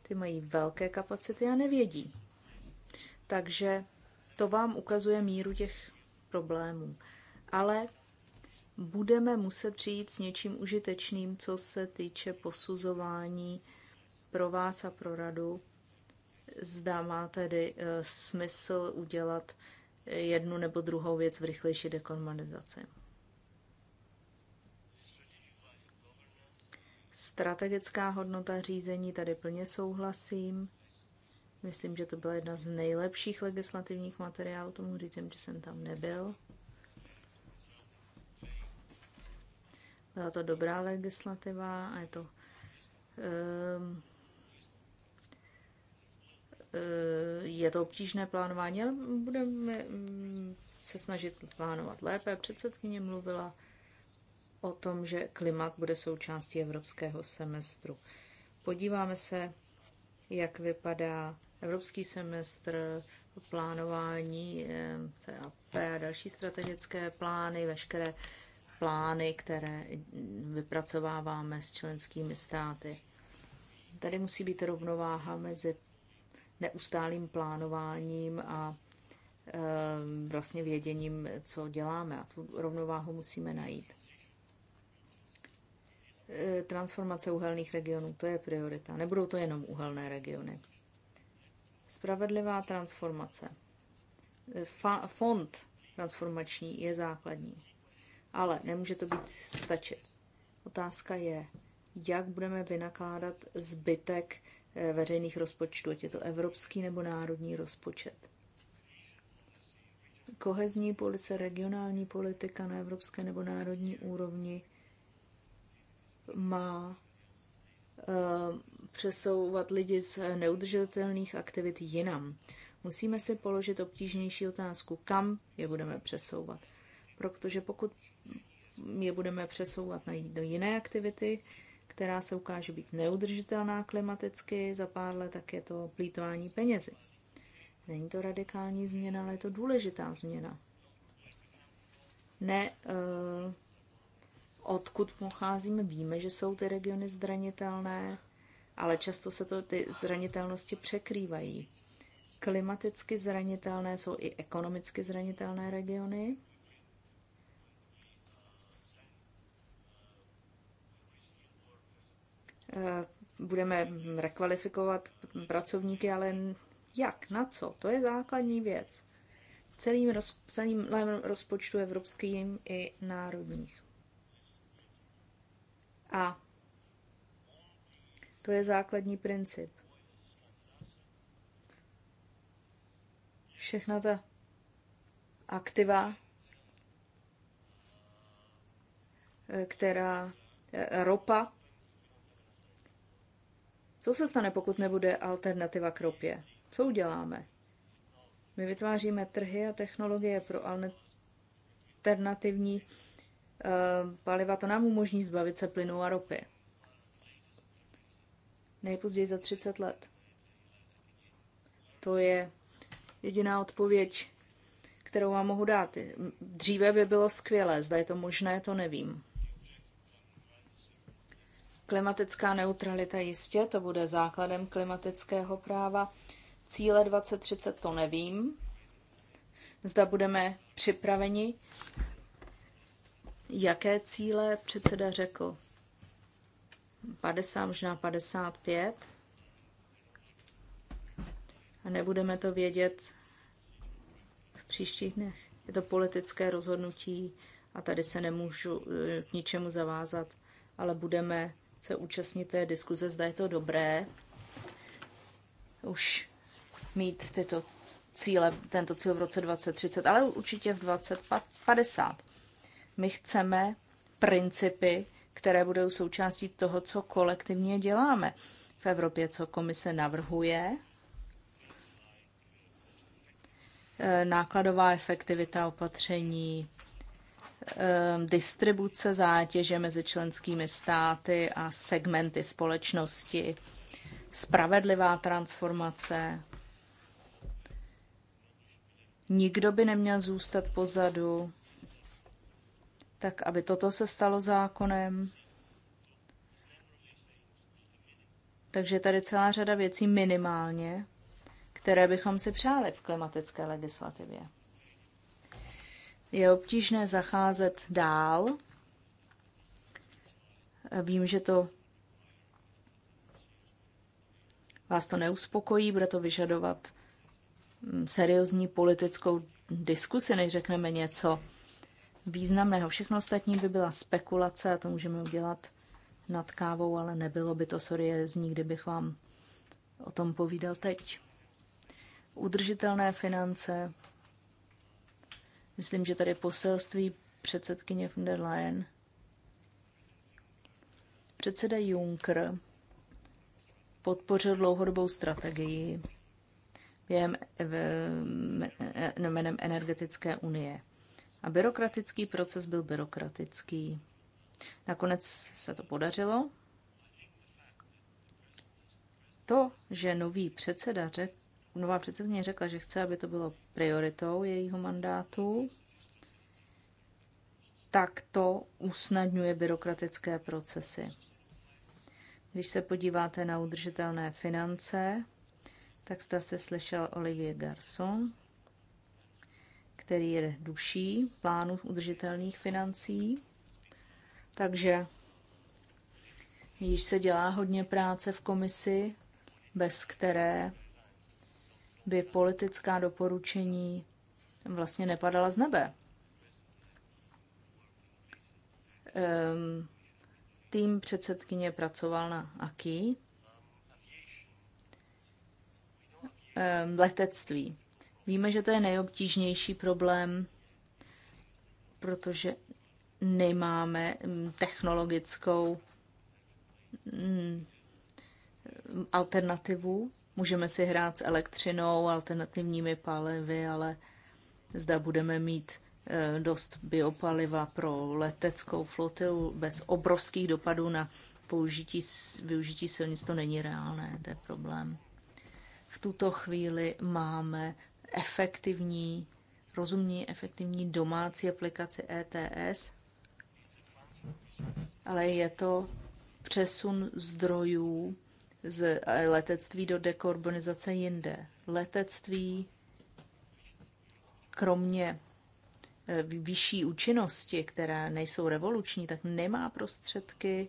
Ty mají velké kapacity a nevědí. Takže to vám ukazuje míru těch problémů. Ale budeme muset přijít s něčím užitečným, co se týče posuzování pro vás a pro radu. Zdá má tedy eh, smysl udělat jednu nebo druhou věc v rychlejší dekonomalizaci. Strategická hodnota řízení, tady plně souhlasím. Myslím, že to byla jedna z nejlepších legislativních materiálů, tomu říct, že jsem tam nebyl. Byla to dobrá legislativa a je to um, je to obtížné plánování, ale budeme mm, se snažit plánovat lépe. Předsedkyně mluvila o tom, že klimat bude součástí evropského semestru. Podíváme se, jak vypadá evropský semestr, plánování eh, CAP a další strategické plány, veškeré plány, které vypracováváme s členskými státy. Tady musí být rovnováha mezi neustálým plánováním a eh, vlastně věděním, co děláme. A tu rovnováhu musíme najít. Eh, transformace uhelných regionů, to je priorita. Nebudou to jenom uhelné regiony. Spravedlivá transformace. Fa- fond transformační je základní. Ale nemůže to být stačit. Otázka je, jak budeme vynakládat zbytek eh, veřejných rozpočtů, ať je to evropský nebo národní rozpočet. Kohezní police, regionální politika na evropské nebo národní úrovni má Eh, přesouvat lidi z neudržitelných aktivit jinam. Musíme si položit obtížnější otázku, kam je budeme přesouvat. Protože pokud je budeme přesouvat na, do jiné aktivity, která se ukáže být neudržitelná klimaticky za pár let, tak je to plítování penězi. Není to radikální změna, ale je to důležitá změna. Ne, eh, odkud pocházíme. Víme, že jsou ty regiony zranitelné, ale často se to, ty zranitelnosti překrývají. Klimaticky zranitelné jsou i ekonomicky zranitelné regiony. Eh, budeme rekvalifikovat pracovníky, ale jak, na co? To je základní věc. Celým, roz, celým rozpočtu evropským i národních. A to je základní princip. Všechna ta aktiva, která e, ropa. Co se stane, pokud nebude alternativa k ropě? Co uděláme? My vytváříme trhy a technologie pro alternativní Eh, paliva, to nám umožní zbavit se plynu a ropy. Nejpozději za 30 let. To je jediná odpověď, kterou vám mohu dát. Dříve by bylo skvělé, zda je to možné, to nevím. Klimatická neutralita jistě, to bude základem klimatického práva. Cíle 2030 to nevím. Zda budeme připraveni Jaké cíle předseda řekl? 50, možná 55. A nebudeme to vědět v příštích dnech. Je to politické rozhodnutí a tady se nemůžu eh, k ničemu zavázat, ale budeme se účastnit té diskuze, zda je to dobré už mít tyto cíle, tento cíl v roce 2030, ale určitě v 2050. My chceme principy, které budou součástí toho, co kolektivně děláme v Evropě, co komise navrhuje. Eh, nákladová efektivita opatření, eh, distribuce zátěže mezi členskými státy a segmenty společnosti, spravedlivá transformace. Nikdo by neměl zůstat pozadu tak aby toto se stalo zákonem. Takže tady celá řada věcí minimálně, které bychom si přáli v klimatické legislativě. Je obtížné zacházet dál. Vím, že to vás to neuspokojí, bude to vyžadovat mm, seriózní politickou diskusi, než řekneme něco významného. Všechno ostatní by byla spekulace a to můžeme udělat nad kávou, ale nebylo by to seriózní, kdybych vám o tom povídal teď. Udržitelné finance. Myslím, že tady poselství předsedkyně von der Leyen. Předseda Juncker podpořil dlouhodobou strategii během eh, eh, jménem energetické unie. A byrokratický proces byl byrokratický. Nakonec se to podařilo. To, že nový předseda řekl, nová předsedkyně řekla, že chce, aby to bylo prioritou jejího mandátu, tak to usnadňuje byrokratické procesy. Když se podíváte na udržitelné finance, tak jste se slyšel Olivier Garson, který je duší plánu udržitelných financí. Takže již se dělá hodně práce v komisi, bez které by politická doporučení vlastně nepadala z nebe. Um, tým předsedkyně pracoval na AKI, um, ehm, letectví. Víme, že to je nejobtížnější problém, protože nemáme mm, technologickou mm, alternativu. Můžeme si hrát s elektřinou, alternativními palivy, ale zda budeme mít e, dost biopaliva pro leteckou flotilu bez obrovských dopadů na použití, využití silnic, to není reálné, to je problém. V tuto chvíli máme efektivní, rozumní, efektivní domácí aplikaci ETS, ale je to přesun zdrojů z letectví do dekarbonizace jinde. Letectví, kromě eh, vyšší účinnosti, které nejsou revoluční, tak nemá prostředky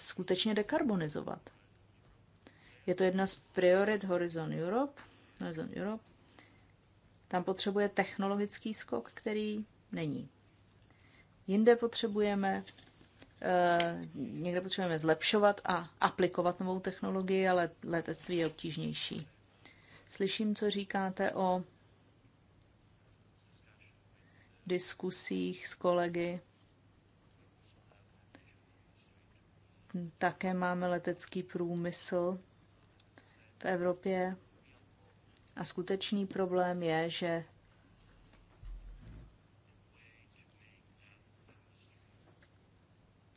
skutečně dekarbonizovat. Je to jedna z priorit Horizon Europe. Horizon Europe. Tam potřebuje technologický skok, který není. Jinde potřebujeme, eh, někde potřebujeme zlepšovat a aplikovat novou technologii, ale letectví je obtížnější. Slyším, co říkáte o diskusích s kolegy. Také máme letecký průmysl v Evropě. A skutečný problém je, že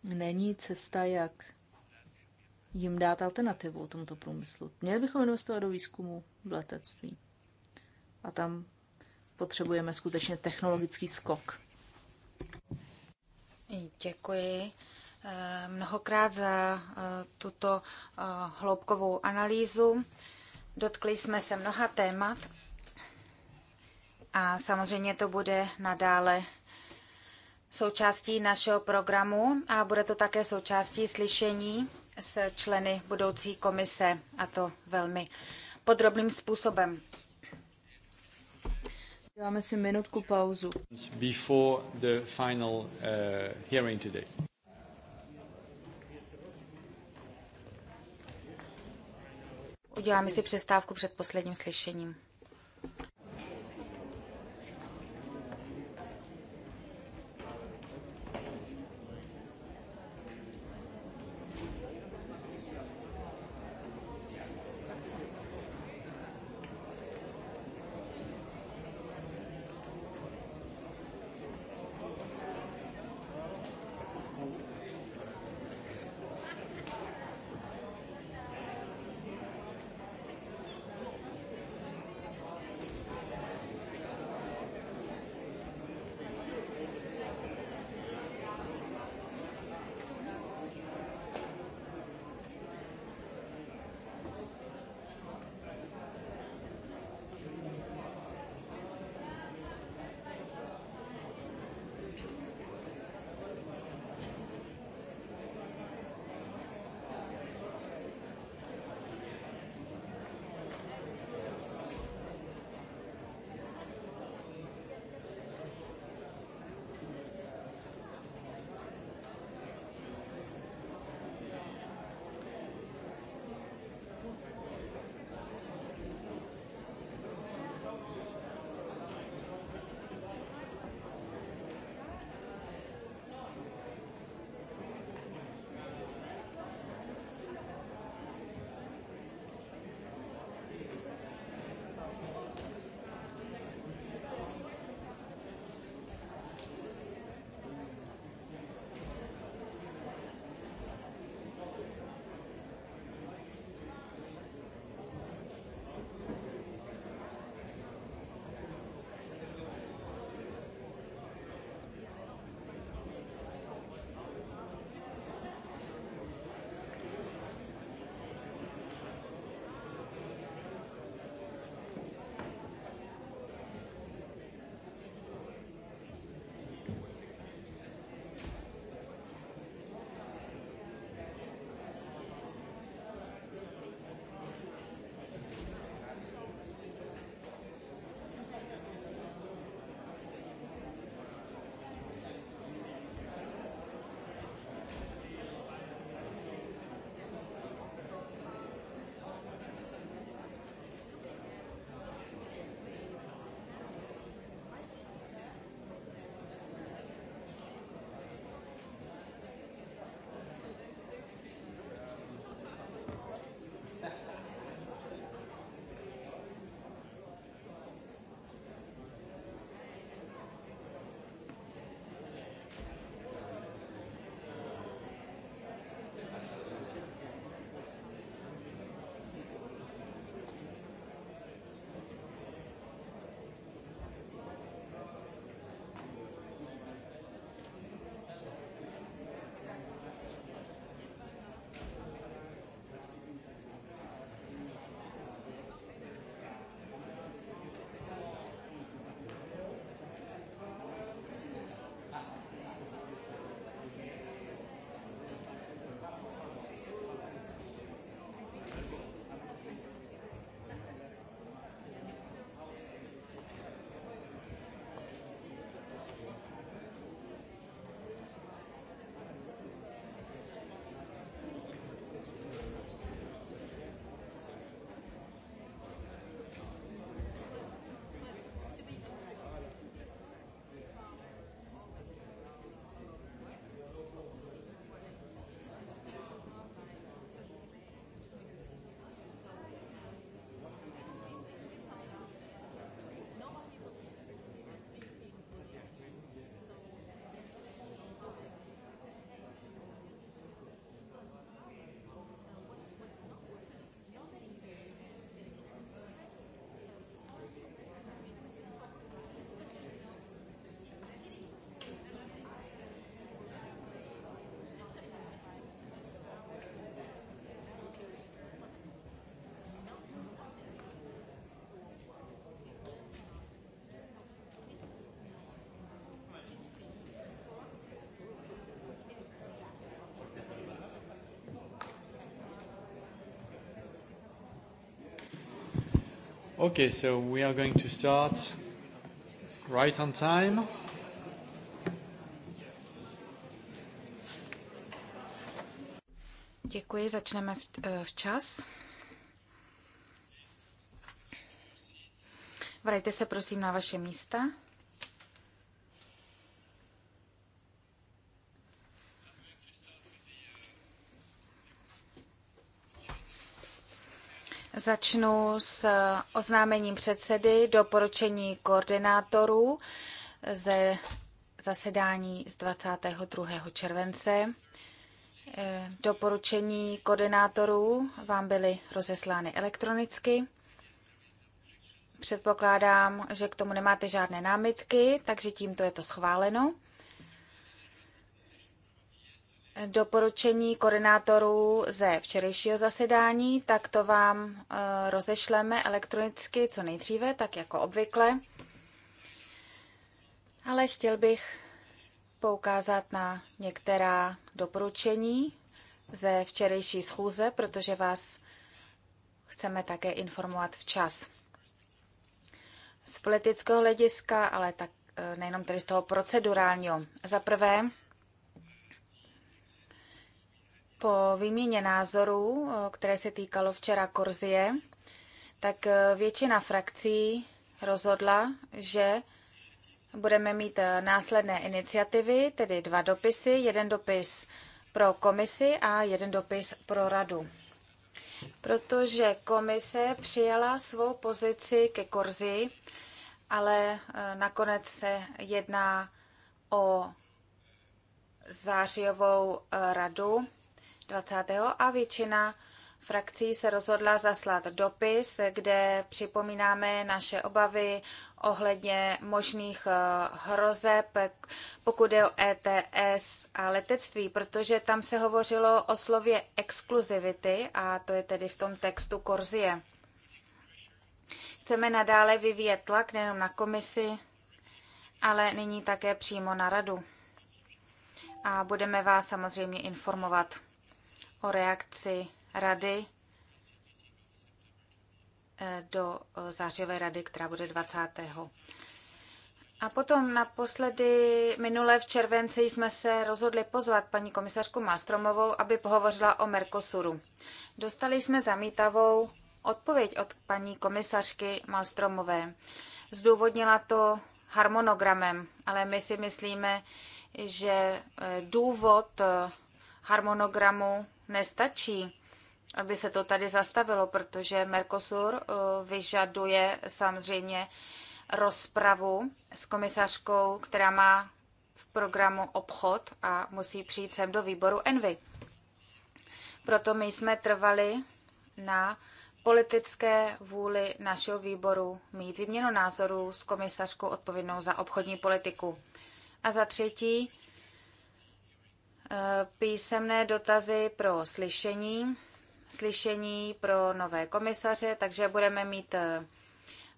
není cesta, jak jim dát alternativu tomuto průmyslu. Měli bychom investovat do výzkumu v letectví. A tam potřebujeme skutečně technologický skok. Děkuji mnohokrát za eh, tuto eh, hloubkovou analýzu. Dotkli jsme se mnoha témat a samozřejmě to bude nadále součástí našeho programu a bude to také součástí slyšení s členy budoucí komise a to velmi podrobným způsobem. Dáme si minutku pauzu. Before the final uh, hearing today. Uděláme si přestávku před posledním slyšením. Okay, so we are going to start right on time. Děkuji, začneme v, eh, včas. Vrajte se prosím na vaše místa. Začnu s eh, oznámením předsedy, doporučení koordinátorů ze zasedání z 22. července. Eh, doporučení koordinátorů vám byly rozeslány elektronicky. Předpokládám, že k tomu nemáte žádné námitky, takže tímto je to schváleno doporučení koordinátorů ze včerejšího zasedání, tak to vám eh, rozešleme elektronicky co nejdříve, tak jako obvykle. Ale chtěl bych poukázat na některá doporučení ze včerejší schůze, protože vás chceme také informovat včas. Z politického hlediska, ale tak eh, nejenom tedy z toho procedurálního. Za prvé, po výměně názorů, eh, které se týkalo včera Korzie, tak eh, většina frakcí rozhodla, že budeme mít eh, následné iniciativy, tedy dva dopisy, jeden dopis pro komisi a jeden dopis pro radu. Protože komise přijala svou pozici ke Korzi, ale nakonec se jedná o zářijovou radu 20. a většina frakcí se rozhodla zaslat dopis, kde připomínáme naše obavy ohledně možných eh, hrozeb, pokud je o ETS a letectví, protože tam se hovořilo o slově exkluzivity a to je tedy v tom textu Korzie. Chceme nadále vyvíjet tlak nejenom na komisi, ale nyní také přímo na radu. A budeme vás samozřejmě informovat o reakci rady eh, do eh, zářivé rady, která bude 20. A potom naposledy minule v červenci jsme se rozhodli pozvat paní komisařku Mastromovou, aby pohovořila o Mercosuru. Dostali jsme zamítavou odpověď od paní komisařky Malstromové. Zdůvodnila to harmonogramem, ale my si myslíme, že eh, důvod harmonogramu nestačí, aby se to tady zastavilo, protože Mercosur eh, vyžaduje samozřejmě rozpravu s komisařkou, která má v programu obchod a musí přijít sem do výboru Envy. Proto my jsme trvali na politické vůli našeho výboru mít výměnu názorů s komisařkou odpovědnou za obchodní politiku. A za třetí, písemné dotazy pro slyšení, slyšení pro nové komisaře, takže budeme mít eh,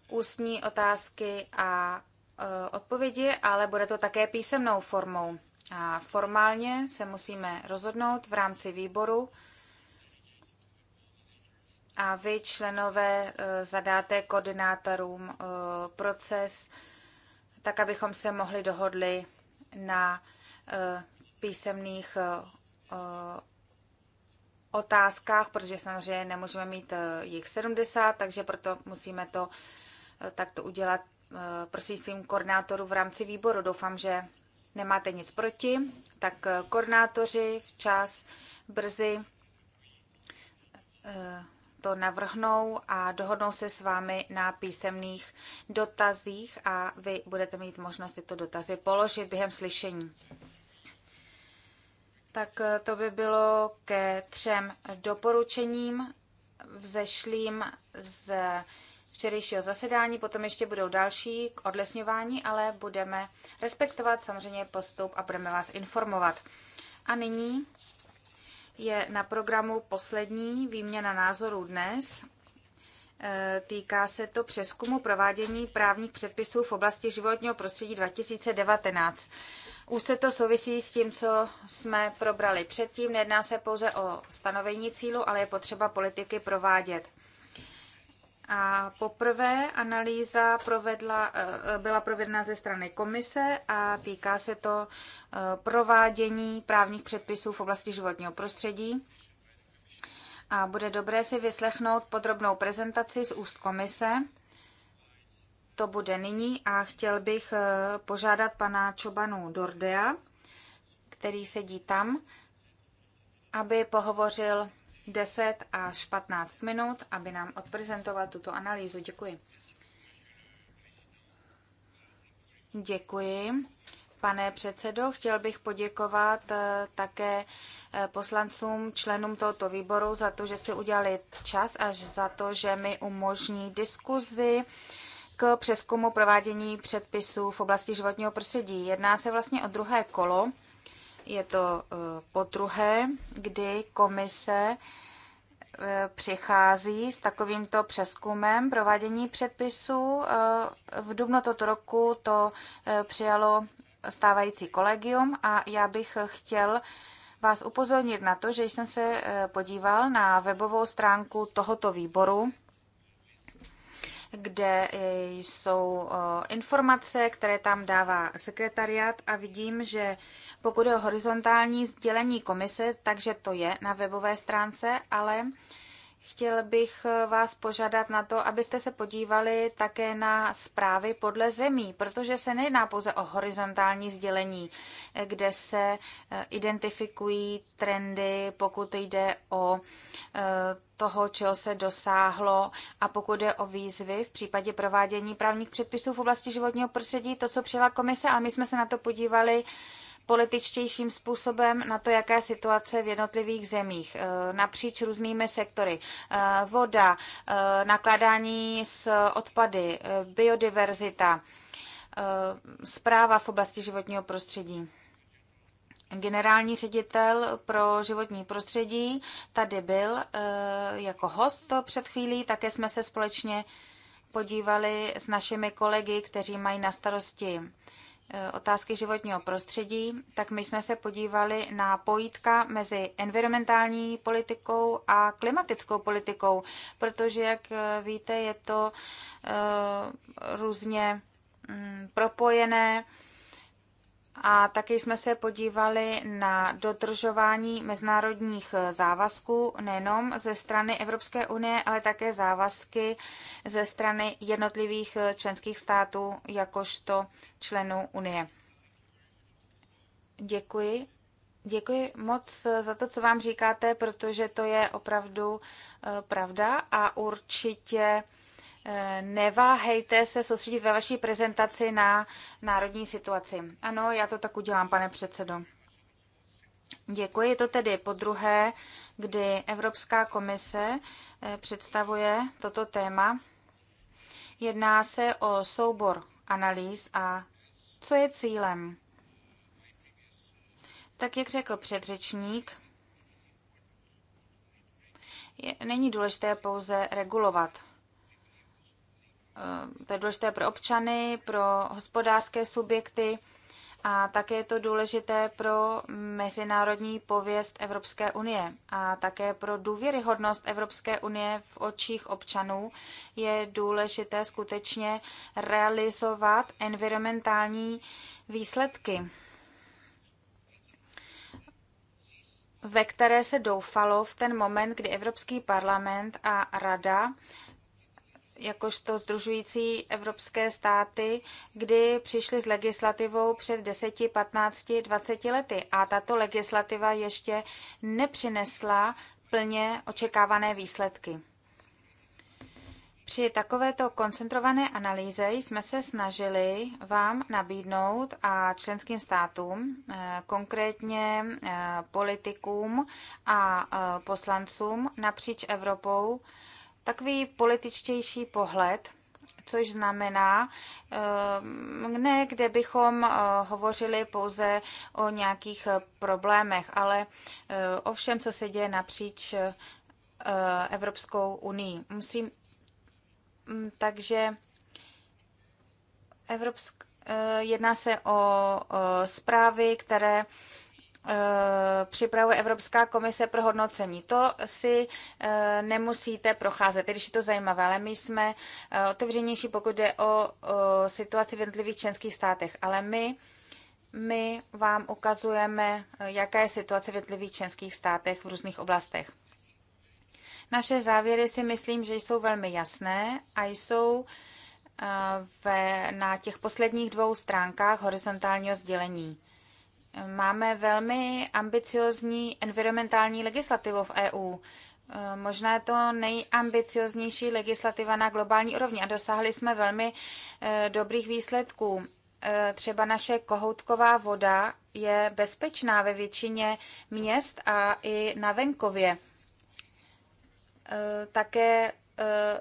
ústní otázky a eh, odpovědi, ale bude to také písemnou formou. A formálně se musíme rozhodnout v rámci výboru a vy, členové, eh, zadáte koordinátorům proces, tak abychom se mohli dohodli na písemných eh, eh, otázkách, protože samozřejmě nemůžeme mít eh, jich 70, takže proto musíme to takto udělat prostřednictvím koordinátorů v rámci výboru. Doufám, že nemáte nic proti, tak koordinátoři včas, brzy to navrhnou a dohodnou se s vámi na písemných dotazích a vy budete mít možnost tyto dotazy položit během slyšení tak eh, to by bylo ke třem doporučením vzešlým z včerejšího zasedání. Potom ještě budou další k odlesňování, ale budeme respektovat samozřejmě postup a budeme vás informovat. A nyní je na programu poslední výměna názorů dnes. Eh, týká se to přeskumu provádění právních předpisů v oblasti životního prostředí 2019. Už se to souvisí s tím, co jsme probrali předtím. Nejedná se pouze o stanovení cílu, ale je potřeba politiky provádět. A poprvé analýza provedla, eh, byla provedena ze strany komise a týká se to eh, provádění právních předpisů v oblasti životního prostředí. A bude dobré si vyslechnout podrobnou prezentaci z úst komise to bude nyní a chtěl bych eh, požádat pana Čobanu Dordea, který sedí tam, aby pohovořil 10 až 15 minut, aby nám odprezentoval tuto analýzu. Děkuji. Děkuji. Pane předsedo, chtěl bych poděkovat eh, také eh, poslancům, členům tohoto výboru za to, že si udělali čas až za to, že mi umožní diskuzi k přeskumu provádění předpisů v oblasti životního prostředí. Jedná se vlastně o druhé kolo. Je to e, po druhé, kdy komise e, přichází s takovýmto přeskumem provádění předpisů. E, v dubnu toto roku to přijalo stávající kolegium a já bych chtěl vás upozornit na to, že jsem se podíval na webovou stránku tohoto výboru kde eh, jsou eh, informace, které tam dává sekretariat a vidím, že pokud je o horizontální sdělení komise, takže to je na webové stránce, ale chtěl bych eh, vás požádat na to, abyste se podívali také na zprávy podle zemí, protože se nejedná pouze o horizontální sdělení, kde se identifikují trendy, pokud jde o toho, čeho se dosáhlo a pokud je o výzvy v případě provádění právních předpisů v oblasti životního prostředí, to, co přijela komise a my jsme se na to podívali političtějším způsobem na to, jaká je situace v jednotlivých zemích e, napříč různými sektory. E, voda, e, nakládání s odpady, biodiverzita, zpráva v oblasti životního prostředí generální ředitel pro životní prostředí tady byl eh, jako host před chvílí, také jsme se společně podívali s našimi kolegy, kteří mají na starosti eh, otázky životního prostředí, tak my jsme se podívali na pojítka mezi environmentální politikou a klimatickou politikou, protože, jak eh, víte, je to různě mm, propojené a taky jsme se podívali na dodržování mezinárodních závazků nejenom ze strany Evropské unie, ale také závazky ze strany jednotlivých členských států jakožto členů unie. Děkuji. Děkuji moc za to, co vám říkáte, protože to je opravdu eh, pravda a určitě neváhejte se soustředit ve vaší prezentaci na národní situaci. Ano, já to tak udělám, pane předsedo. Děkuji. Je to tedy po druhé, kdy Evropská komise eh, představuje toto téma. Jedná se o soubor analýz a co je cílem. Tak jak řekl předřečník, je, není důležité pouze regulovat. Eh, to je důležité pro občany, pro hospodářské subjekty a také je to důležité pro mezinárodní pověst Evropské unie a také pro důvěryhodnost Evropské unie v očích občanů je důležité skutečně realizovat environmentální výsledky, ve které se doufalo v ten moment, kdy Evropský parlament a Rada jakožto združující evropské státy, kdy přišly s legislativou před 10, 15, 20 lety a tato legislativa ještě nepřinesla plně očekávané výsledky. Při takovéto koncentrované analýze jsme se snažili vám nabídnout a členským státům, eh, konkrétně eh, politikům a eh, poslancům napříč Evropou, takový političtější pohled, což znamená, eh, ne kde bychom eh, hovořili pouze o nějakých problémech, ale eh, o všem, co se děje napříč Evropskou unii. Musím, mm, takže Evropsk, jedná se o zprávy, které Eh, připravuje Evropská komise pro hodnocení. To si eh, nemusíte procházet, když je to zajímavé, ale my jsme eh, otevřenější, pokud jde o situaci v jednotlivých členských státech, ale my my vám ukazujeme, jaká je situace v jednotlivých členských státech v různých oblastech. Naše závěry si myslím, že jsou velmi jasné a jsou ve, na těch posledních dvou stránkách horizontálního sdělení. Máme velmi ambiciozní environmentální legislativu v EU. E, možná je to nejambicioznější legislativa na globální úrovni a dosáhli jsme velmi e, dobrých výsledků. E, třeba naše kohoutková voda je bezpečná ve většině měst a i na venkově. Také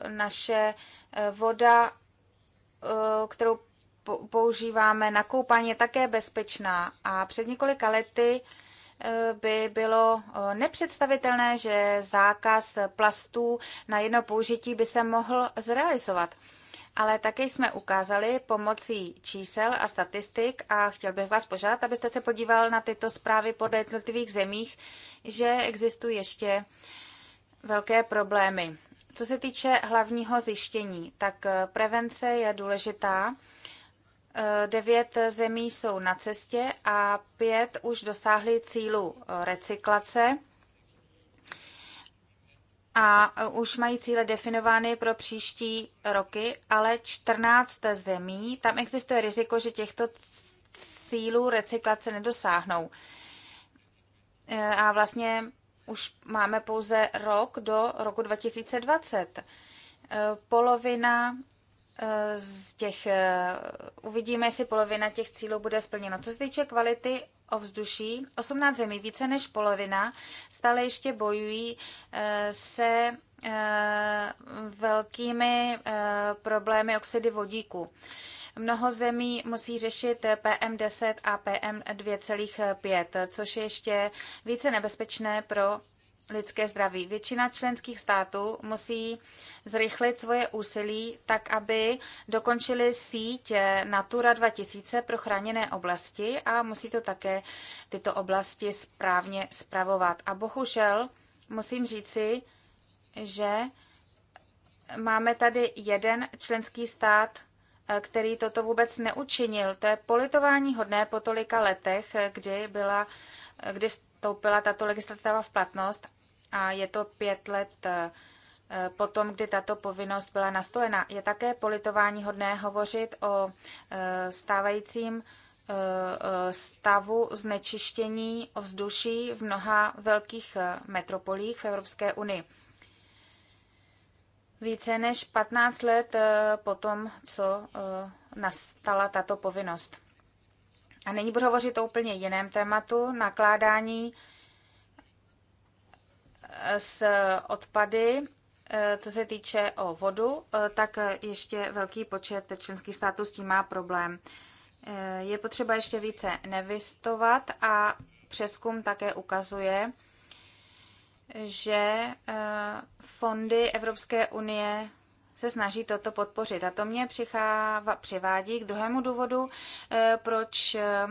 naše voda, kterou používáme na koupání, je také bezpečná. A před několika lety eh, by bylo eh, nepředstavitelné, že zákaz plastů na jedno použití by se mohl zrealizovat. Ale také jsme ukázali pomocí čísel a statistik a chtěl bych vás požádat, abyste se podíval na tyto zprávy podle jednotlivých zemích, že existují ještě velké problémy. Co se týče hlavního zjištění, tak eh, prevence je důležitá Devět zemí jsou na cestě a pět už dosáhly cílu recyklace a už mají cíle definovány pro příští roky, ale 14 zemí, tam existuje riziko, že těchto cílů recyklace nedosáhnou. A vlastně už máme pouze rok do roku 2020. Polovina z těch, eh, uvidíme, jestli polovina těch cílů bude splněno. Co se týče kvality ovzduší, 18 zemí, více než polovina, stále ještě bojují eh, se eh, velkými problémy oxidy vodíku. Mnoho zemí musí řešit PM10 a PM2,5, což je ještě více nebezpečné pro lidské zdraví. Většina členských států musí zrychlit svoje úsilí tak, aby dokončili síť eh, Natura 2000 pro chráněné oblasti a musí to také tyto oblasti správně spravovat. A bohužel musím říci, že máme tady jeden členský stát, eh, který toto vůbec neučinil. To je politování hodné po tolika letech, eh, kdy byla, kdy vstoupila tato legislativa v platnost a je to pět let eh, potom, kdy tato povinnost byla nastolena. Je také politování hodné hovořit o eh, stávajícím eh, stavu znečištění ovzduší v mnoha velkých metropolích v Evropské unii. Více než 15 let potom, co nastala tato povinnost. A nyní budu hovořit o úplně jiném tématu, nakládání s odpady, eh, co se týče o vodu, eh, tak ještě velký počet členských států s tím má problém. Eh, je potřeba ještě více nevystovat a přeskum také ukazuje, že fondy Evropské unie se snaží toto podpořit. A to mě přichává, přivádí k druhému důvodu, eh, proč eh,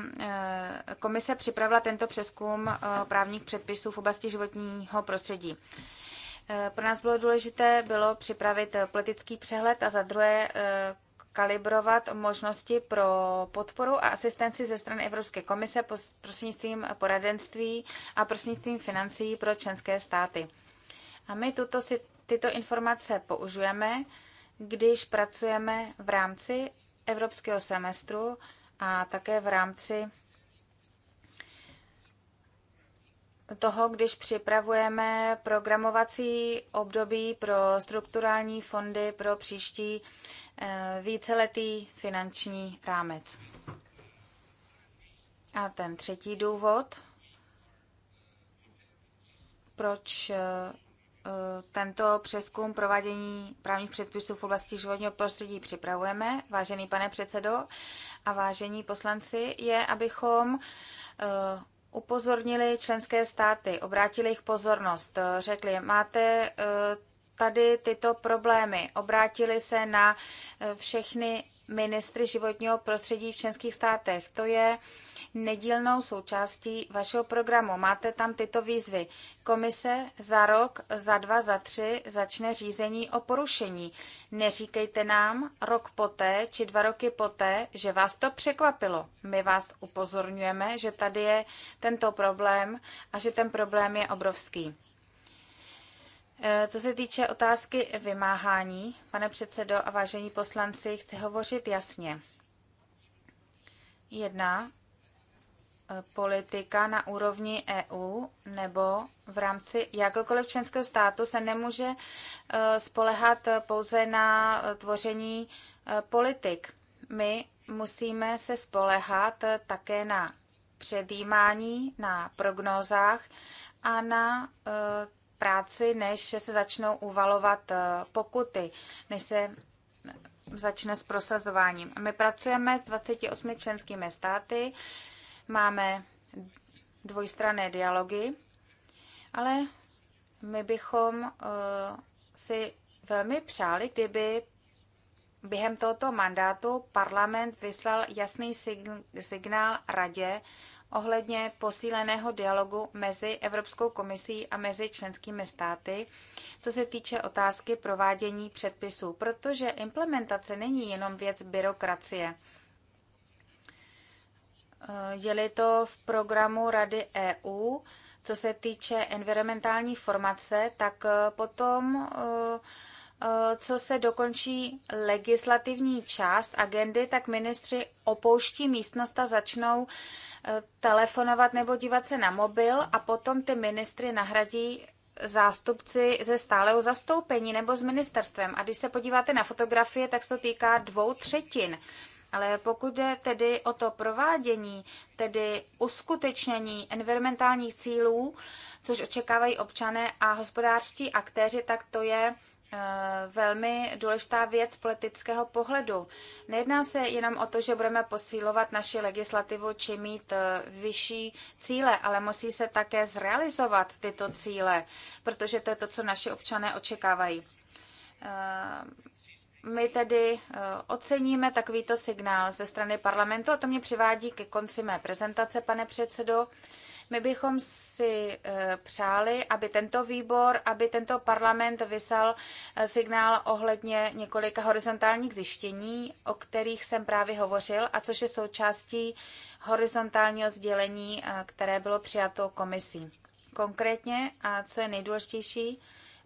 komise připravila tento přeskum eh, právních předpisů v oblasti životního prostředí. Pro nás bylo důležité bylo připravit politický přehled a za druhé kalibrovat možnosti pro podporu a asistenci ze strany Evropské komise prostřednictvím poradenství a prostřednictvím financí pro členské státy. A my tuto tyto informace použijeme, když pracujeme v rámci evropského semestru a také v rámci toho, když připravujeme programovací období pro strukturální fondy pro příští eh, víceletý finanční rámec. A ten třetí důvod, proč eh, Eh, tento přeskum provádění právních předpisů v oblasti životního prostředí připravujeme, vážený pane předsedo a vážení poslanci, je, abychom eh, upozornili členské státy, obrátili jejich pozornost, eh, řekli, máte tady tyto problémy, obrátili se na všechny ministry životního prostředí v členských státech. To je uh, nedílnou součástí vašeho programu. Máte tam tyto výzvy. Komise za rok, za dva, za tři začne řízení o porušení. Neříkejte nám rok poté či dva roky poté, že vás to překvapilo. My vás upozorňujeme, že tady je tento problém a že ten problém je obrovský. Eh, co se týče otázky vymáhání, pane předsedo a vážení poslanci, chci hovořit jasně. Jedna politika na úrovni EU nebo v rámci jakokoliv členského státu se nemůže e, spolehat pouze na e, tvoření e, politik. My musíme se spolehat také na předjímání, na prognózách a na práci, než se začnou uvalovat pokuty, než se začne s prosazováním. My pracujeme s 28 členskými státy, Máme dvojstranné dialogy, ale my bychom eh, si velmi přáli, kdyby během tohoto mandátu parlament vyslal jasný signál radě ohledně posíleného dialogu mezi Evropskou komisí a mezi členskými státy, co se týče otázky provádění předpisů, protože implementace není jenom věc byrokracie. Eh, je-li to v programu Rady EU, co se týče environmentální formace, tak eh, potom, eh, co se dokončí legislativní část agendy, tak ministři opouští místnost a začnou telefonovat nebo dívat se na mobil a potom ty ministry nahradí zástupci ze stáleho zastoupení nebo s ministerstvem. A když se podíváte na fotografie, tak se to týká dvou třetin ale pokud jde tedy o to provádění, tedy uskutečnění environmentálních cílů, což očekávají občané a hospodářští aktéři, tak to je eh, velmi důležitá věc politického pohledu. Nejedná se jenom o to, že budeme posílovat naši legislativu či mít eh, vyšší cíle, ale musí se také zrealizovat tyto cíle, protože to je to, co naši občané očekávají. Eh, my tedy eh, oceníme takovýto signál ze strany parlamentu a to mě přivádí ke konci mé prezentace, pane předsedo. My bychom si eh, přáli, aby tento výbor, aby tento parlament vysal eh, signál ohledně několika horizontálních zjištění, o kterých jsem právě hovořil a což je součástí horizontálního sdělení, které bylo přijato komisí. Konkrétně, a co je nejdůležitější,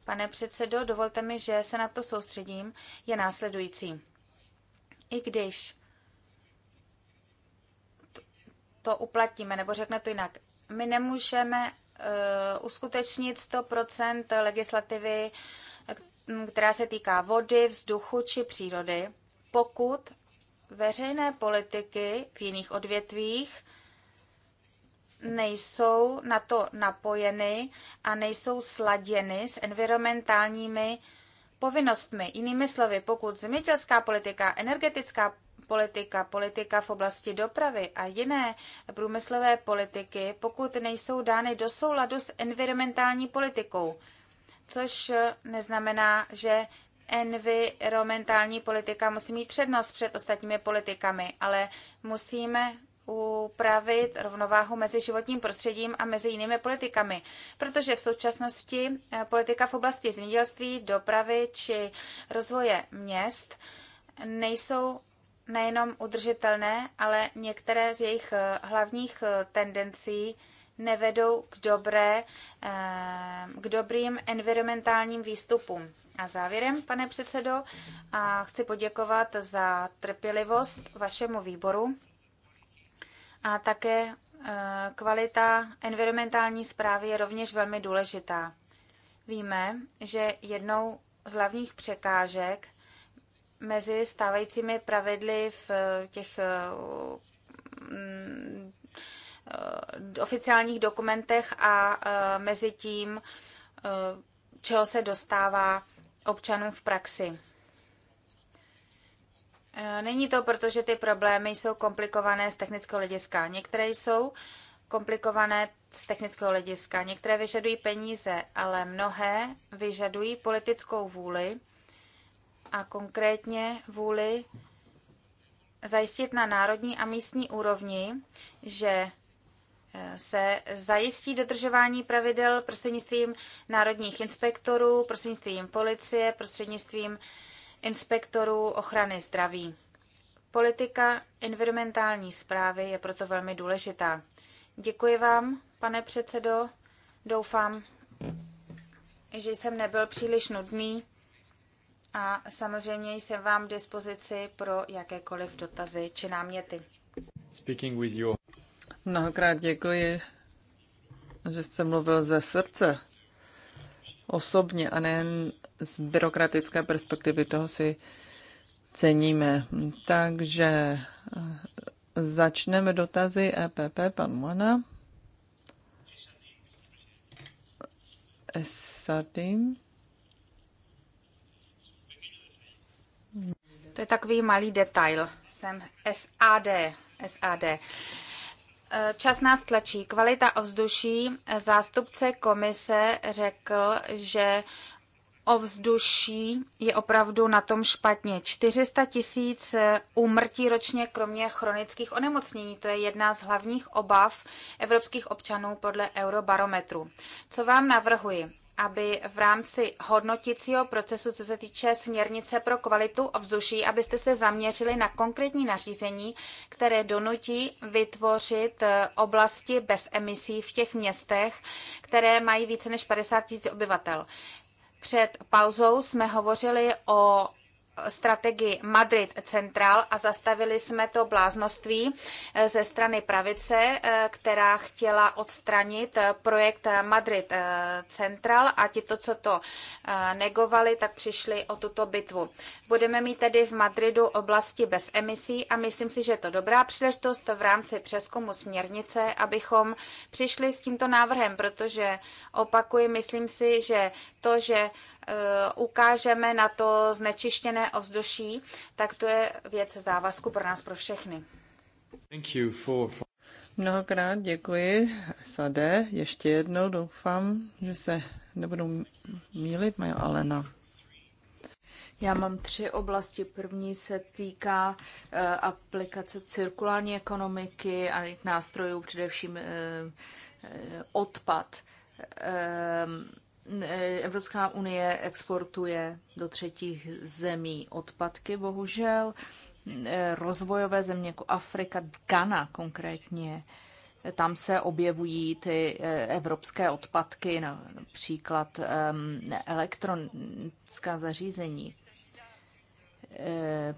Pane předsedo, dovolte mi, že se na to soustředím, je následující. I když to uplatíme, nebo řekne to jinak, my nemůžeme uh, uskutečnit 100% legislativy, eh, která se týká vody, vzduchu či přírody, pokud veřejné politiky v jiných odvětvích nejsou na to napojeny a nejsou sladěny s environmentálními povinnostmi. Jinými slovy, pokud zemědělská politika, energetická politika, politika v oblasti dopravy a jiné průmyslové politiky, pokud nejsou dány do souladu s environmentální politikou, což neznamená, že environmentální politika musí mít přednost před ostatními politikami, ale musíme upravit rovnováhu mezi životním prostředím a mezi jinými politikami, protože v současnosti eh, politika v oblasti zemědělství, dopravy či rozvoje měst nejsou nejenom udržitelné, ale některé z jejich eh, hlavních eh, tendencí nevedou k, dobré, k dobrým environmentálním výstupům. A závěrem, pane předsedo, chci poděkovat za trpělivost vašemu výboru a také eh, kvalita environmentální zprávy je rovněž velmi důležitá. Víme, že jednou z hlavních překážek mezi stávajícími pravidly v eh, těch eh, mm, oficiálních dokumentech a mezi tím, čeho se dostává občanům v praxi. Eh, není to proto, že ty problémy jsou komplikované z technického hlediska. Některé jsou komplikované z technického hlediska, některé vyžadují peníze, ale mnohé vyžadují politickou vůli a konkrétně vůli zajistit na národní a místní úrovni, že eh, se zajistí dodržování pravidel prostřednictvím národních inspektorů, prostřednictvím policie, prostřednictvím uh, inspektorů ochrany zdraví. Politika environmentální zprávy je proto velmi důležitá. Děkuji vám, pane předsedo. Doufám, že jsem nebyl příliš nudný a samozřejmě jsem vám k dispozici pro jakékoliv dotazy či náměty. Speaking with you. Mnohokrát děkuji, že jste mluvil ze srdce osobně a nejen z byrokratické perspektivy. Toho si ceníme. Takže eh, začneme dotazy EPP, pan Mona. Esadin. To je takový malý detail. Jsem SAD. SAD. Čas nás tlačí. Kvalita ovzduší. Zástupce komise řekl, že ovzduší je opravdu na tom špatně. 400 tisíc úmrtí ročně, kromě chronických onemocnění. To je jedna z hlavních obav evropských občanů podle Eurobarometru. Co vám navrhuji? aby v rámci hodnotícího procesu, co se týče směrnice pro kvalitu ovzduší, abyste se zaměřili na konkrétní nařízení, které donutí vytvořit eh, oblasti bez emisí v těch městech, které mají více než 50 000 obyvatel. Před pauzou jsme hovořili o strategii Madrid Central a zastavili jsme to bláznoství eh, ze strany pravice, eh, která chtěla odstranit eh, projekt Madrid Central a ti to, co to negovali, tak přišli o tuto bitvu. Budeme mít tedy v Madridu oblasti bez emisí a myslím si, že je to dobrá příležitost v rámci přeskumu směrnice, abychom přišli s tímto návrhem, protože opakuji, myslím si, že to, že Eh, ukážeme na to znečištěné ovzduší, tak to je věc závazku pro nás, pro všechny. Thank you for... Mnohokrát děkuji, Sade. Ještě jednou doufám, že se nebudou mílit, moje Alena. Já mám tři oblasti. První se týká eh, aplikace cirkulární ekonomiky a nástrojů, především eh, odpad. Ehm, Evropská unie exportuje do třetích zemí odpadky, bohužel. Rozvojové země jako Afrika, Ghana konkrétně, tam se objevují ty eh, evropské odpadky, například ehm, elektronická zařízení. Eh,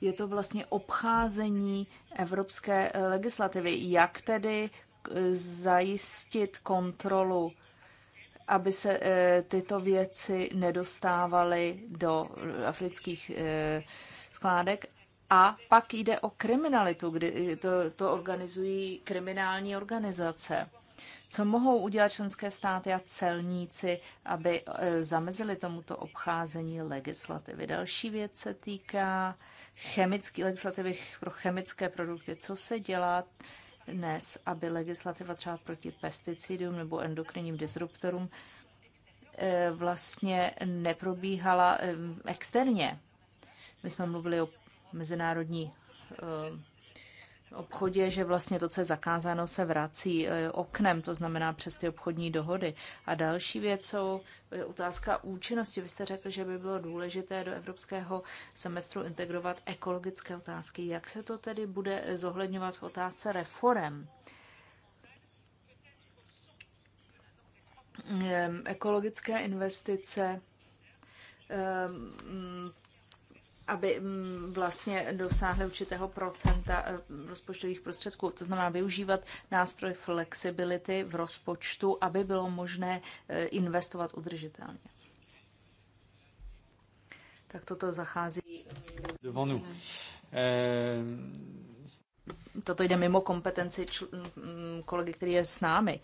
je to vlastně obcházení evropské eh, legislativy. Jak tedy zajistit kontrolu aby se eh, tyto věci nedostávaly do eh, afrických eh, skládek. A pak jde o kriminalitu, kdy to, to organizují kriminální organizace. Co mohou udělat členské státy a celníci, aby zamezili tomuto obcházení legislativy? Další věc se týká chemické legislativy pro chemické produkty. Co se dělá dnes, aby legislativa třeba proti pesticidům nebo endokrinním disruptorům eh, vlastně neprobíhala eh, externě. My jsme mluvili o mezinárodní eh, obchodě, že vlastně to, co je zakázáno, se vrací e, oknem, to znamená přes ty obchodní dohody. A další věc jsou e, otázka účinnosti. Vy jste řekl, že by bylo důležité do evropského semestru integrovat ekologické otázky. Jak se to tedy bude e, zohledňovat v otázce reform? Ehm, ekologické investice ehm, aby mm, vlastně dosáhly určitého procenta eh, rozpočtových prostředků. To znamená využívat nástroj flexibility v rozpočtu, aby bylo možné eh, investovat udržitelně. Tak toto zachází. Devant eh, Toto jde mimo kompetenci mm, mm, kolegy, který je s námi.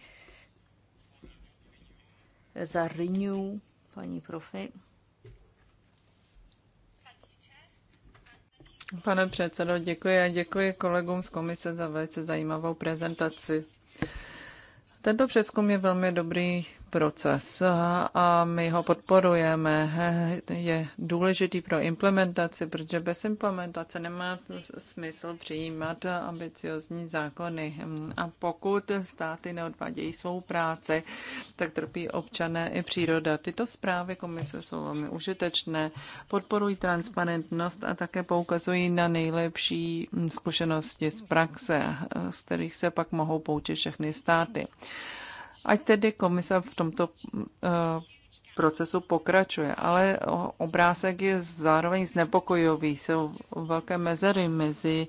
Za Renew, paní profi. Pane předsedo, děkuji a děkuji kolegům z komise za velice zajímavou prezentaci. Tento přeskum je velmi dobrý proces a my ho podporujeme. Je důležitý pro implementaci, protože bez implementace nemá smysl přijímat ambiciozní zákony. A pokud státy neodvádějí svou práci, tak trpí občané i příroda. Tyto zprávy komise jsou velmi užitečné, podporují transparentnost a také poukazují na nejlepší zkušenosti z praxe, z kterých se pak mohou poučit všechny státy. Ať tedy komise v tomto eh, procesu pokračuje, ale obrázek je zároveň znepokojový. Jsou velké mezery mezi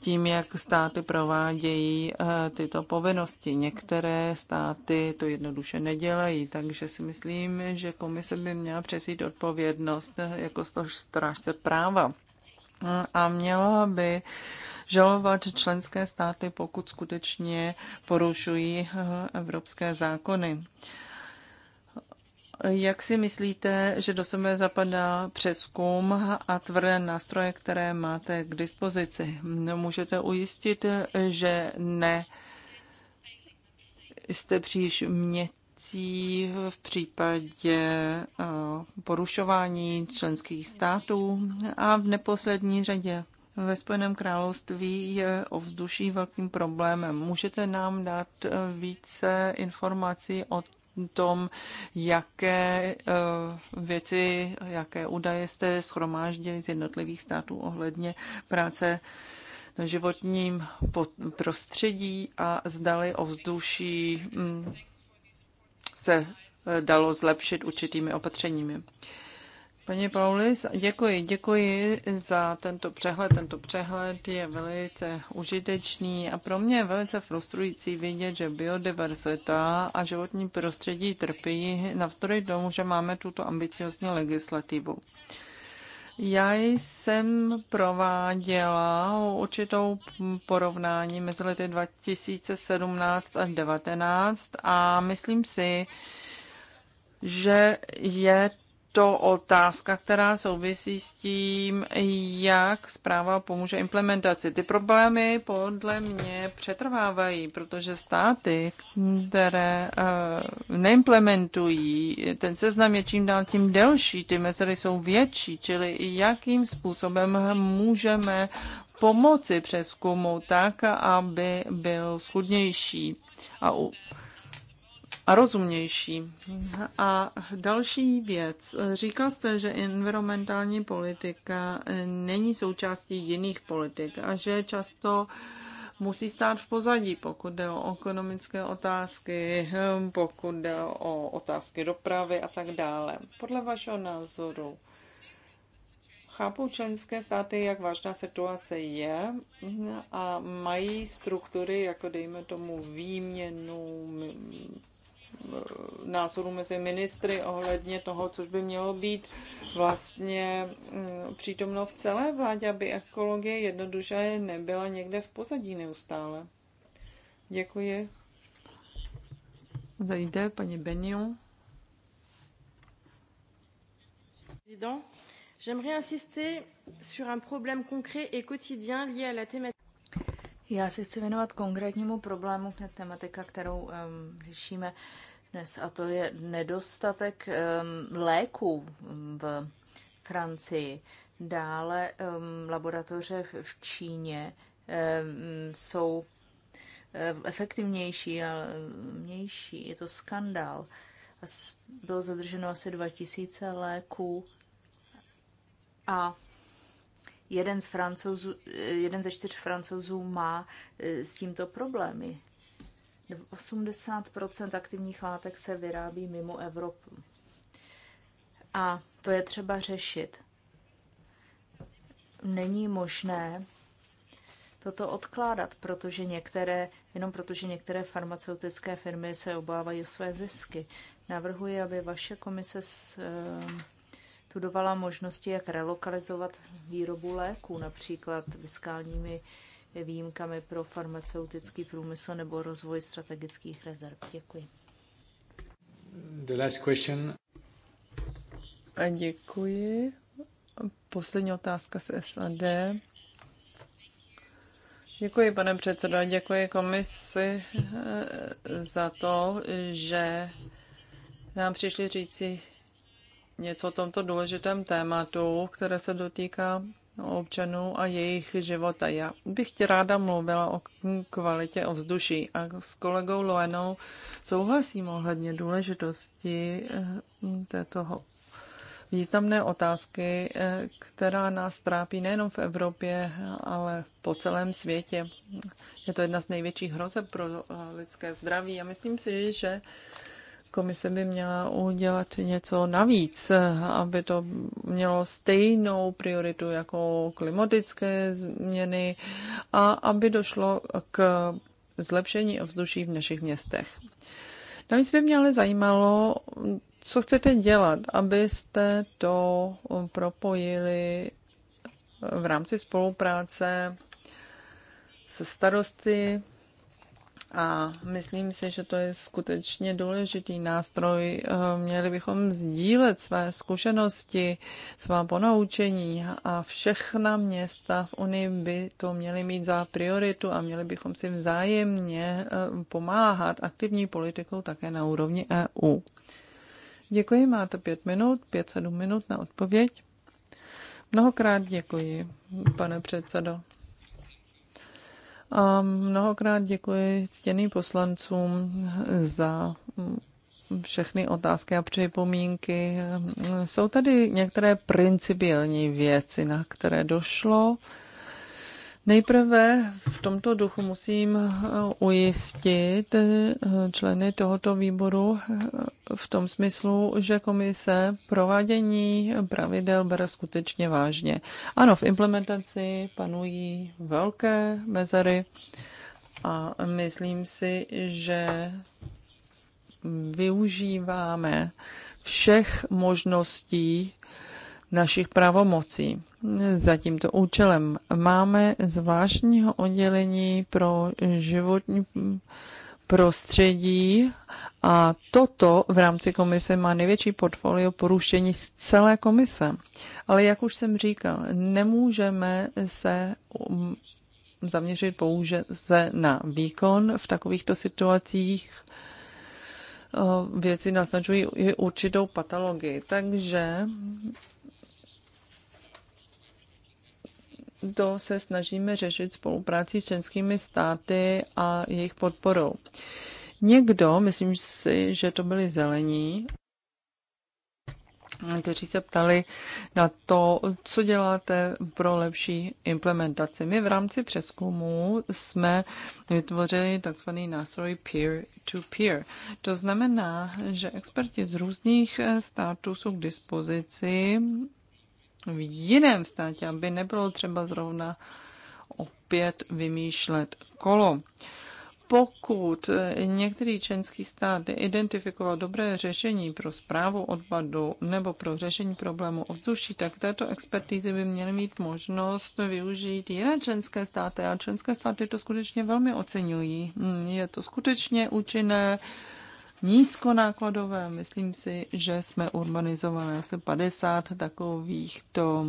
tím, jak státy provádějí eh, tyto povinnosti. Některé státy to jednoduše nedělají, takže si myslím, že komise by měla přesít odpovědnost eh, jako strážce práva a měla by uh, žalovat členské státy, pokud skutečně porušují eh, evropské zákony. Jak si myslíte, že do sebe zapadá přeskum a tvrdé nástroje, které máte k dispozici? Můžete ujistit, že ne jste příliš měcí v případě eh, porušování členských států a v neposlední řadě ve Spojeném království je ovzduší velkým problémem. Můžete nám dát eh, více informací o tom, jaké eh, věci, jaké údaje jste schromáždili z jednotlivých států ohledně práce na životním prostředí a zdali ovzduší mm, se eh, dalo zlepšit určitými opatřeními. Paní Paulis, děkuji, děkuji za tento přehled. Tento přehled je velice užitečný a pro mě je velice frustrující vidět, že biodiverzita a životní prostředí trpí navzdory tomu, že máme tuto ambiciozní legislativu. Já jsem prováděla určitou porovnání mezi lety 2017 a 2019 a myslím si, že je to otázka, která souvisí s tím, jak zpráva pomůže implementaci. Ty problémy podle mě přetrvávají, protože státy, které eh, neimplementují, ten seznam je čím dál tím delší, ty mezery jsou větší, čili jakým způsobem můžeme pomoci přeskumu tak, aby byl schudnější a a rozumnější. A další věc. Říkal jste, že environmentální politika není součástí jiných politik a že často musí stát v pozadí, pokud jde o ekonomické otázky, pokud jde o otázky dopravy a tak dále. Podle vašeho názoru, chápu členské státy, jak vážná situace je a mají struktury, jako dejme tomu výměnu názorů mezi ministry ohledně toho, což by mělo být vlastně mm, přítomno v celé vládě, aby ekologie jednoduše nebyla někde v pozadí neustále. Děkuji. Zajde paní Benion. J'aimerais insister sur un problème concret et quotidien lié à la thématique. Já se chci věnovat konkrétnímu problému, tematika, kterou um, řešíme dnes, a to je nedostatek um, léků v Francii. Dále um, laboratoře v, v Číně um, jsou um, efektivnější a mější. Je to skandál. Bylo zadrženo asi 2000 léků a jeden, z francouzů, eh, jeden ze čtyř francouzů má eh, s tímto problémy. 80 aktivních látek se vyrábí mimo Evropu. A to je třeba řešit. Není možné toto odkládat, protože některé, jenom protože některé farmaceutické firmy se obávají o své zisky. Navrhuji, aby vaše komise s, eh, studovala možnosti, jak relokalizovat výrobu léků, například fiskálními výjimkami pro farmaceutický průmysl nebo rozvoj strategických rezerv. Děkuji. The last question. A děkuji. Poslední otázka z SAD. Děkuji, pane předsedo, děkuji komisi eh, za to, že nám přišli říci, něco o tomto důležitém tématu, které se dotýká občanů a jejich života. Já bych tě ráda mluvila o kvalitě ovzduší a s kolegou Loenou souhlasím ohledně důležitosti eh, této významné otázky, eh, která nás trápí nejenom v Evropě, ale po celém světě. Je to jedna z největších hrozeb pro lidské zdraví a myslím si, že komise by měla udělat něco navíc, aby to mělo stejnou prioritu jako klimatické změny a aby došlo k zlepšení ovzduší v našich městech. Navíc by mě ale zajímalo, co chcete dělat, abyste to propojili v rámci spolupráce se starosty a myslím si, že to je skutečně důležitý nástroj. Eh, měli bychom sdílet své zkušenosti, svá ponaučení a všechna města v Unii by to měly mít za prioritu a měli bychom si vzájemně eh, pomáhat aktivní politikou také na úrovni EU. Děkuji, máte pět minut, pět, sedm minut na odpověď. Mnohokrát děkuji, pane předsedo. A mnohokrát děkuji ctěným poslancům za všechny otázky a připomínky. Jsou tady některé principiální věci, na které došlo Nejprve v tomto duchu musím eh, ujistit eh, členy tohoto výboru eh, v tom smyslu, že komise provádění pravidel bere skutečně vážně. Ano, v implementaci panují velké mezery a myslím si, že využíváme všech možností našich pravomocí za tímto účelem. Máme zvláštního oddělení pro životní prostředí a toto v rámci komise má největší portfolio porušení z celé komise. Ale jak už jsem říkal, nemůžeme se um, zaměřit pouze na výkon v takovýchto situacích, věci naznačují i určitou patologii. Takže to se snažíme řešit spolupráci s členskými státy a jejich podporou. Někdo, myslím si, že to byli zelení, kteří se ptali na to, co děláte pro lepší implementaci. My v rámci přeskumu jsme vytvořili takzvaný nástroj peer-to-peer. -to, -peer. to znamená, že experti z různých států jsou k dispozici v jiném státě, aby nebylo třeba zrovna opět vymýšlet kolo. Pokud některý členský stát identifikoval dobré řešení pro zprávu odpadu nebo pro řešení problému ovzduší, tak této expertízy by měly mít možnost využít jiné členské státy a členské státy to skutečně velmi oceňují. Je to skutečně účinné, nízkonákladové. Myslím si, že jsme urbanizovali asi 50 takovýchto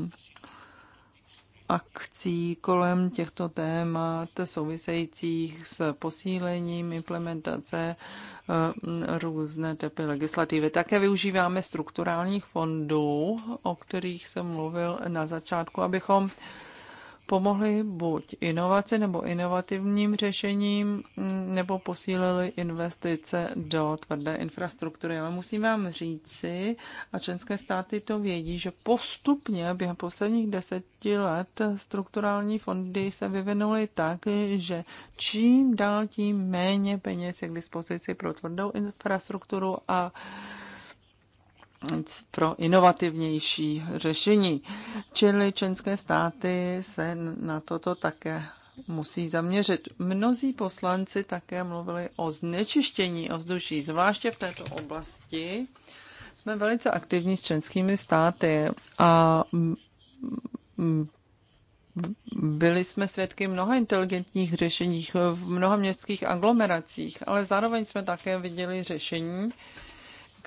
akcí kolem těchto témat souvisejících s posílením implementace eh, různé typy legislativy. Také využíváme strukturálních fondů, o kterých jsem mluvil na začátku, abychom pomohly buď inovaci nebo inovativním řešením, mm, nebo posílily investice do tvrdé infrastruktury. Ale musím vám říci, a členské státy to vědí, že postupně během posledních deseti let strukturální fondy se vyvinuly tak, že čím dál tím méně peněz je k dispozici pro tvrdou infrastrukturu a pro inovativnější řešení. Čili členské státy se na toto také musí zaměřit. Mnozí poslanci také mluvili o znečištění ovzduší, zvláště v této oblasti. Jsme velice aktivní s členskými státy a byli jsme svědky mnoha inteligentních řešeních v mnoha městských aglomeracích, ale zároveň jsme také viděli řešení,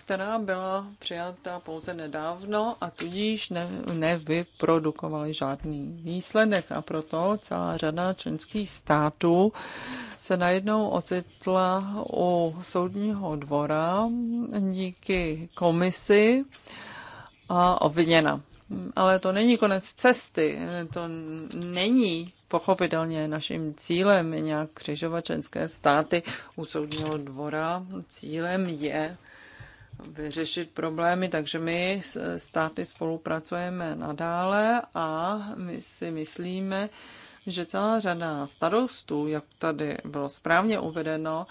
která byla přijata pouze nedávno a tudíž ne, nevyprodukovaly žádný výsledek. A proto celá řada členských států se najednou ocitla u soudního dvora díky komisi a obviněna. Ale to není konec cesty, to není pochopitelně naším cílem nějak křižovat členské státy u soudního dvora. Cílem je vyřešit problémy, takže my státy spolupracujeme nadále a my si myslíme, že celá řada starostů, jak tady bylo správně uvedeno,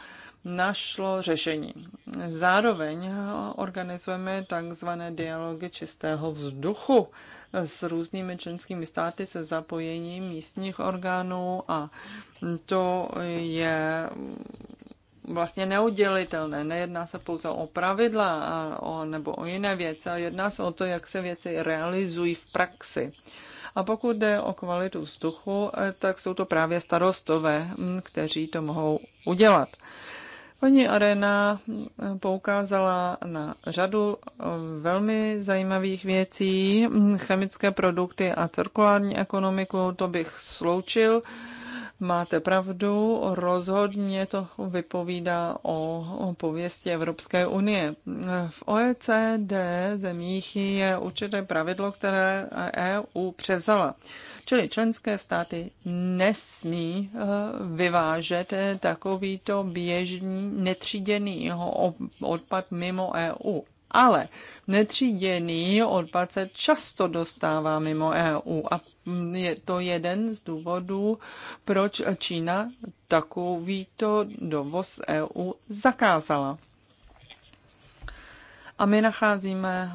našlo řešení. Zároveň organizujeme takzvané dialogy čistého vzduchu s různými členskými státy se zapojením místních orgánů a to je vlastně neudělitelné. Nejedná se pouze o pravidla a o, nebo o jiné věci, ale jedná se o to, jak se věci realizují v praxi. A pokud jde o kvalitu vzduchu, eh, tak jsou to právě starostové, hm, kteří to mohou udělat. Paní Arena hm, poukázala na řadu eh, velmi zajímavých věcí, hm, chemické produkty a cirkulární ekonomiku, to bych sloučil Máte pravdu, rozhodně to vypovídá o, pověsti Evropské unie. V OECD zemích je určité pravidlo, které EU převzala. Čili členské státy nesmí eh, vyvážet eh, takovýto běžný netříděný odpad mimo EU ale netříděný odpad se často dostává mimo EU a je to jeden z důvodů, proč Čína takovýto dovoz EU zakázala. A my nacházíme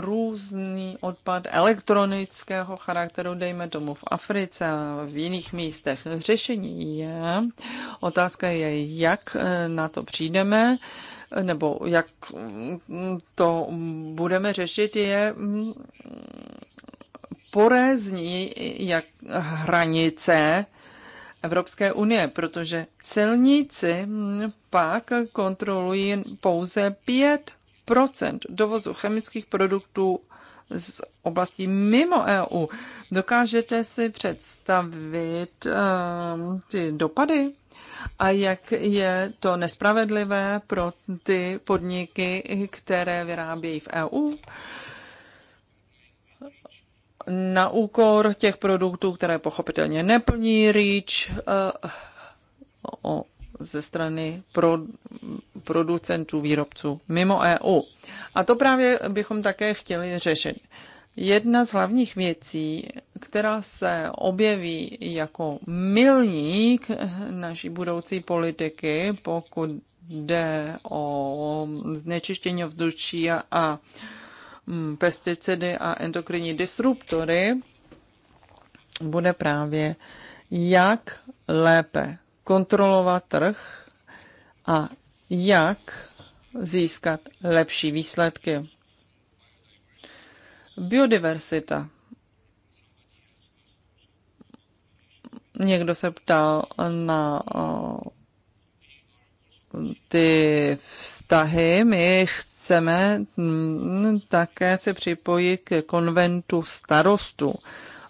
různý odpad elektronického charakteru, dejme tomu v Africe a v jiných místech. Řešení je, otázka je, jak na to přijdeme nebo jak mm, to budeme řešit, je mm, porézní jak hranice Evropské unie, protože celníci mm, pak kontrolují pouze 5 dovozu chemických produktů z oblastí mimo EU. Dokážete si představit uh, ty dopady a jak je to nespravedlivé pro ty podniky, které vyrábějí v EU na úkor těch produktů, které pochopitelně neplní REACH eh, ze strany pro, producentů, výrobců mimo EU. A to právě bychom také chtěli řešit. Jedna z hlavních věcí, která se objeví jako milník naší budoucí politiky, pokud jde o znečištění vzduší a mm, pesticidy a endokrinní disruptory, bude právě, jak lépe kontrolovat trh a jak získat lepší výsledky. Biodiversita. Někdo se ptal na ty vztahy. My chceme mm, také se připojit k konventu starostů,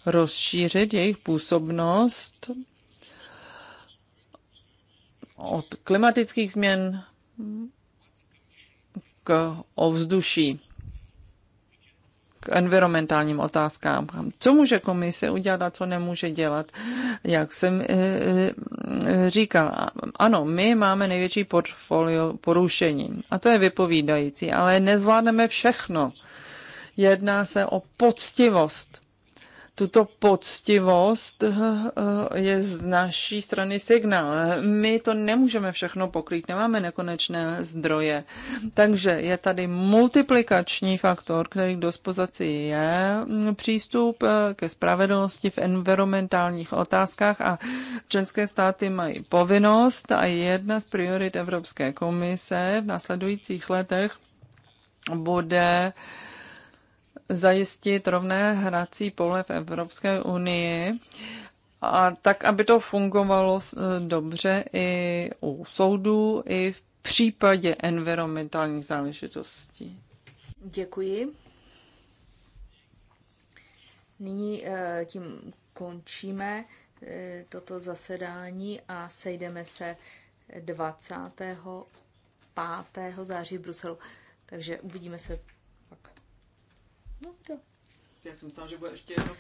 rozšířit jejich působnost od klimatických změn k ovzduší k environmentálním otázkám. Co může komise udělat a co nemůže dělat? Jak jsem eh, eh, říkal, ano, my máme největší portfolio porušení a to je vypovídající, ale nezvládneme všechno. Jedná se o poctivost tuto poctivost eh, eh, je z naší strany signál. My to nemůžeme všechno pokrýt, nemáme nekonečné zdroje. Takže je tady multiplikační faktor, který k dispozici je mm, přístup eh, ke spravedlnosti v environmentálních otázkách a členské státy mají povinnost a jedna z priorit Evropské komise v následujících letech bude uh, zajistit rovné hrací pole v Evropské unii, a tak, aby to fungovalo e, dobře i u soudů, i v případě environmentálních záležitostí. Děkuji. Nyní e, tím končíme e, toto zasedání a sejdeme se 25. září v Bruselu. Takže uvidíme se No, to. Já jsem myslela, že bude ještě jedno